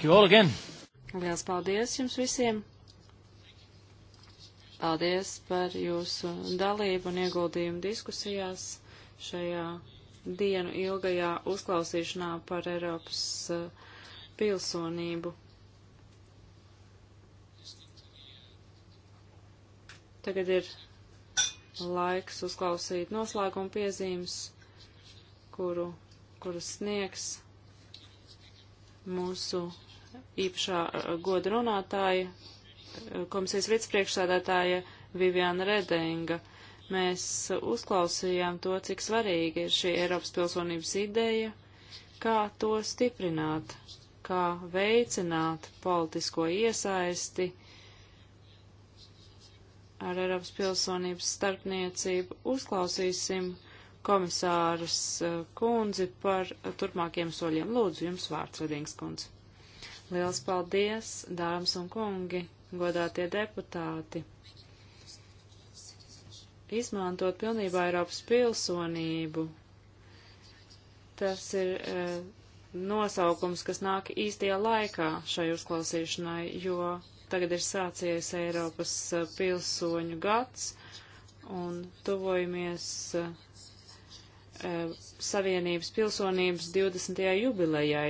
Speaker 3: Thank you all again. Liels paldies jums visiem. Paldies par jūsu dalību un ieguldījumu diskusijās šajā dienu ilgajā uzklausīšanā par Eiropas uh, pilsonību. Tagad ir laiks uzklausīt noslēguma piezīmes, kuru, kuras sniegs mūsu īpašā eh, goda runātāja, eh, komisijas vicepriekšsādātāja Viviana Redinga. Mēs eh, uzklausījām to, cik svarīga ir šī Eiropas pilsonības ideja, kā to stiprināt, kā veicināt politisko iesaisti ar Eiropas pilsonības starpniecību. Uzklausīsim komisāras kundzi par turpmākiem soļiem. Lūdzu, jums vārds, Vedīgs kundze. Liels paldies, dāmas un kungi, godātie deputāti! Izmantot pilnībā Eiropas pilsonību. Tas ir e, nosaukums, kas nāk īstajā laikā šai uzklausīšanai, jo tagad ir sācies Eiropas eh, pilsoņu gads un tuvojamies e, Savienības pilsonības 20. jubilejai.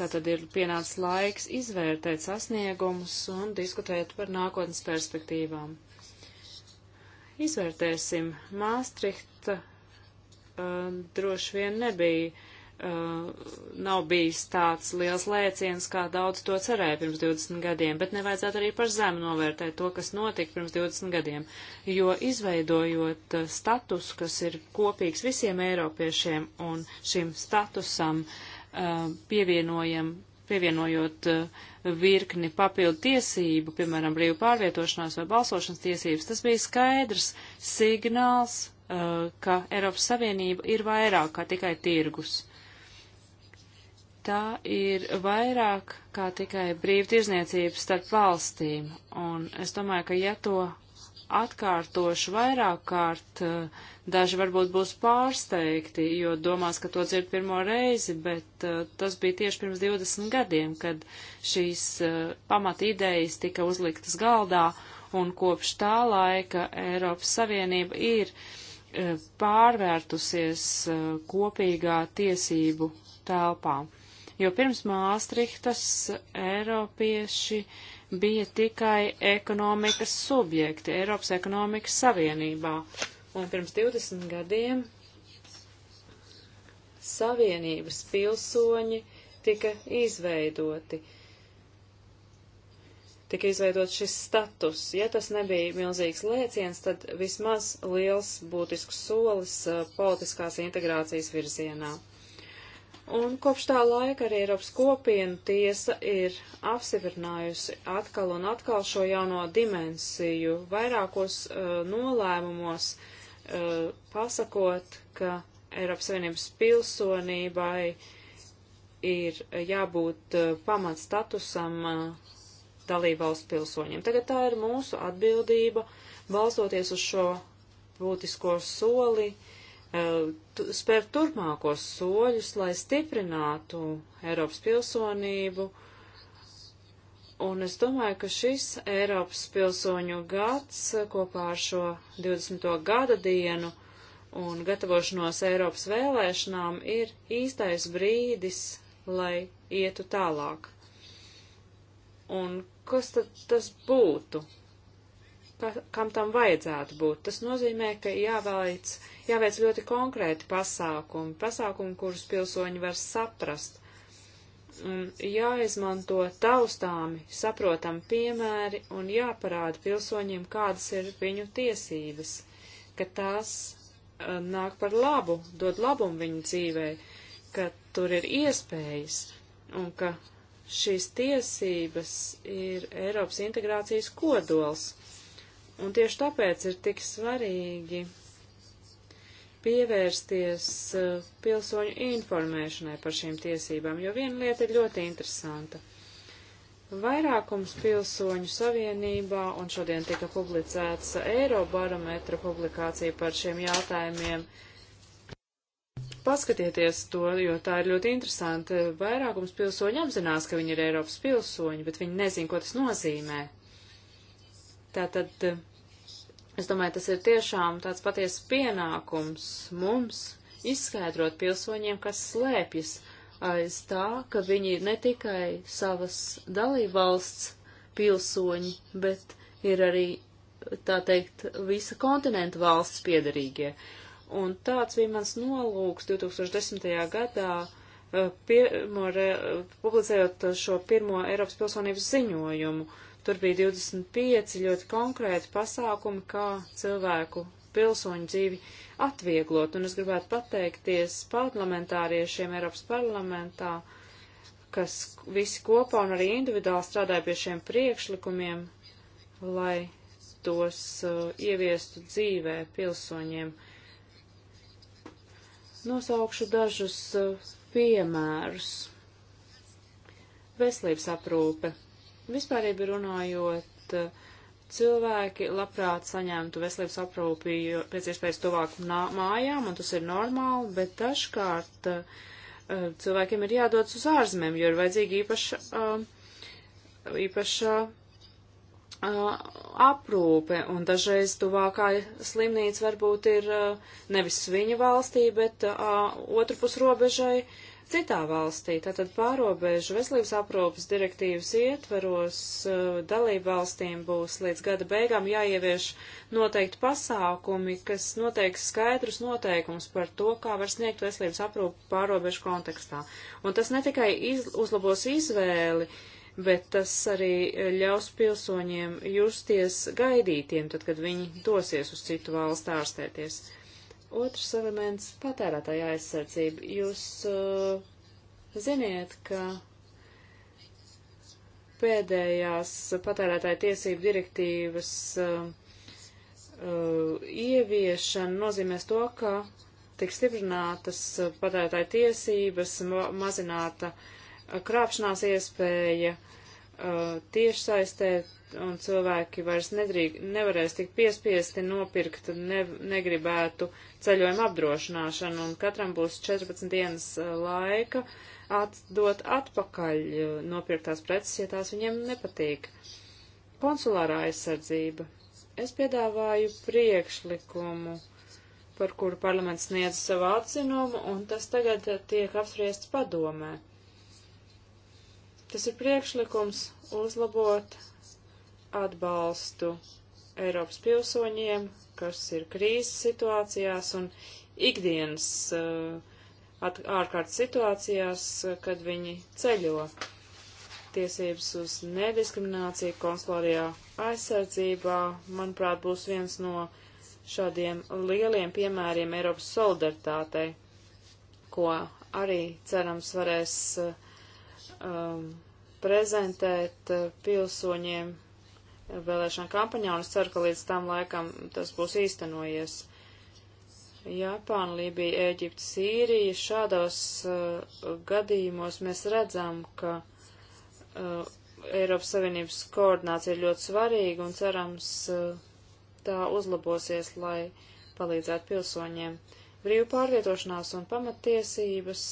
Speaker 3: Tātad ir pienācis laiks izvērtēt sasniegumus un diskutēt par nākotnes perspektīvām. Izvērtēsim. Māstrihta uh, eh, droši vien nebija, uh, nav bijis tāds liels lēciens, kā daudz to cerēja pirms 20 gadiem, bet nevajadzētu arī par zemu novērtēt to, kas notika pirms 20 gadiem, jo izveidojot eh, status, kas ir kopīgs visiem eiropiešiem un šim statusam, uh, Uh, pievienojam, pievienojot uh, virkni papildu tiesību, piemēram, brīvu pārvietošanās vai balsošanas tiesības, tas bija skaidrs signāls, uh, ka Eiropas Savienība ir vairāk kā tikai tirgus. Tā ir vairāk kā tikai brīvtirzniecības starp valstīm, un es domāju, ka ja to atkārtošu vairāk kārt, eh, daži varbūt būs pārsteigti, jo domās, ka to dzird pirmo reizi, bet eh, tas bija tieši pirms 20 gadiem, kad šīs eh, pamat idejas tika uzliktas galdā, un kopš tā laika Eiropas Savienība ir pārvērtusies kopīgā tiesību telpā. Jo pirms Māstrihtas Eiropieši uh, bija tikai ekonomikas subjekti Eiropas ekonomikas savienībā. Un pirms 20 gadiem savienības pilsoņi tika izveidoti. Tika izveidot šis status. Ja tas nebija milzīgs lēciens, tad vismaz liels būtisks solis uh, politiskās integrācijas virzienā. Un kopš tā laika arī Eiropas kopiena tiesa ir apsivirinājusi atkal un atkal šo jauno dimensiju vairākos uh, nolēmumos, uh, pasakot, ka Eiropas Savienības pilsonībai ir uh, jābūt uh, pamatstatusam uh, dalībvalstu pilsoņiem. Tagad tā ir mūsu atbildība, balstoties uz šo būtisko soli, uh, Uh, spērt turpmākos soļus, lai stiprinātu Eiropas pilsonību. Un es domāju, ka šis Eiropas pilsoņu gads uh, kopā ar šo 20. gada dienu un gatavošanos Eiropas vēlēšanām ir īstais brīdis, lai ietu tālāk. Un kas tad tas būtu? ka, kam tam vajadzētu būt. Tas nozīmē, ka jāveic, jāveic ļoti konkrēti pasākumi, pasākumi, kurus pilsoņi var saprast. Un jāizmanto taustāmi, saprotam piemēri un jāparāda pilsoņiem, kādas ir viņu tiesības, ka tās uh, nāk par labu, dod labumu viņu dzīvē, ka tur ir iespējas un ka šīs tiesības ir Eiropas integrācijas kodols. Un tieši tāpēc ir tik svarīgi pievērsties uh, pilsoņu informēšanai par šīm tiesībām, jo viena lieta ir ļoti interesanta. Vairākums pilsoņu savienībā, un šodien tika publicēts Eirobarometra publikācija par šiem jautājumiem, paskatieties to, jo tā ir ļoti interesanti. Vairākums pilsoņu apzinās, ka viņi ir Eiropas pilsoņi, bet viņi nezin, ko tas nozīmē. Tātad. Uh, Es domāju, tas ir tiešām tāds paties pienākums mums izskaidrot pilsoņiem, kas slēpjas aiz tā, ka viņi ir ne tikai savas dalībvalsts pilsoņi, bet ir arī, tā teikt, visa kontinenta valsts piedarīgie. Un tāds bija mans nolūks 2010. gadā, eh, pirmo, re, publicējot šo pirmo Eiropas pilsonības ziņojumu. Uh, Tur bija 25 ļoti konkrēti pasākumi, kā cilvēku pilsoņu dzīvi atvieglot, un es gribētu pateikties parlamentāriešiem Eiropas parlamentā, kas visi kopā un arī individuāli strādāja pie šiem priekšlikumiem, lai tos uh, ieviestu dzīvē pilsoņiem. Nosaukšu dažus uh, piemērus. Veselības aprūpe Vispārīgi runājot, cilvēki labprāt saņemtu veselības aprūpi pēc iespējas tuvāk mājām, un tas ir normāli, bet dažkārt eh, cilvēkiem ir jādodas uz ārzemēm, jo ir vajadzīga īpaša, eh, īpaša eh, aprūpe, un dažreiz tuvākā slimnīca varbūt ir nevis viņa valstī, bet otru pus robežai, citā valstī. Tātad pārobežu veselības aprūpas direktīvas ietveros uh, dalību valstīm būs līdz gada beigām jāievieš noteikti pasākumi, kas noteiks skaidrus noteikumus par to, kā var sniegt veselības aprūpu pārobežu kontekstā. Un tas ne tikai iz, uzlabos izvēli, bet tas arī uh, ļaus pilsoņiem justies gaidītiem, tad, kad viņi dosies uz citu valstu ārstēties. Otrs elements - patērētāja aizsardzība. Jūs uh, ziniet, ka pēdējās patērētāja tiesību direktīvas uh, uh, ieviešana nozīmēs to, ka tiek stiprinātas patērētāja tiesības, ma mazināta krāpšanās iespēja, uh, uh, tiešsaistē, un cilvēki vairs nedrīk, nevarēs tik piespiesti nopirkt ne, negribētu ceļojumu apdrošināšanu, un katram būs 14 dienas uh, laika atdot atpakaļ uh, nopirktās preces, ja tās viņiem nepatīk. Konsulārā aizsardzība. Es piedāvāju priekšlikumu, par kuru parlaments sniedz savu atzinumu, un tas tagad uh, tiek apspriests padomē. Tas ir priekšlikums uzlabot atbalstu Eiropas pilsoņiem, kas ir krīzes situācijās un ikdienas uh, ārkārtas situācijās, uh, kad viņi ceļo tiesības uz nediskrimināciju konsulārijā aizsardzībā, manuprāt, būs viens no šādiem lieliem piemēriem Eiropas solidaritātei, ko arī cerams varēs uh, um, prezentēt uh, pilsoņiem vēlēšana kampaņā, un es ceru, ka līdz tam laikam tas būs īstenojies. Japāna, Lībija, Ēģipte, Sīrija. Šādos uh, gadījumos mēs redzam, ka uh, Eiropas Savienības koordinācija ir ļoti svarīga un cerams uh, tā uzlabosies, lai palīdzētu pilsoņiem. Brīvu pārvietošanās un pamatiesības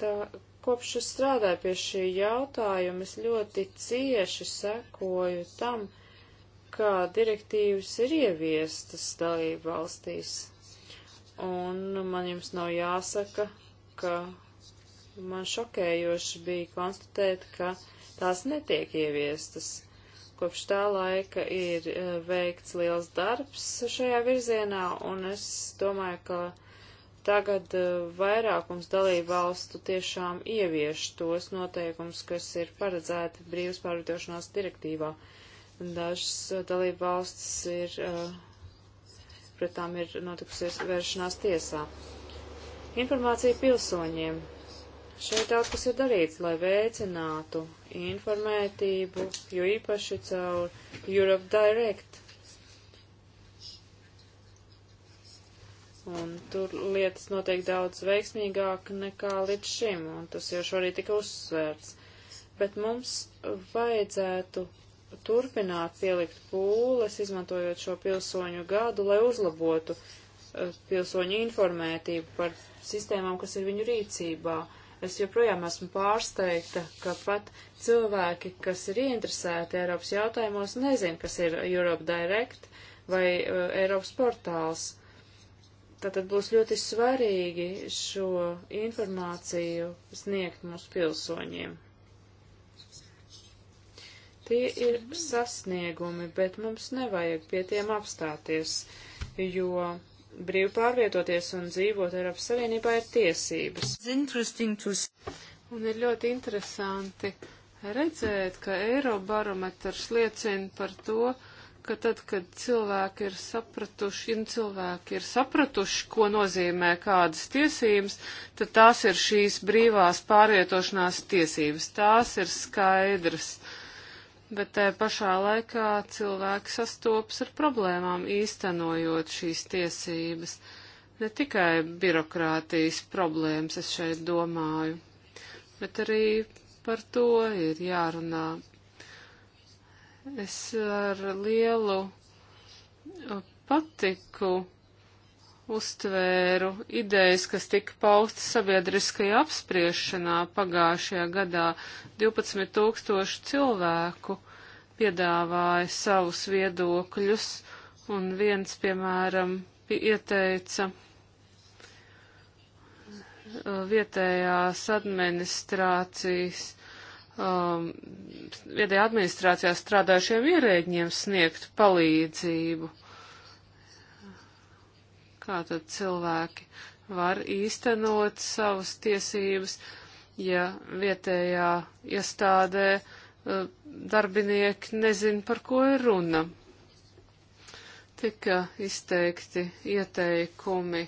Speaker 3: tā, kopš es strādāju pie šī jautājuma, es ļoti cieši sekoju tam, kā direktīvas ir ieviestas dalību valstīs. Un man jums nav jāsaka, ka man šokējoši bija konstatēt, ka tās netiek ieviestas. Kopš tā laika ir veikts liels darbs šajā virzienā, un es domāju, ka tagad eh, vairākums dalību valstu tiešām ievieš tos noteikums, kas ir paredzēti brīvas pārvietošanās direktīvā. Dažas eh, dalību valstis ir, eh, pret tām ir notikusies vēršanās tiesā. Informācija pilsoņiem. Šeit daudz kas ir darīts, lai veicinātu informētību, jo īpaši caur Europe Direct Un tur lietas notiek daudz veiksmīgāk nekā līdz šim, un tas jau šorīt tika uzsvērts. Bet mums vajadzētu turpināt pielikt pūles, izmantojot šo pilsoņu gadu, lai uzlabotu eh, pilsoņu informētību par sistēmām, kas ir viņu rīcībā. Es joprojām esmu pārsteigta, ka pat cilvēki, kas ir ieinteresēti Eiropas jautājumos, nezin, kas ir Europe Direct vai eh, Eiropas portāls. Uh, Tātad būs ļoti svarīgi šo informāciju sniegt mūsu pilsoņiem. Tie ir sasniegumi, bet mums nevajag pie tiem apstāties, jo brīvi pārvietoties un dzīvot Eiropas Savienībā ir tiesības. Un ir
Speaker 1: ļoti interesanti redzēt, ka Eirobarometrs liecina par to, ka tad, kad cilvēki ir sapratuši, un cilvēki ir sapratuši, ko nozīmē kādas tiesības, tad tās ir šīs brīvās pārvietošanās tiesības. Tās ir skaidrs. Bet tajā pašā laikā cilvēki sastopas ar problēmām īstenojot šīs tiesības. Ne tikai birokrātijas problēmas es šeit domāju, bet arī par to ir jārunā Es ar lielu uh, patiku uztvēru idejas, kas tika paustas sabiedriskajā apspriešanā pagājušajā gadā. 12 tūkstoši cilvēku piedāvāja savus viedokļus, un viens, piemēram, ieteica uh, vietējās administrācijas um, viedajā administrācijā strādājušiem ierēģiem sniegt palīdzību. Kā tad cilvēki var īstenot savas tiesības, ja vietējā iestādē uh, darbinieki nezin, par ko ir runa? Tika izteikti ieteikumi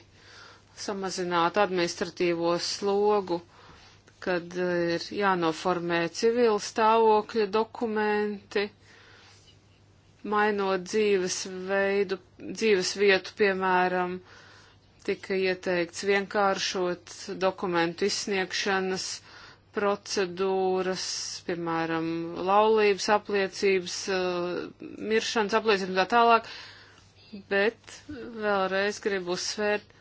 Speaker 1: samazināt administratīvo slogu kad ir jānoformē civila stāvokļa dokumenti, mainot dzīves veidu, dzīves vietu, piemēram, tika ieteikts vienkāršot dokumentu izsniegšanas procedūras, piemēram, laulības apliecības, eh, miršanas apliecības tā tālāk, bet vēlreiz gribu uzsvērt,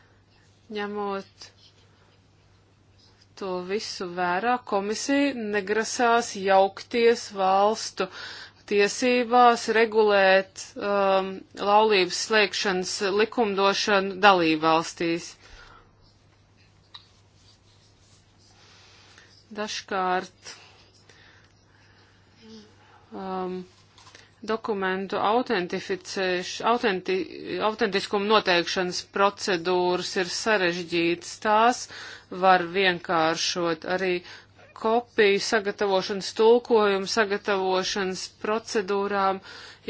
Speaker 1: ņemot to visu vērā, komisija negrasās jaukties valstu tiesībās regulēt um, laulības slēgšanas likumdošanu dalībvalstīs. Dažkārt um, dokumentu autenti, autentiskumu noteikšanas procedūras ir sarežģītas. Tās uh, var vienkāršot arī kopiju sagatavošanas, tulkojumu sagatavošanas procedūrām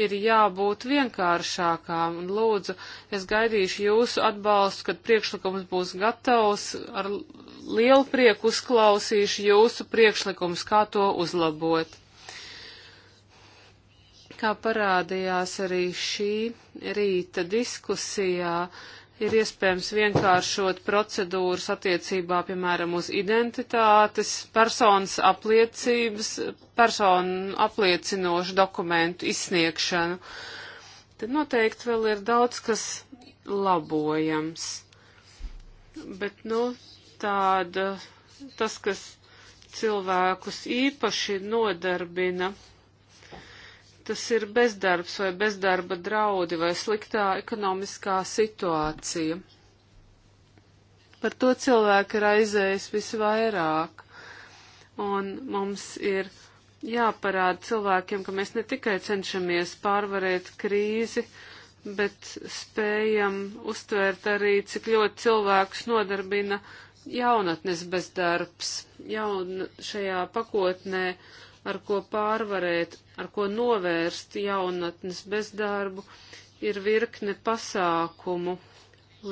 Speaker 1: ir jābūt vienkāršākām. Un lūdzu, es gaidīšu jūsu atbalstu, kad priekšlikums būs gatavs. Ar lielu prieku uzklausīšu jūsu priekšlikums, kā to uzlabot. Kā parādījās arī šī rīta diskusijā, ir iespējams vienkāršot procedūras attiecībā, piemēram, uz identitātes, personas apliecības, personu apliecinošu dokumentu izsniegšanu. Tad noteikti vēl ir daudz, kas labojams. Bet, nu, tāda, tas, kas cilvēkus īpaši nodarbina, tas ir bezdarbs vai bezdarba draudi vai sliktā ekonomiskā situācija. Par to cilvēki raizējas visvairāk. Un mums ir jāparāda cilvēkiem, ka mēs ne tikai cenšamies pārvarēt krīzi, bet spējam uztvērt arī, cik ļoti cilvēkus nodarbina jaunatnes bezdarbs. Jaun šajā pakotnē ar ko pārvarēt, ar ko novērst jaunatnes bezdarbu, ir virkne pasākumu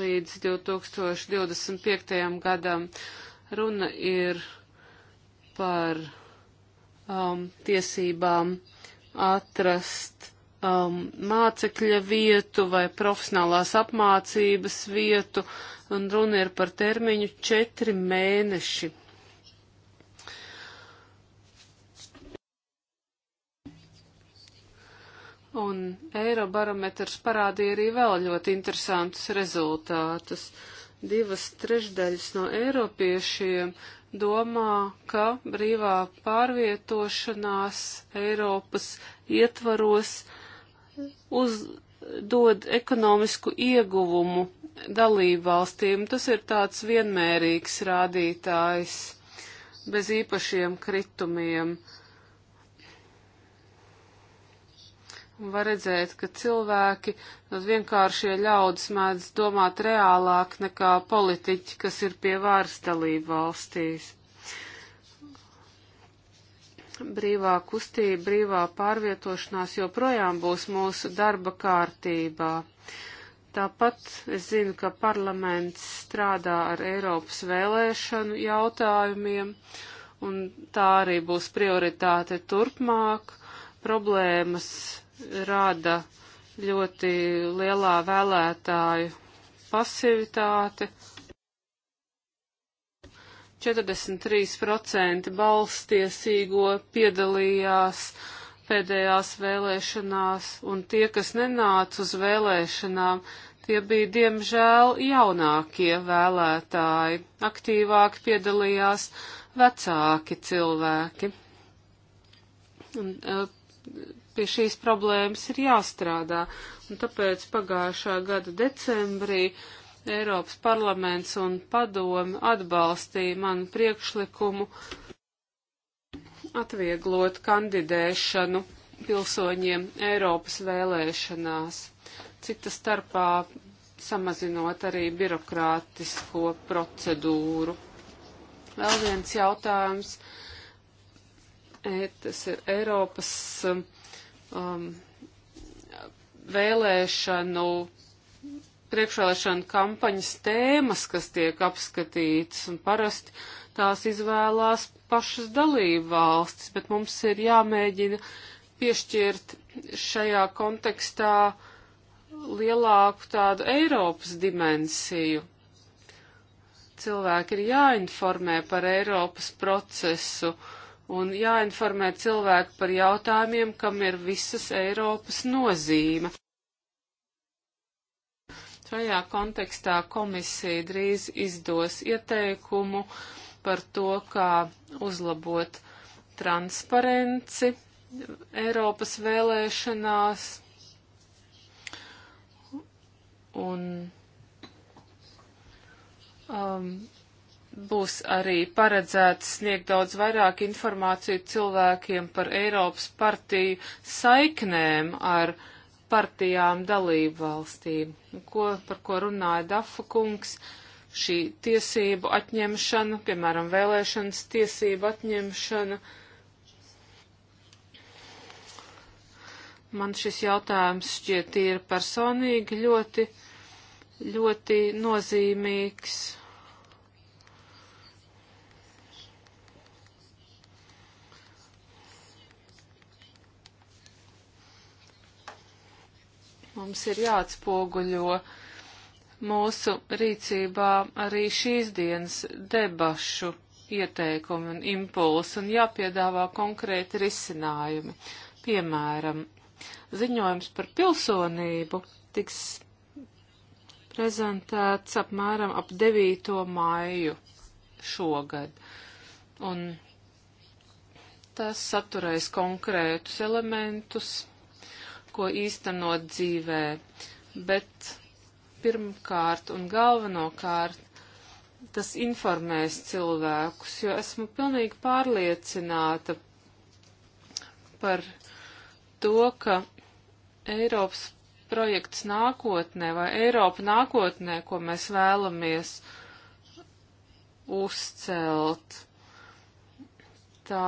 Speaker 1: līdz 2025. gadam. Runa ir par um, tiesībām atrast um, mācekļa vietu vai profesionālās apmācības vietu, un runa ir par termiņu četri mēneši. Un Eirobarometrs parādīja arī vēl ļoti interesantus rezultātus. Divas trešdaļas no eiropiešiem domā, ka brīvā pārvietošanās Eiropas ietvaros uz, dod ekonomisku ieguvumu dalībvalstīm. Tas ir tāds vienmērīgs rādītājs bez īpašiem kritumiem. Uh, Un var redzēt, ka cilvēki, tas vienkāršie ļaudis mēdz domāt reālāk nekā politiķi, kas ir pie vāras dalību valstīs. Brīvā kustība, brīvā pārvietošanās joprojām būs mūsu darba kārtībā. Tāpat es zinu, ka parlaments strādā ar Eiropas vēlēšanu jautājumiem, un tā arī būs prioritāte turpmāk. Problēmas rada ļoti lielā vēlētāju pasivitāte. 43% balstiesīgo piedalījās pēdējās vēlēšanās, un tie, kas nenāca uz vēlēšanām, tie bija diemžēl jaunākie vēlētāji, aktīvāk piedalījās vecāki cilvēki. Un, uh, pie šīs problēmas ir jāstrādā. Un tāpēc pagājušā gada decembrī Eiropas parlaments un padomi atbalstīja manu priekšlikumu atvieglot kandidēšanu pilsoņiem Eiropas vēlēšanās, cita starpā samazinot arī birokrātisko procedūru. Vēl viens jautājums. E, tas ir Eiropas um, um, vēlēšanu, priekšvēlēšanu kampaņas tēmas, kas tiek apskatītas, un parasti tās izvēlās pašas dalību valstis, bet mums ir jāmēģina piešķirt šajā kontekstā lielāku tādu Eiropas dimensiju. Cilvēki ir jāinformē par Eiropas procesu, uh, un jāinformē cilvēki par jautājumiem, kam ir visas Eiropas nozīme. Šajā kontekstā komisija drīz izdos ieteikumu par to, kā uzlabot transparenci Eiropas vēlēšanās. Un um, būs arī paredzēts sniegt daudz vairāk informāciju cilvēkiem par Eiropas partiju saiknēm ar partijām dalību valstīm, ko, par ko runāja Dafa kungs, šī tiesību atņemšana, piemēram, vēlēšanas tiesību atņemšana. Man šis jautājums šķiet ir personīgi ļoti, ļoti nozīmīgs Mums ir jāatspoguļo mūsu rīcībā arī šīs dienas debašu ieteikumi un impulsi un jāpiedāvā konkrēti risinājumi. Piemēram, ziņojums par pilsonību tiks prezentēts apmēram ap 9. māju šogad. Un tas saturēs konkrētus elementus ko īstenot dzīvē, bet pirmkārt un galvenokārt tas informēs cilvēkus, jo esmu pilnīgi pārliecināta par to, ka Eiropas projekts nākotnē vai Eiropa nākotnē, ko mēs vēlamies uzcelt, tā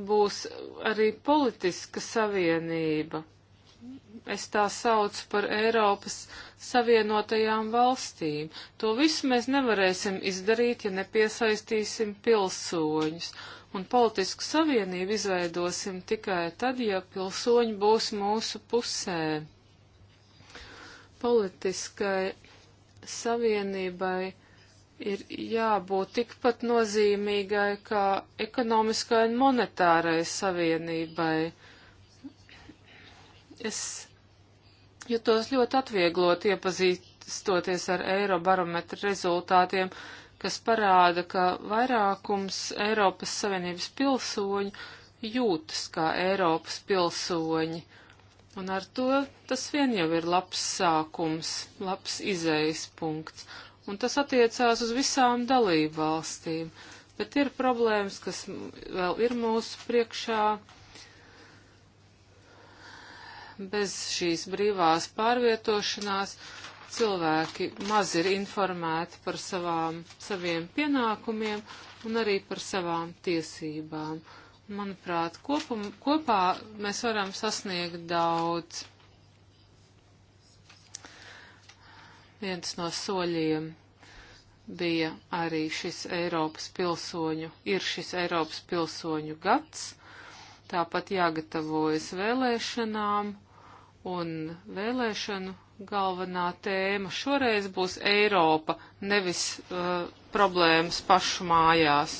Speaker 1: būs arī politiska savienība. Es tā saucu par Eiropas savienotajām valstīm. To visu mēs nevarēsim izdarīt, ja nepiesaistīsim pilsoņus. Un politisku savienību izveidosim tikai tad, ja pilsoņi būs mūsu pusē. Politiskai savienībai ir jābūt tikpat nozīmīgai kā ekonomiskai un monetārai savienībai. Es jutos ļoti atvieglot iepazīstoties ar Eirobarometra rezultātiem, kas parāda, ka vairākums Eiropas Savienības pilsoņu jūtas kā Eiropas pilsoņi. Un ar to tas vien jau ir labs sākums, labs izējas punkts un tas attiecās uz visām dalību valstīm. Bet ir problēmas, kas vēl ir mūsu priekšā. Bez šīs brīvās pārvietošanās cilvēki maz ir informēti par savām, saviem pienākumiem un arī par savām tiesībām. Manuprāt, kopum, kopā mēs varam sasniegt daudz. Viens no soļiem bija arī šis Eiropas pilsoņu, ir šis Eiropas pilsoņu gads, tāpat jāgatavojas vēlēšanām, un vēlēšanu galvenā tēma šoreiz būs Eiropa, nevis uh, problēmas pašu mājās.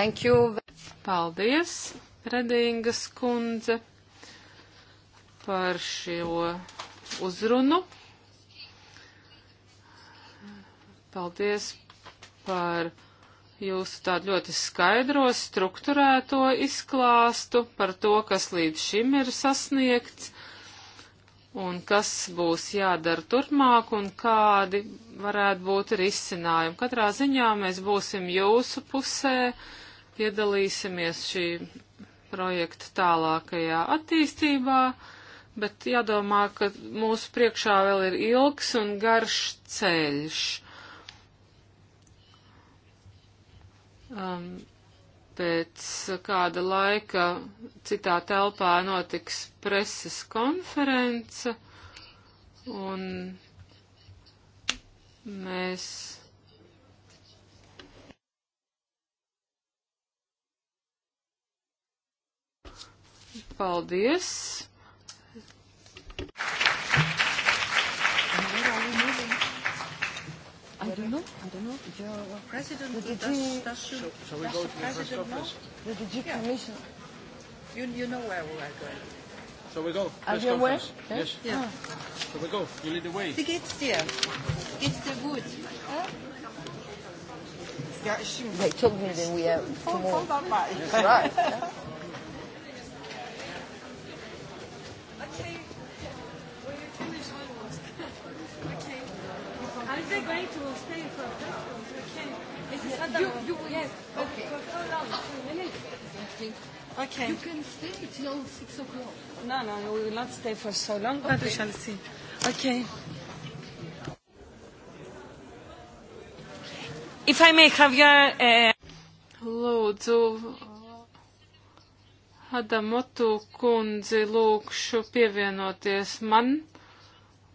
Speaker 1: Thank you. Paldies, Redingas kundze, par šo uzrunu. Paldies par jūsu tādu ļoti skaidro, strukturēto izklāstu par to, kas līdz šim ir sasniegts un kas būs jādara turpmāk un kādi varētu būt risinājumi. Katrā ziņā mēs būsim jūsu pusē, piedalīsimies šī projekta tālākajā attīstībā bet jādomā, ka mūsu priekšā vēl ir ilgs un garš ceļš. Um, pēc kāda laika citā telpā notiks preses konference, un mēs. Paldies!
Speaker 2: I don't know. I don't know. Your president, the DG, does, does you, shall, shall we go to the press conference? Know? The DG yeah. commission. You, you know where we are going. Shall we go? Are press you aware? Yes. yes. Yeah. Ah. Shall we go? You lead the way. Wie geht's dir? Geht's dir gut? Huh? Yeah, she, they told me that we have tomorrow. That's right. Yeah.
Speaker 1: they're going to stay for questions, we can. It's yes, not you, you will. Yes, but okay. for how long? Ah, Two
Speaker 2: minutes? Exactly. Okay. You can stay till six o'clock. No,
Speaker 1: no, we will not stay for so long, okay. but we shall see. Okay. If I may have your... Uh... Lūdzu, Adamotu kundzi lūkšu pievienoties man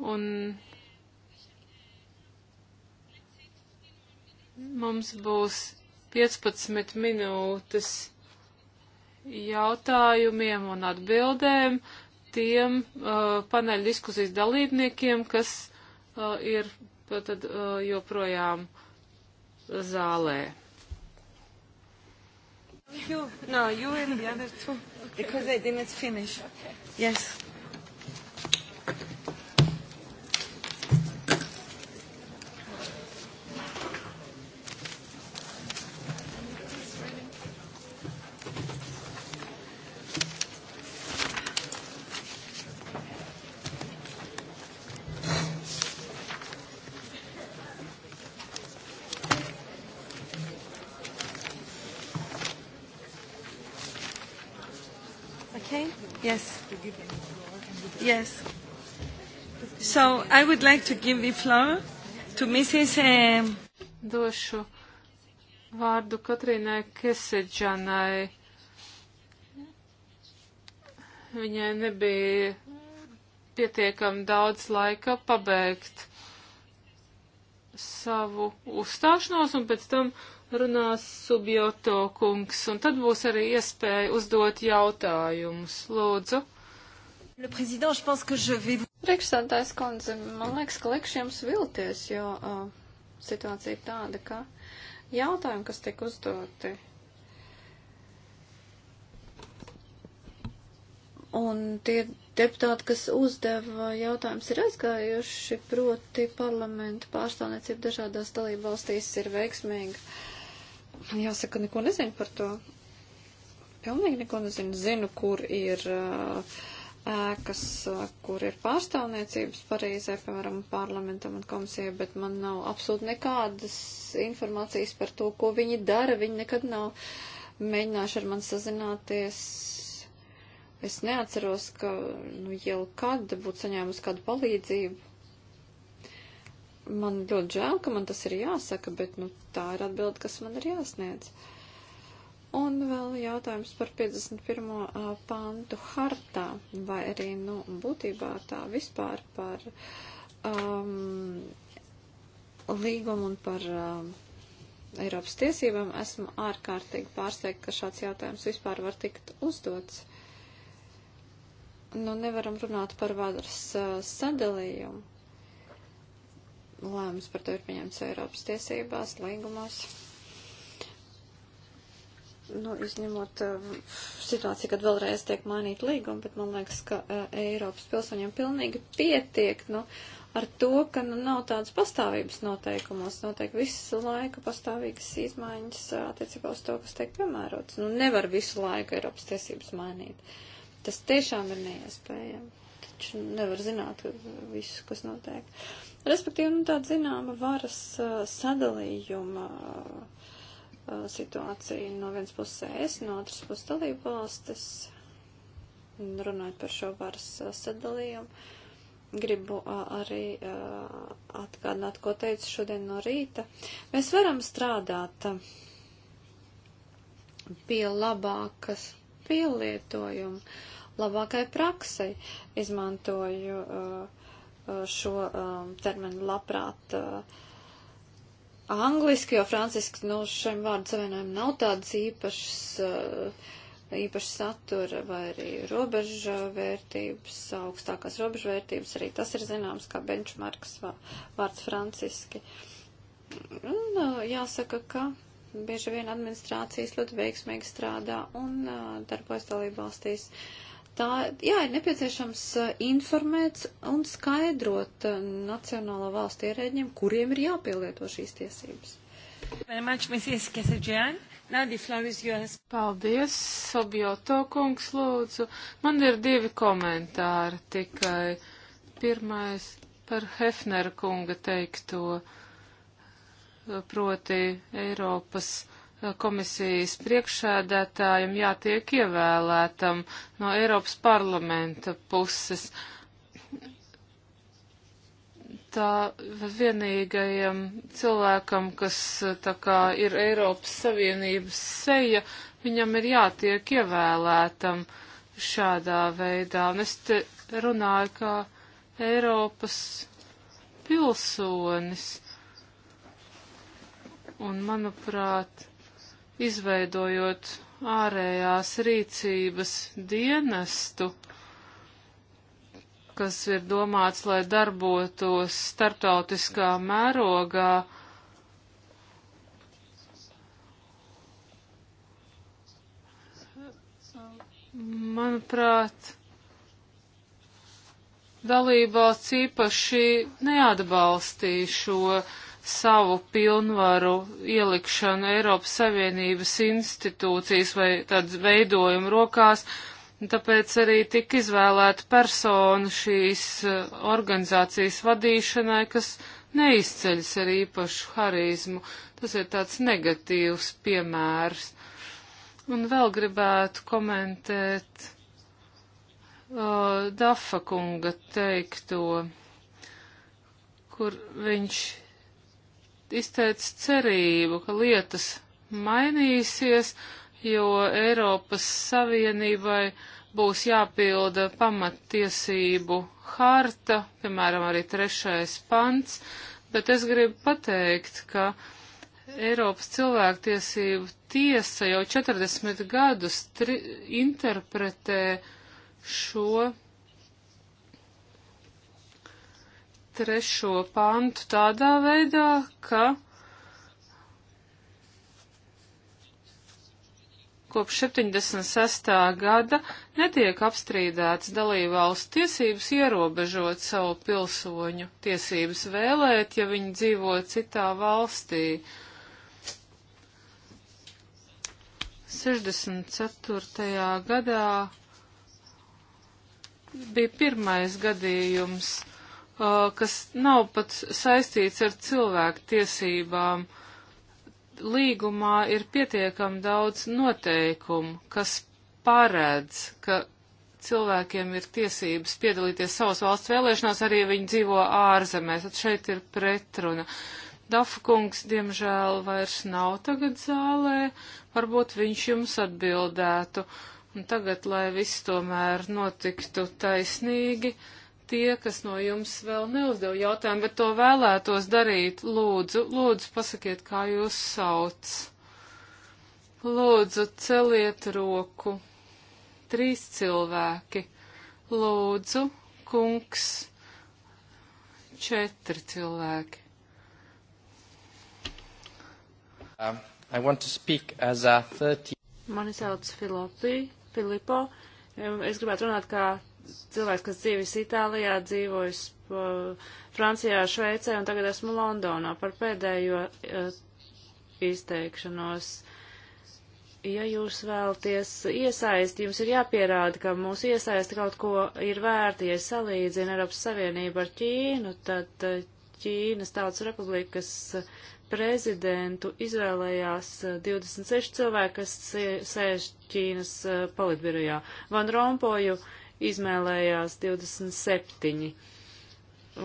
Speaker 1: un Mums būs 15 minūtes jautājumiem un atbildēm tiem uh, paneļa diskusijas dalībniekiem, kas uh, ir tad, uh, joprojām zālē. You, no, you and the other two. Okay. Because I didn't finish. Okay.
Speaker 2: Yes. Now I would
Speaker 1: like to give the floor to Mrs. Um... Eh, Došu vārdu Katrīnai Keseģanai. Viņai nebija pietiekami daudz laika pabeigt savu uzstāšanos, un pēc tam runās Subjoto kungs, un tad būs arī iespēja uzdot jautājumus. Lūdzu. Priekšsādājs
Speaker 2: kundze, man liekas, ka likšu jums vilties, jo uh, situācija ir tāda, ka jautājumi, kas tiek uzdoti, un tie deputāti, kas uzdeva jautājumus, ir aizgājuši, proti parlamenta pārstāvniecība dažādās dalība valstīs ir veiksmīga. Jāsaka, neko nezinu par to. Pilnīgi neko nezinu. Zinu, kur ir. Uh, ēkas, kur ir pārstāvniecības Parīzē, piemēram, parlamentam un komisijai, bet man nav absolūti nekādas informācijas par to, ko viņi dara. Viņi nekad nav mēģinājuši ar mani sazināties. Es neatceros, ka nu, jau kad būtu saņēmusi kādu palīdzību. Man ļoti žēl, ka man tas ir jāsaka, bet nu, tā ir atbilde, kas man ir jāsniedz. Uh, Un vēl jautājums par 51. pantu hartā, vai arī, nu, būtībā tā vispār par um, līgumu un par um, Eiropas tiesībām esmu ārkārtīgi pārsteigta, ka šāds jautājums vispār var tikt uzdots. Nu, nevaram runāt par vadas uh, sadalījumu. Lēmums par to ir pieņemts Eiropas tiesībās, līgumos nu, izņemot eh, situāciju, kad vēlreiz tiek mainīta līguma, bet man liekas, ka eh, Eiropas pilsoņiem pilnīgi pietiek, nu, ar to, ka nu, nav tādas pastāvības noteikumos, notiek visu laiku pastāvīgas izmaiņas eh, attiecībā uz to, kas tiek piemērots. Nu, nevar visu laiku Eiropas tiesības mainīt. Tas tiešām ir neiespējami. Taču nevar zināt visu, kas notiek. Respektīvi, nu, tāda zināma varas sadalījuma. Uh, Uh, situāciju no vienas puses es, no otras puses dalību valstis, runājot par šo varas uh, sadalījumu. Gribu uh, arī atgādināt, ko teicu šodien no rīta. Mēs varam strādāt pie labākas pielietojuma, labākai praksai, izmantoju šo um, terminu labprāt angliski, jo franciski, nu, šiem vārdu savienojumam nav tādas īpašas, uh, īpašas satura vai arī robežvērtības, augstākās robežvērtības, arī tas ir zināms kā benchmarks vārds franciski. Un uh, jāsaka, ka bieži vien administrācijas ļoti veiksmīgi strādā un uh, darbojas dalībvalstīs. valstīs Tā, jā, ir nepieciešams informēt un skaidrot nacionālo valstu ierēģiem, kuriem ir jāpielieto šīs tiesības.
Speaker 1: Paldies, Sobjoto kungs, lūdzu. Man ir divi komentāri tikai. Pirmais par Hefnera kunga teikto, proti Eiropas komisijas priekšsēdētājam jātiek ievēlētam no Eiropas parlamenta puses. Tā vienīgajam cilvēkam, kas tā kā ir Eiropas Savienības seja, viņam ir jātiek ievēlētam šādā veidā. Un es te runāju kā Eiropas pilsonis. Un manuprāt, izveidojot ārējās rīcības dienestu, kas ir domāts, lai darbotos starptautiskā mērogā, manuprāt, dalībvalsts īpaši neatbalstīja šo savu pilnvaru ielikšanu Eiropas Savienības institūcijas vai tādas veidojumu rokās, tāpēc arī tika izvēlēta persona šīs eh, organizācijas vadīšanai, kas neizceļas ar īpašu harizmu. Tas ir tāds negatīvs piemērs. Un vēl gribētu komentēt uh, Dafa kunga teikto, kur viņš izteicis cerību, ka lietas mainīsies, jo Eiropas Savienībai būs jāpilda pamattiesību harta, piemēram, arī trešais pants, bet es gribu pateikt, ka Eiropas cilvēktiesību tiesa jau 40 gadus interpretē šo trešo pantu tādā veidā, ka kopš 76. gada netiek apstrīdēts dalībvalstu tiesības ierobežot savu pilsoņu tiesības vēlēt, ja viņi dzīvo citā valstī. 64. gadā bija pirmais gadījums Uh, kas nav pat saistīts ar cilvēku tiesībām. Līgumā ir pietiekam daudz noteikumu, kas paredz, ka cilvēkiem ir tiesības piedalīties savas valsts vēlēšanās, arī viņi dzīvo ārzemēs. Tad šeit ir pretruna. Dafkungs, diemžēl, vairs nav tagad zālē, varbūt viņš jums atbildētu. Un tagad, lai viss tomēr notiktu taisnīgi, uh, Tie, kas no jums vēl neuzdev jautājumu, bet to vēlētos darīt, lūdzu, lūdzu, pasakiet, kā jūs sauc. Lūdzu, celiet roku. Trīs cilvēki. Lūdzu, kungs. Četri
Speaker 3: cilvēki. Um, I want to speak as a 30. Mani sauc Filopi, Filipo. Es gribētu runāt kā cilvēks, kas dzīvis Itālijā, dzīvojis uh, Francijā, Šveicē un tagad esmu Londonā par pēdējo uh, izteikšanos. Ja jūs vēlties iesaist, jums ir jāpierāda, ka mūsu iesaisti kaut ko ir vērti, ja salīdzina Eiropas Savienību ar Ķīnu, tad uh, Ķīnas Tautas Republikas eh, prezidentu izvēlējās 26 cilvēki, kas sēž Ķīnas politbirojā. Van Rompoju izmēlējās 27.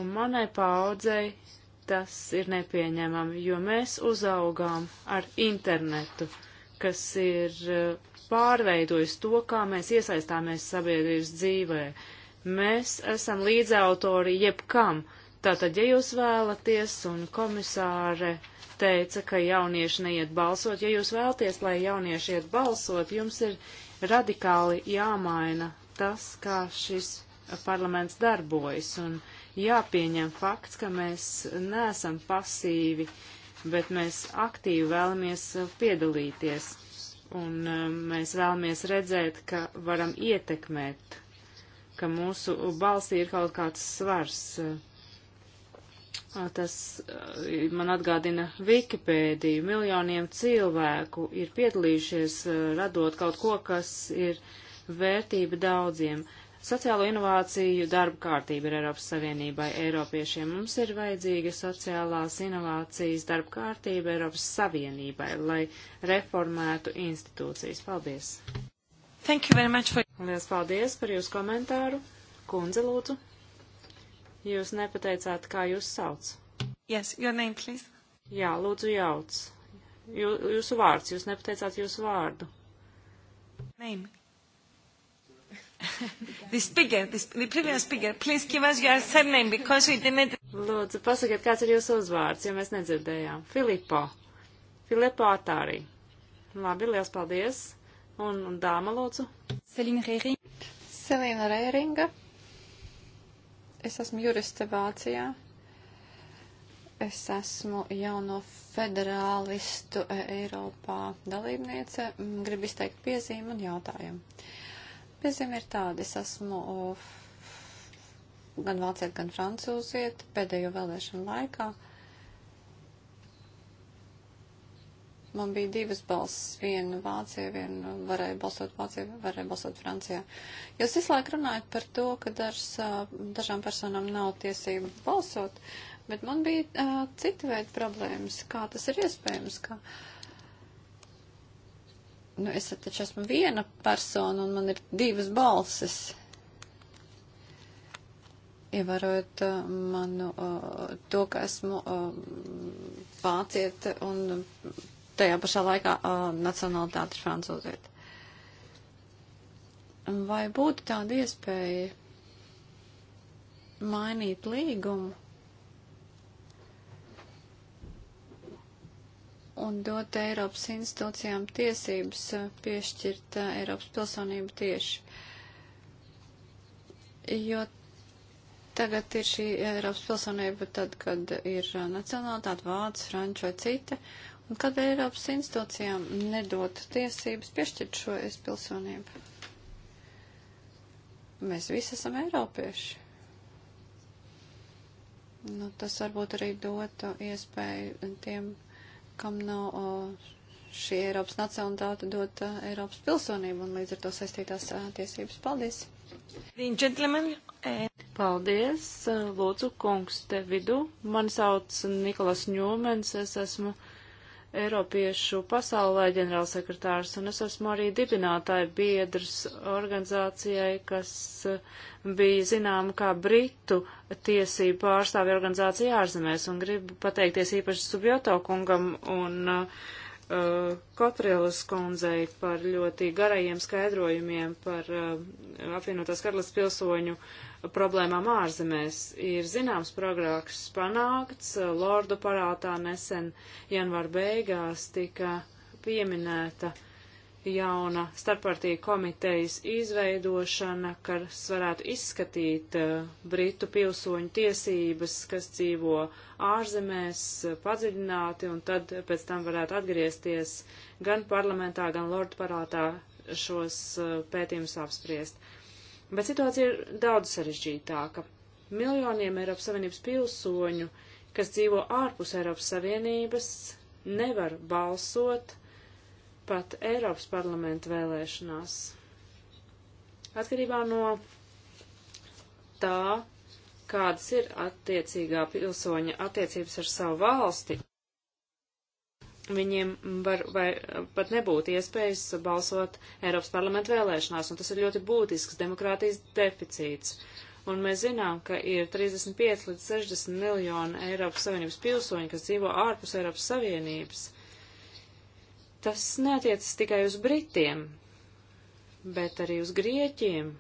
Speaker 3: Un manai paudzei tas ir nepieņemami, jo mēs uzaugām ar internetu, kas ir eh, pārveidojis to, kā mēs iesaistāmies sabiedrības dzīvē. Mēs esam līdzautori jebkam. Tātad, ja jūs vēlaties, un komisāre teica, ka jaunieši neiet balsot, ja jūs vēlaties, lai jaunieši iet balsot, jums ir radikāli jāmaina tas, kā šis parlaments darbojas. Un jāpieņem fakts, ka mēs neesam pasīvi, bet mēs aktīvi vēlamies piedalīties. Un um, mēs vēlamies redzēt, ka varam ietekmēt, ka mūsu balsī ir kaut kāds svars. Tas uh, man atgādina Wikipēdiju. Miljoniem cilvēku ir piedalījušies uh, radot kaut ko, kas ir uh, vērtība daudziem. Sociālo inovāciju darba kārtība ir Eiropas Savienībai Eiropiešiem. Mums ir vajadzīga sociālās inovācijas darba kārtība Eiropas Savienībai, lai reformētu institūcijas. Paldies! Thank you very much for... Lielas paldies par jūsu komentāru. Kundze, lūdzu. Jūs nepateicāt, kā jūs sauc. Yes, your name, please. Jā, lūdzu, jauc. Jū, jūsu vārds, jūs nepateicāt jūsu vārdu. Name
Speaker 2: the speaker, the, the previous speaker, please give us your surname because we didn't... Lūdzu,
Speaker 3: pasakiet, kāds ir jūsu uzvārds, jo mēs nedzirdējām. Filipo. Filipo Atārī.
Speaker 2: Labi, liels paldies. Un, un dāma, lūdzu. Selina Rēringa. Selina Rēringa. Es esmu juriste Vācijā. Es esmu jauno federālistu e, Eiropā dalībniece. Gribu izteikt piezīmu un jautājumu. Piezīme ir tāda, es esmu gan vāciet, gan francūziet pēdējo vēlēšanu laikā. Man bija divas balss, viena Vācijā, viena varēja balsot Vācijā, varēja balsot Francijā. Jūs visu laiku runājat par to, ka dažs, dažām personām nav tiesība balsot, bet man bija uh, cita veida problēmas, kā tas ir iespējams, ka uh, Nu, es taču esmu viena persona un man ir divas balses. Ievērojot uh, manu uh, to, ka esmu uh, eh, vācieta un tajā pašā laikā uh, nacionalitāte ir francūzieta. Vai būtu tāda iespēja mainīt līgumu? un dot Eiropas institūcijām tiesības eh, piešķirt eh, Eiropas pilsonību tieši. Jo tagad ir šī Eiropas pilsonība tad, kad ir eh, nacionālitāte vācis, franču vai cita, un kad Eiropas institūcijām nedot tiesības piešķirt šo es pilsonību. Mēs visi esam Eiropieši. Nu, tas varbūt arī dotu iespēju tiem kam nav o, šī Eiropas nacionalitāte dot uh, Eiropas pilsonību un līdz ar to saistītās uh, tiesības. Paldies!
Speaker 3: Eh, Paldies, eh, Lūdzu, kungs, te vidū. Mani sauc Nikolas Ņūmens, es esmu Eiropiešu pasaulē ģenerālsekretārs, un es esmu arī dibinātāja biedrs organizācijai, kas eh, bija zināma kā Britu tiesību pārstāvi organizācija ārzemēs, un gribu pateikties īpaši Subjoto kungam un uh, Kotrielas kundzei par ļoti garajiem skaidrojumiem par uh, apvienotās karalas pilsoņu uh, problēmām ārzemēs. Ir zināms progrāks panākts, Lordu parātā nesen janvāra beigās tika pieminēta jauna starppartija komitejas izveidošana, kas varētu izskatīt eh, britu pilsoņu tiesības, kas dzīvo ārzemēs padziļināti, un tad pēc tam varētu atgriezties gan parlamentā, gan Lordu parātā šos eh, pētījumus apspriest. Uh, Bet situācija ir daudz sarežģītāka. Miljoniem Eiropas Savienības pilsoņu, kas dzīvo ārpus Eiropas Savienības, nevar balsot pat Eiropas parlamenta vēlēšanās. Atkarībā no tā, kādas ir attiecīgā pilsoņa attiecības ar savu valsti viņiem var vai pat nebūtu iespējas balsot Eiropas parlamentu vēlēšanās, un tas ir ļoti būtisks demokrātijas deficīts. Un mēs zinām, ka ir 35 līdz 60 miljoni Eiropas Savienības pilsoņi, kas dzīvo ārpus Eiropas Savienības. Tas neatiecas tikai uz Britiem, bet arī uz Grieķiem,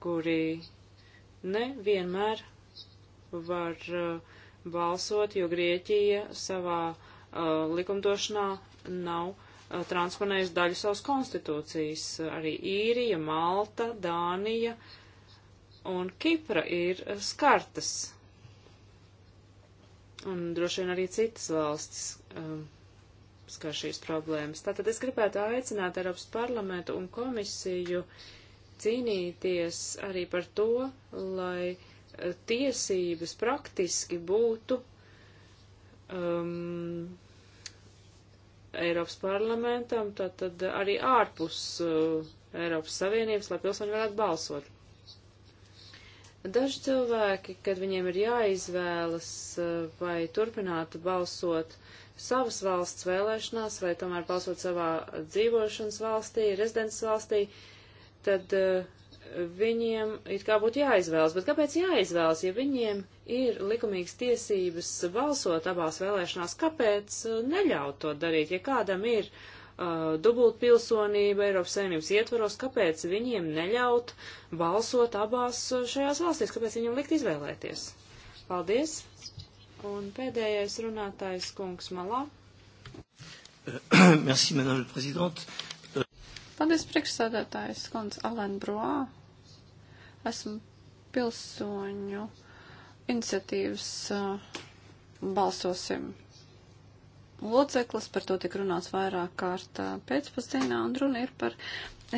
Speaker 3: kuri nevienmēr var uh, balsot, jo Grieķija savā uh, Uh, likumdošanā nav uh, transponējis daļu savas konstitūcijas. Arī Īrija, Malta, Dānija un Kipra ir uh, skartas. Un droši vien arī citas valstis um, skar šīs problēmas. Tātad es gribētu aicināt Eiropas parlamentu un komisiju cīnīties arī par to, lai tiesības praktiski būtu um, Eiropas parlamentam, tātad arī ārpus uh, Eiropas Savienības, lai pilsoņi varētu balsot. Daži cilvēki, kad viņiem ir jāizvēlas uh, vai turpināt balsot savas valsts vēlēšanās vai tomēr balsot savā dzīvošanas valstī, rezidents valstī, tad uh, viņiem it kā būtu jāizvēlas. Bet kāpēc jāizvēlas, ja viņiem ir likumīgas tiesības balsot abās vēlēšanās, kāpēc uh, neļaut to darīt? Ja kādam ir uh, dubultpilsonība Eiropas Savienības ietvaros, kāpēc viņiem neļaut balsot abās uh, šajās valstīs, kāpēc viņiem likt izvēlēties? Paldies! Un pēdējais runātājs kungs malā.
Speaker 1: Merci, madame la présidente.
Speaker 2: Paldies, priekšsādātājs, kundze Alen Broā. Esmu pilsoņu iniciatīvas balsosim loceklis, par to tik runāts vairāk kārt pēcpusdienā, un runa ir par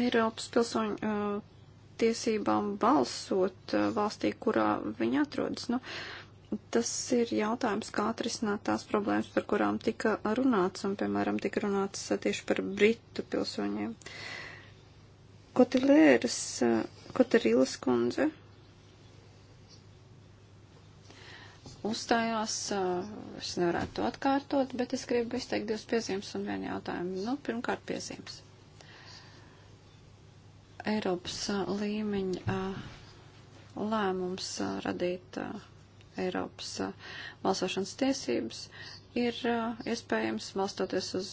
Speaker 2: Eiropas pilsoņu uh, tiesībām balsot uh, valstī, kurā viņi atrodas. Nu, tas ir jautājums, kā atrisināt tās problēmas, par kurām tika runāts, un, piemēram, tika runāts uh, tieši par britu pilsoņiem. Kotilēras, Kotarīlas kundze uzstājās, es nevarētu to atkārtot, bet es gribu izteikt divas piezīmes un vienu jautājumu. Nu, pirmkārt, piezīmes. Eiropas līmeņa lēmums radīt Eiropas balsošanas tiesības ir iespējams balstoties uz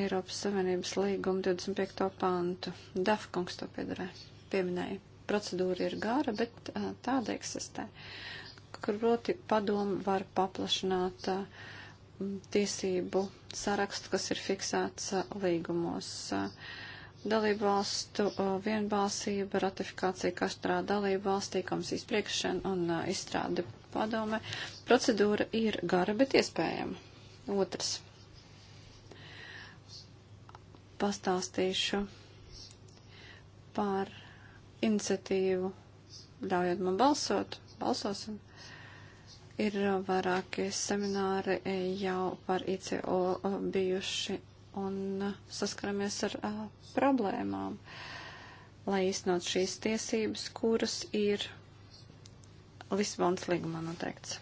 Speaker 2: Eiropas Savienības līguma 25. pantu. Dafkungs to piedarē, pieminēja. Procedūra ir gara, bet tāda eksistē. Uh, kur proti padomu var paplašināt uh, tiesību sarakstu, kas ir fiksēts uh, līgumos. Uh, dalību valstu vienbalsība, ratifikācija katrā dalību valstī, komisijas priekšana un izstrāde padome. Procedūra ir gara, bet iespējama. Otrs. Pastāstīšu par iniciatīvu ļaujot man balsot, balsosim. Ir uh, vairāki semināri eh, jau par ICO uh, bijuši un uh, saskaramies ar a, problēmām, lai iznot šīs tiesības, kuras ir Lisbonas līgumā noteikts.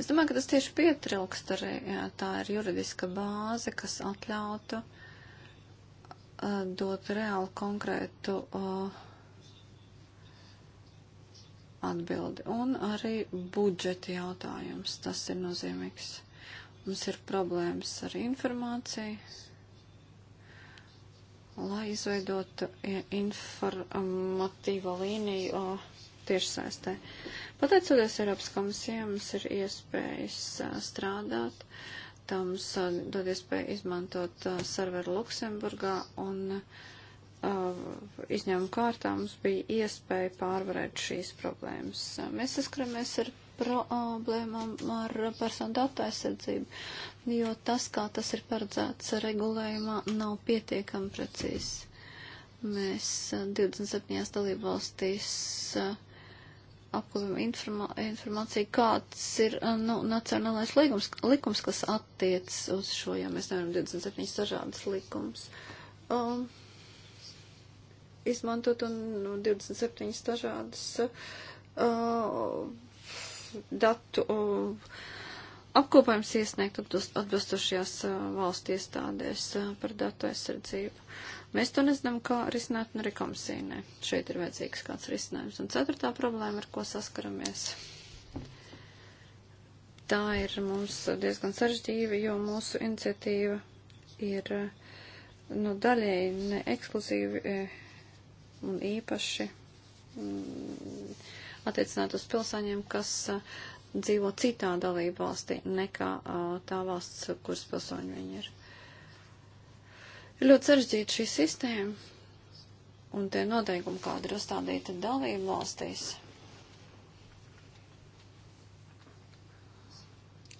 Speaker 2: Es domāju, ka tas tieši pietrūkst arī. Jā, tā ir juridiska bāze, kas atļautu uh, dot reāli konkrētu uh, atbildi. Un arī budžeta jautājums, tas ir nozīmīgs. Mums ir problēmas ar informāciju, lai izveidotu informatīvo līniju tiešsaistē. Pateicoties Eiropas komisijai, mums ir iespējas strādāt, tā mums dod iespēju izmantot serveru Luksemburgā un uh, Uh, izņēmuma kārtā mums bija iespēja pārvarēt šīs problēmas. Uh, mēs saskaramies ar problēmām ar personu datu aizsardzību, jo tas, kā tas ir paredzēts regulējumā, nav pietiekami precīzi. Mēs 27. dalību valstīs apkopjam informā informāciju, kāds ir uh, nu, nacionālais likums, likums, kas attiec uz šo, ja mēs nevaram 27 dažādas likums. Um, izmantot un 27 nu, dažādas uh, datu uh, apkopējums iesniegt atbilstošajās uh, valsts iestādēs uh, par datu aizsardzību. Mēs to nezinām, kā risināt, un arī komisija ne. Šeit ir vajadzīgs kāds risinājums. Un ceturtā problēma, ar ko saskaramies. Tā ir mums diezgan sarežģīva, jo mūsu iniciatīva ir uh, nu, daļēji neekskluzīvi eh, un īpaši mm, attiecināt uz pilsāņiem, kas eh, dzīvo citā dalība valstī nekā eh, tā valsts, kuras pilsoņi viņi ir. Ir ļoti sarežģīta šī sistēma un tie noteikumi, kāda ir uzstādīta dalību valstīs.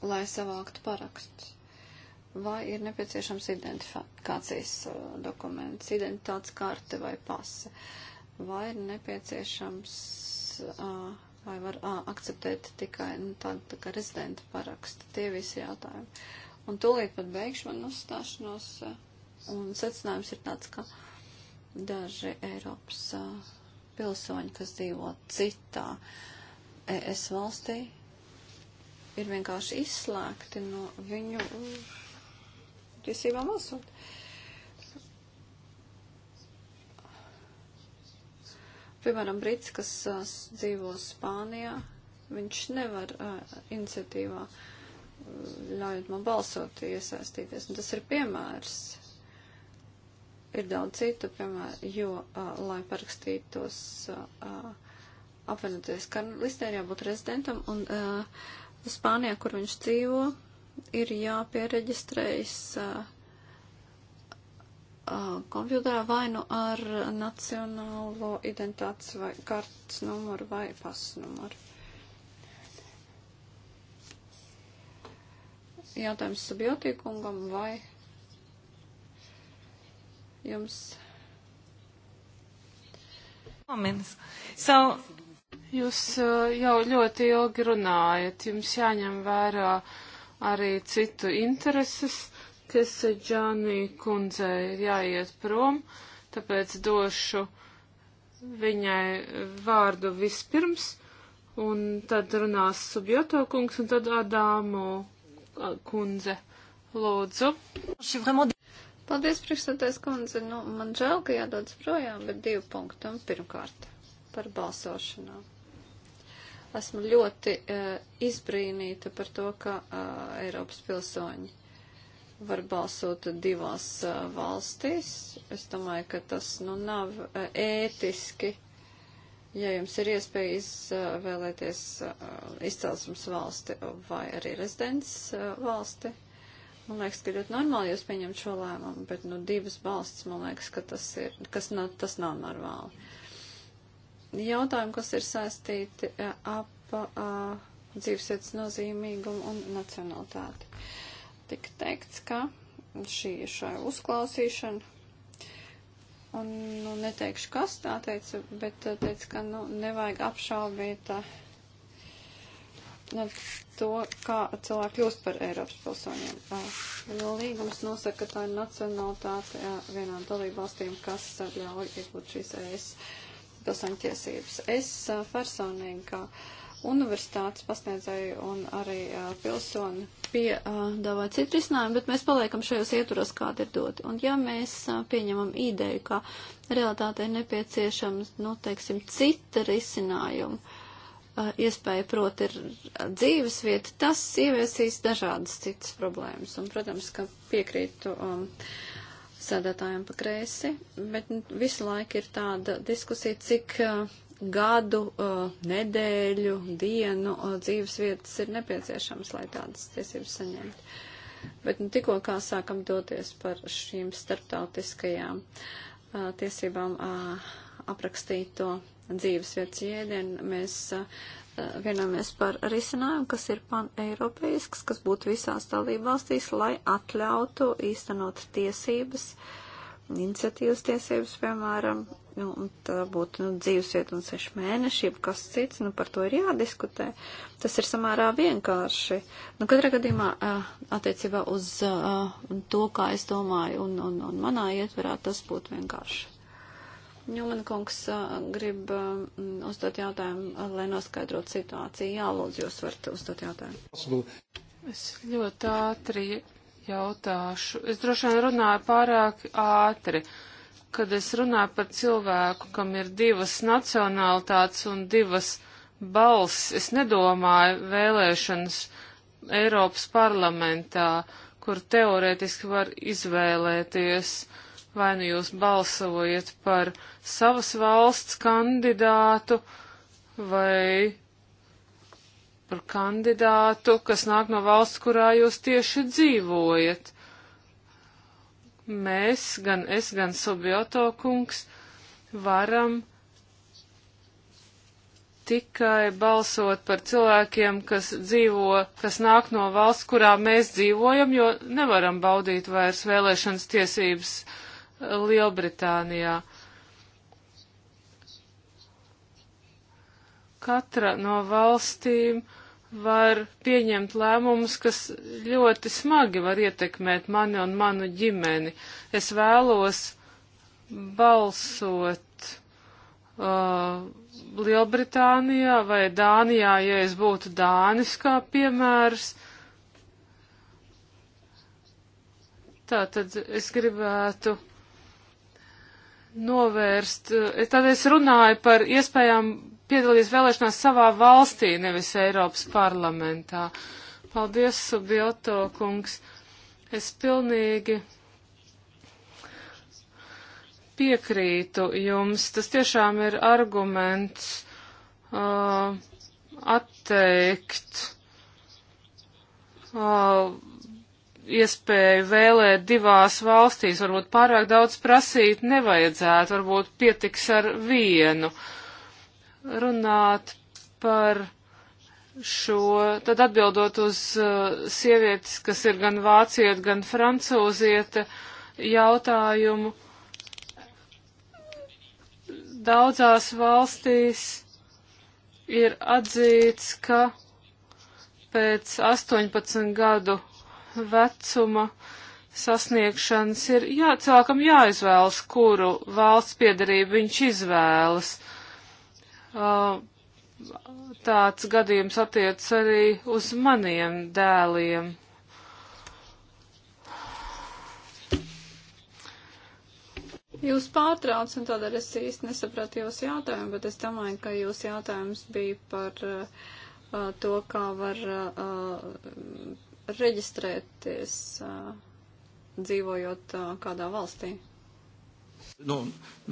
Speaker 2: Lai savāktu parakstus vai ir nepieciešams identifikācijas uh, dokuments, identitātes karte vai pase, vai ir nepieciešams, uh, vai var uh, akceptēt tikai nu, tādu tā kā rezidenta parakstu. Tie visi jautājumi. Un tūlīt pat beigšu man uzstāšanos, un secinājums ir tāds, ka daži Eiropas pilsoņi, kas dzīvo citā ES valstī, ir vienkārši izslēgti no viņu tiesībām balsot. Piemēram, Brits, kas uh, dzīvo Spānijā, viņš nevar uh, iniciatīvā uh, ļaujot man balsot, iesaistīties. Un tas ir piemērs. Ir daudz citu, piemēram, jo, uh, lai parakstītos uh, uh apvienoties karalistē, jābūt rezidentam, un uh, Spānijā, kur viņš dzīvo, ir jāpiereģistrējas uh, uh, kompjuterā vai nu ar nacionālo identitātes vai kartas numuru vai pasas numuru. Jautājums sabiotīkungam vai jums. Moments. So, Jūs
Speaker 1: jau ļoti ilgi runājat, jums jāņem vērā uh, arī citu intereses. Keseģānī kundze ir jāiet prom, tāpēc došu viņai vārdu vispirms, un tad runās Subjoto kungs, un tad Adāmo kundze.
Speaker 2: Lūdzu. Paldies, priekšstādājs kundze. Nu, man žēl, ka jādodas projām, bet divu punktu. Pirmkārt, par balsošanām. Esmu ļoti uh, izbrīnīta par to, ka uh, Eiropas pilsoņi var balsot divās uh, valstīs. Es domāju, ka tas nu nav uh, ētiski, ja jums ir iespēja izvēlēties uh, izcelsmes valsti vai arī rezidents uh, valsti. Man liekas, ka ļoti normāli jūs pieņemt šo lēmumu, bet nu divas valsts, man liekas, ka tas ir, kas nav, tas nav normāli jautājumi, kas ir saistīti eh, ap eh, dzīvesvietas nozīmīgumu un nacionalitāti. Tik teikts, ka šī ir šai uzklausīšana. Un, nu, neteikšu, kas tā teica, bet eh, teica, ka, nu, nevajag apšaubīt ne, nu, to, kā cilvēki kļūst par Eiropas pilsoņiem. No līgums nosaka, ka tā ir nacionalitāte vienām dalībvalstīm, kas ļauj iegūt šīs ēst pilsoņtiesības. Es personīgi kā universitātes pasniedzēju un arī pilsoni piedāvā citu risinājumu, bet mēs paliekam šajos ietvaros, kādi ir doti. Un ja mēs pieņemam ideju, ka realitāte ir nepieciešams, nu, teiksim, cita risinājuma, iespēja, proti, ir dzīves vieta, tas ieviesīs dažādas citas problēmas. Un, protams, ka piekrītu. Um, sēdētājiem pa kreisi, bet nu, visu laiku ir tāda diskusija, cik eh, gadu, eh, nedēļu, dienu eh, dzīves vietas ir nepieciešams, lai tādas tiesības saņemtu. Bet nu, tikko kā sākam doties par šīm starptautiskajām a, tiesībām a, aprakstīto dzīves vietas jēdienu, mēs a, vienojamies par risinājumu, kas ir paneiropeisks, kas būtu visās dalībvalstīs, lai atļautu īstenot tiesības, iniciatīvas tiesības, piemēram, nu, un tā būtu nu, dzīvesviet un seši mēneši, jeb kas cits, nu, par to ir jādiskutē. Tas ir samērā vienkārši. Nu, katrā gadījumā attiecībā uz to, kā es domāju, un, un, un manā ietverā tas būtu vienkārši. Ņūman kungs grib mm, uzdot jautājumu, lai noskaidrotu situāciju. Jā, lūdzu, jūs varat uzdot jautājumu. Es ļoti ātri
Speaker 1: jautāšu. Es droši vien runāju pārāk ātri. Kad es runāju par cilvēku, kam ir divas nacionālitātes un divas balss, es nedomāju vēlēšanas Eiropas parlamentā, kur teorētiski var izvēlēties uh, vai nu jūs balsojat par savas valsts kandidātu vai par kandidātu, kas nāk no valsts, kurā jūs tieši dzīvojat. Mēs, gan es, gan Sobjoto kungs, varam tikai balsot par cilvēkiem, kas dzīvo, kas nāk no valsts, kurā mēs dzīvojam, jo nevaram baudīt vairs vēlēšanas tiesības uh, Lielbritānijā. Katra no valstīm var pieņemt lēmumus, kas ļoti smagi var ietekmēt mani un manu ģimeni. Es vēlos balsot uh, Lielbritānijā vai Dānijā, ja es būtu Dānis kā piemērs. Tā tad es gribētu novērst. Es eh, tad es runāju par iespējām piedalīties vēlēšanās savā valstī, nevis Eiropas parlamentā. Paldies, Subjoto kungs. Es pilnīgi piekrītu jums. Tas tiešām ir arguments uh, atteikt. Uh, iespēju vēlēt divās valstīs, varbūt pārāk daudz prasīt nevajadzētu, varbūt pietiks ar vienu. Runāt par šo, tad atbildot uz uh, sievietes, kas ir gan vācieta, gan francūzieta uh, jautājumu, daudzās valstīs ir atzīts, ka pēc 18 gadu vecuma sasniegšanas ir jā, cilvēkam jāizvēlas, kuru valsts piedarību viņš izvēlas. Uh, tāds gadījums attiec arī uz maniem dēliem.
Speaker 2: Jūs pārtraucat, tādēļ es īsti nesapratu jūsu jautājumu, bet es domāju, ka jūsu jautājums bija par uh, to, kā var uh, reģistrēties uh, dzīvojot uh, kādā valstī? No,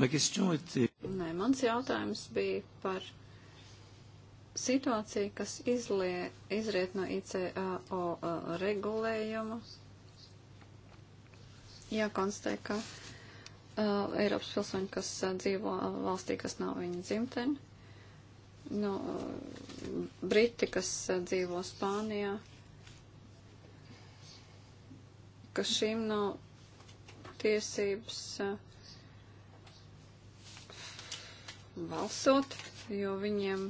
Speaker 2: Nē, mans jautājums bija par situācija, kas izlie, izriet no ICAO uh, regulējuma, jākonstatē, ka uh, Eiropas pilsoņi, kas uh, dzīvo valstī, kas nav viņa dzimteni, nu, Briti, kas dzīvo Spānijā, ka šīm nav tiesības balsot, uh, jo viņiem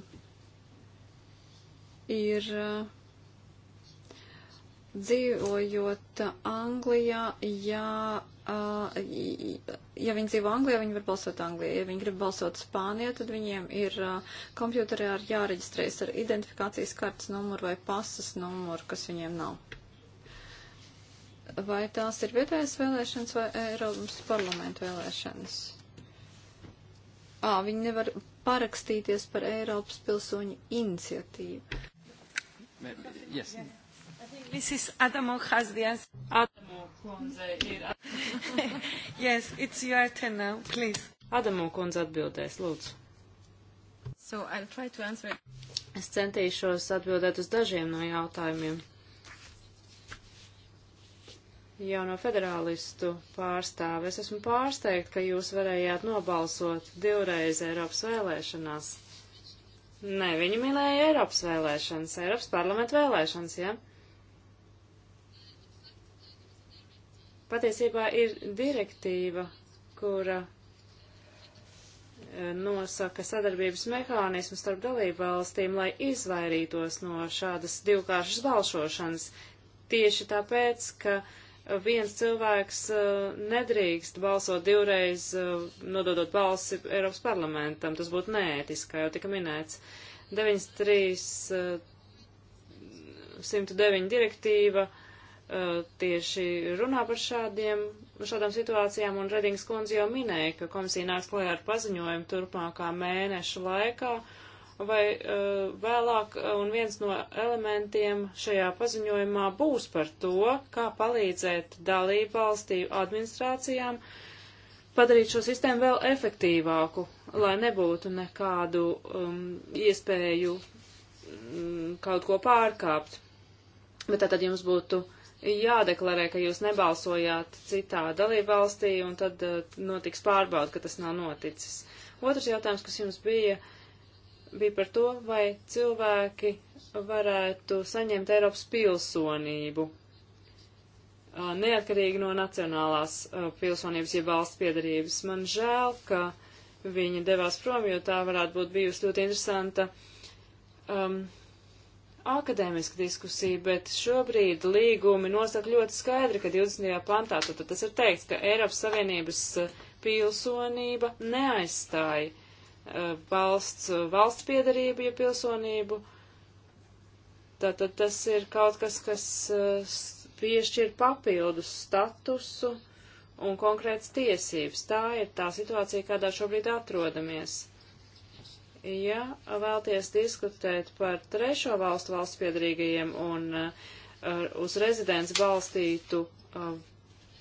Speaker 2: ir uh, dzīvojot Anglijā, jā. Uh, ja viņi dzīvo Anglijā, viņi var balsot Anglijā. Ja viņi grib balsot Spānijā, tad viņiem ir kompjuterē jāreģistrējas ar identifikācijas kartes numuru vai pasas numuru, kas viņiem nav vai tās ir vietējas vēlēšanas vai Eiropas parlamenta vēlēšanas. Ā, viņi nevar parakstīties par Eiropas pilsoņu iniciatīvu.
Speaker 1: Yes. This
Speaker 2: is Adamo has the answer.
Speaker 1: Adamo kundze ir. yes, it's your
Speaker 3: turn now, please. Adamo kundze atbildēs, lūdzu.
Speaker 2: So I'll try to answer.
Speaker 3: Es centīšos atbildēt uz dažiem no jautājumiem jauno federālistu pārstāvi. Es esmu pārsteigta, ka jūs varējāt nobalsot divreiz Eiropas vēlēšanās. Nē, viņi minēja Eiropas vēlēšanas, Eiropas parlamenta vēlēšanas, jā? Ja? Patiesībā ir direktīva, kura eh, nosaka sadarbības mehānismu starp dalību valstīm, lai izvairītos no šādas divkāršas balsošanas. Tieši tāpēc, ka uh, viens cilvēks eh, nedrīkst balsot divreiz, eh, nododot balsi Eiropas parlamentam. Tas būtu neētiski, kā jau tika minēts. 93.109 eh, direktīva tieši runā par šādiem, šādām situācijām, un Redings kundze jau minēja, ka komisija nāks klajā ar paziņojumu turpmākā mēneša laikā, uh, vai uh, vēlāk, e, un viens no elementiem šajā paziņojumā būs par to, kā palīdzēt dalību valstību administrācijām padarīt šo sistēmu vēl efektīvāku, lai nebūtu nekādu um, iespēju um, kaut ko pārkāpt. Bet tātad jums būtu jādeklarē, ka jūs nebalsojāt citā dalību valstī, un tad uh, notiks pārbauda, ka tas nav noticis. Otrs jautājums, kas jums bija, uh, bija par to, vai cilvēki varētu saņemt Eiropas pilsonību, neatkarīgi no nacionālās pilsonības, ja valsts piedarības. Man žēl, ka viņa devās prom, jo tā varētu būt bijusi ļoti interesanta um, akadēmiska diskusija, bet šobrīd līgumi nosaka ļoti skaidri, ka 20. pantā tad tas ir teikts, ka Eiropas Savienības pilsonība neaizstāja Eh, valsts, eh, valsts piedarību, ja pilsonību. Tātad tas ir kaut kas, kas eh, piešķir papildus statusu un konkrēts tiesības. Tā ir tā situācija, kādā šobrīd atrodamies. Ja vēlties diskutēt par trešo valstu valsts piedarīgajiem un uh, uz rezidents balstītu uh,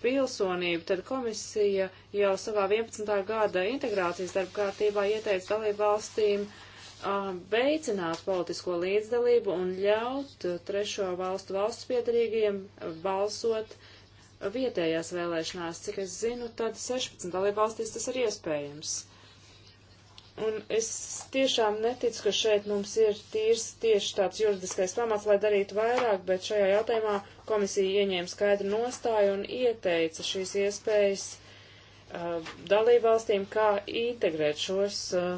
Speaker 3: pilsonību, tad komisija jau savā 11. gada integrācijas darba kārtībā ieteica dalību valstīm veicināt politisko līdzdalību un ļaut trešo valstu valsts piedarīgajiem balsot vietējās vēlēšanās. Cik es zinu, tad 16 dalību valstīs tas ir iespējams. Un es tiešām neticu, ka šeit mums ir tīrs tieši tāds juridiskais pamats, lai darītu vairāk, bet šajā jautājumā komisija ieņēma skaidru nostāju un ieteica šīs iespējas uh, dalībvalstīm, kā integrēt šos uh,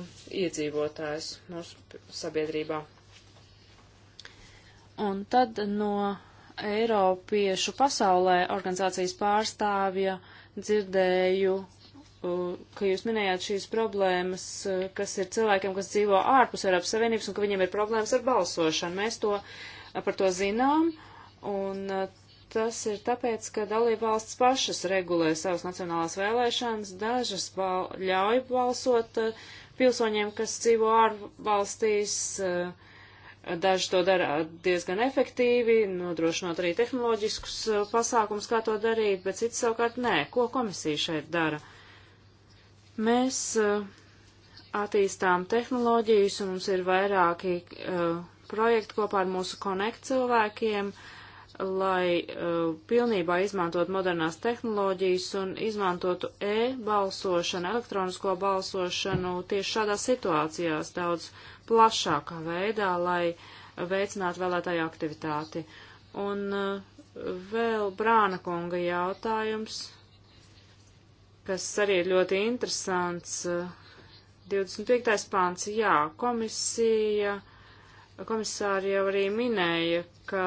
Speaker 3: iedzīvotājus mūsu sabiedrībā. Un tad no Eiropiešu pasaulē organizācijas pārstāvja dzirdēju ka jūs minējāt šīs problēmas, kas ir cilvēkiem, kas dzīvo ārpus Eiropas Savienības un ka viņiem ir problēmas ar balsošanu. Mēs to par to zinām, un tas ir tāpēc, ka dalībvalsts pašas regulē savas nacionālās vēlēšanas, dažas bal ļauj balsot pilsoņiem, kas dzīvo ārvalstīs, daži to dara diezgan efektīvi, nodrošinot arī tehnoloģiskus pasākums, kā to darīt, bet cits savukārt nē. Ko komisija šeit dara? Mēs uh, attīstām tehnoloģijas un mums ir vairāki uh, projekti kopā ar mūsu Connect cilvēkiem, lai uh, pilnībā izmantot modernās tehnoloģijas un izmantotu e-balsošanu, elektronisko balsošanu tieši šādās situācijās daudz plašākā veidā, lai veicinātu vēlētāju aktivitāti. Un uh, vēl Brāna kunga jautājums kas arī ir ļoti interesants. 25. pāns, jā, komisija, komisāri jau arī minēja, ka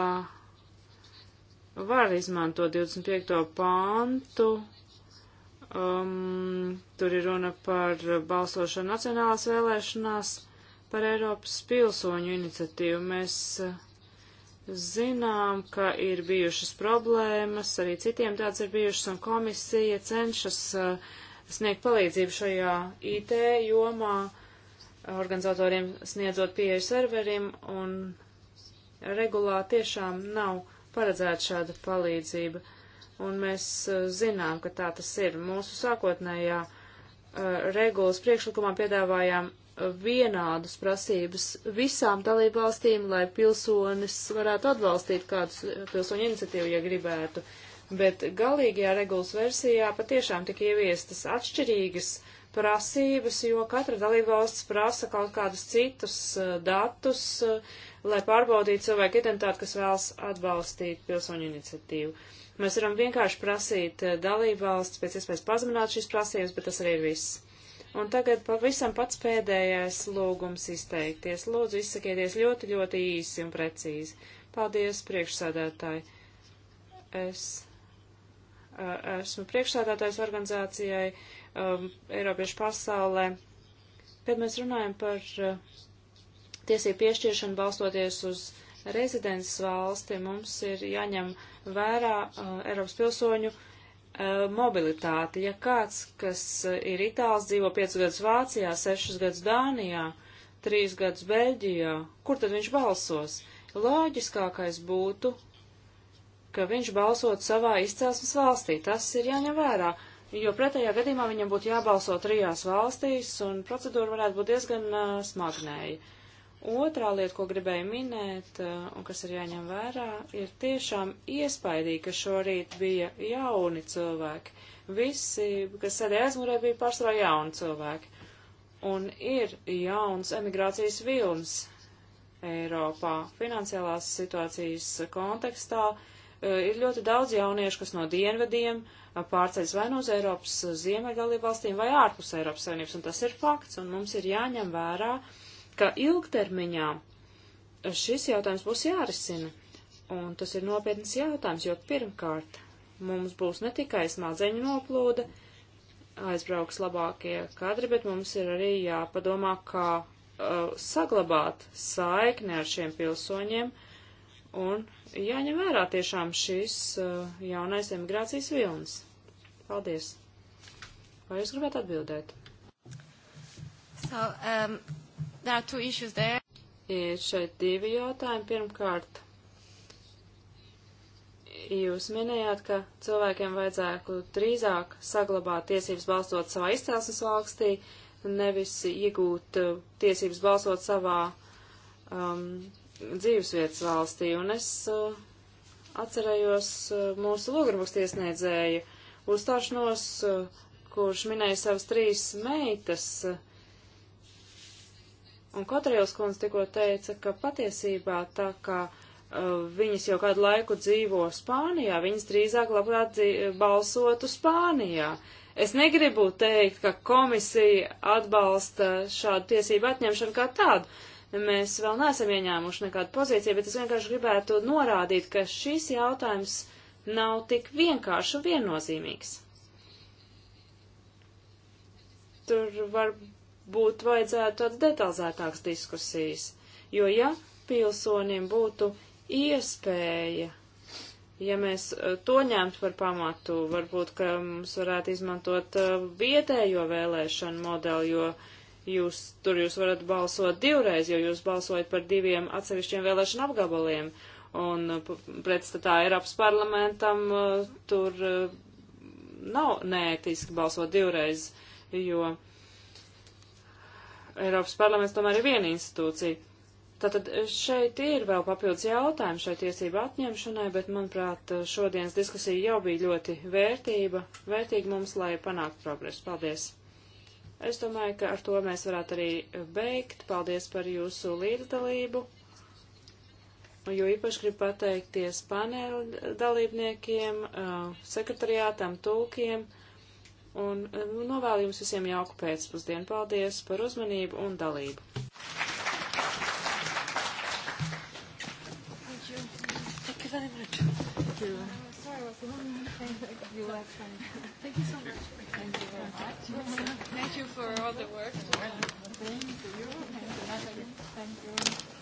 Speaker 3: var izmantot 25. pāntu. Um, tur ir runa par balsošanu nacionālās vēlēšanās, par Eiropas pilsoņu iniciatīvu. Mēs uh, Zinām, ka ir bijušas problēmas, arī citiem tāds ir bijušas, un komisija cenšas uh, sniegt palīdzību šajā IT jomā, organizatoriem sniedzot pieeju serveriem, un regulā tiešām nav paredzēta šāda palīdzība. Un mēs uh, zinām, ka tā tas ir. Mūsu sākotnējā uh, regulas priekšlikumā piedāvājām vienādas prasības visām dalībvalstīm, lai pilsonis varētu atbalstīt kādu pilsoņu iniciatīvu, ja gribētu. Bet galīgajā regulas versijā patiešām tika ieviestas atšķirīgas prasības, jo katra dalībvalsts prasa kaut kādus citus eh, datus, eh, lai pārbaudītu cilvēku identitāti, kas vēlas atbalstīt pilsoņu iniciatīvu. Mēs varam vienkārši prasīt eh, dalībvalsts pēc iespējas pazemināt šīs prasības, bet tas arī ir viss. Un tagad pavisam pats pēdējais lūgums izteikties. Lūdzu, izsakieties ļoti, ļoti īsi un precīzi. Paldies, priekšsādātāji. Es esmu priekšsādātājs organizācijai um, Eiropiešu pasaulē. Kad mēs runājam par uh, tiesību piešķiršanu balstoties uz rezidences valsti, mums ir jāņem vērā uh, Eiropas pilsoņu uh, Uh, mobilitāti. Ja kāds, kas uh, ir itāls, dzīvo 5 gadus Vācijā, 6 gadus Dānijā, 3 gadus Beļģijā, kur tad viņš balsos? Loģiskākais būtu, ka viņš balsot savā izcelsmes valstī. Tas ir jāņem vērā, jo pretējā gadījumā viņam būtu jābalso trijās valstīs, un procedūra varētu būt diezgan uh, smagnēja. Otrā lieta, ko gribēju minēt, eh, un kas ir jāņem vērā, ir tiešām iespaidīgi, ka šorīt bija jauni cilvēki. Visi, kas sēdēja aizmurē, bija pārsvarā jauni cilvēki. Un ir jauns emigrācijas vilnis Eiropā. Finansiālās situācijas kontekstā eh, ir ļoti daudz jauniešu, kas no dienvediem eh, pārceļas vai nu uz Eiropas ziemeļgalību valstīm vai ārpus Eiropas savienības, un tas ir fakts, un mums ir jāņem vērā, uh, ka ilgtermiņā šis jautājums būs jārisina. Un tas ir nopietnas jautājums, jo pirmkārt mums būs ne tikai smadzeņu noplūde, aizbrauks labākie kadri, bet mums ir arī jāpadomā, kā uh, saglabāt saikni ar šiem pilsoņiem un jāņem vērā tiešām šis uh, jaunais emigrācijas vilnis. Paldies! Vai jūs gribētu atbildēt? So, um, Ir šeit divi jautājumi. Pirmkārt, jūs minējāt, ka cilvēkiem vajadzētu drīzāk saglabāt tiesības balstot savā izcelsmes valstī, nevis iegūt uh, tiesības balstot savā um, dzīvesvietas valstī. Un es uh, atcerējos uh, mūsu lūgrumus tiesniedzēju uzstāšanos, uh, kurš minēja savas trīs meitas. Uh, Un Kotrēls kundze tikko teica, ka patiesībā tā kā uh, viņas jau kādu laiku dzīvo Spānijā, viņas drīzāk labprāt balsotu Spānijā. Es negribu teikt, ka komisija atbalsta šādu tiesību atņemšanu kā tādu. Mēs vēl neesam ieņēmuši nekādu pozīciju, bet es vienkārši gribētu norādīt, ka šis jautājums nav tik vienkārši un viennozīmīgs. Tur var būtu vajadzētu tāds detalizētāks diskusijas, jo ja pilsonim būtu iespēja, ja mēs eh, to ņemtu par pamatu, varbūt, ka mums varētu izmantot eh, vietējo vēlēšanu modeli, jo jūs, tur jūs varat balsot divreiz, jo jūs balsojat par diviem atsevišķiem vēlēšanu apgabaliem. Un eh, pretstatā Eiropas parlamentam tur nav neētiski balsot divreiz, jo uh, Eiropas parlaments tomēr ir viena institūcija. Tātad šeit ir vēl papildus jautājumi šai tiesību atņemšanai, bet, manuprāt, šodienas diskusija jau bija ļoti vērtība, vērtīga mums, lai panāktu progresu. Paldies! Es domāju, ka ar to mēs varētu arī beigt. Paldies par jūsu līdzdalību, jo īpaši gribu pateikties paneļu dalībniekiem, sekretariātam, tulkiem. Un eh, nu, novēlu jums visiem jauku pēcpusdienu. Paldies par uzmanību un dalību.
Speaker 2: Thank you. Thank you very much. Thank you. Sorry, I was the one you were fine. Thank you so much. Thank you very much. Thank you for all the
Speaker 3: work. Thank you. Thank you. Thank you.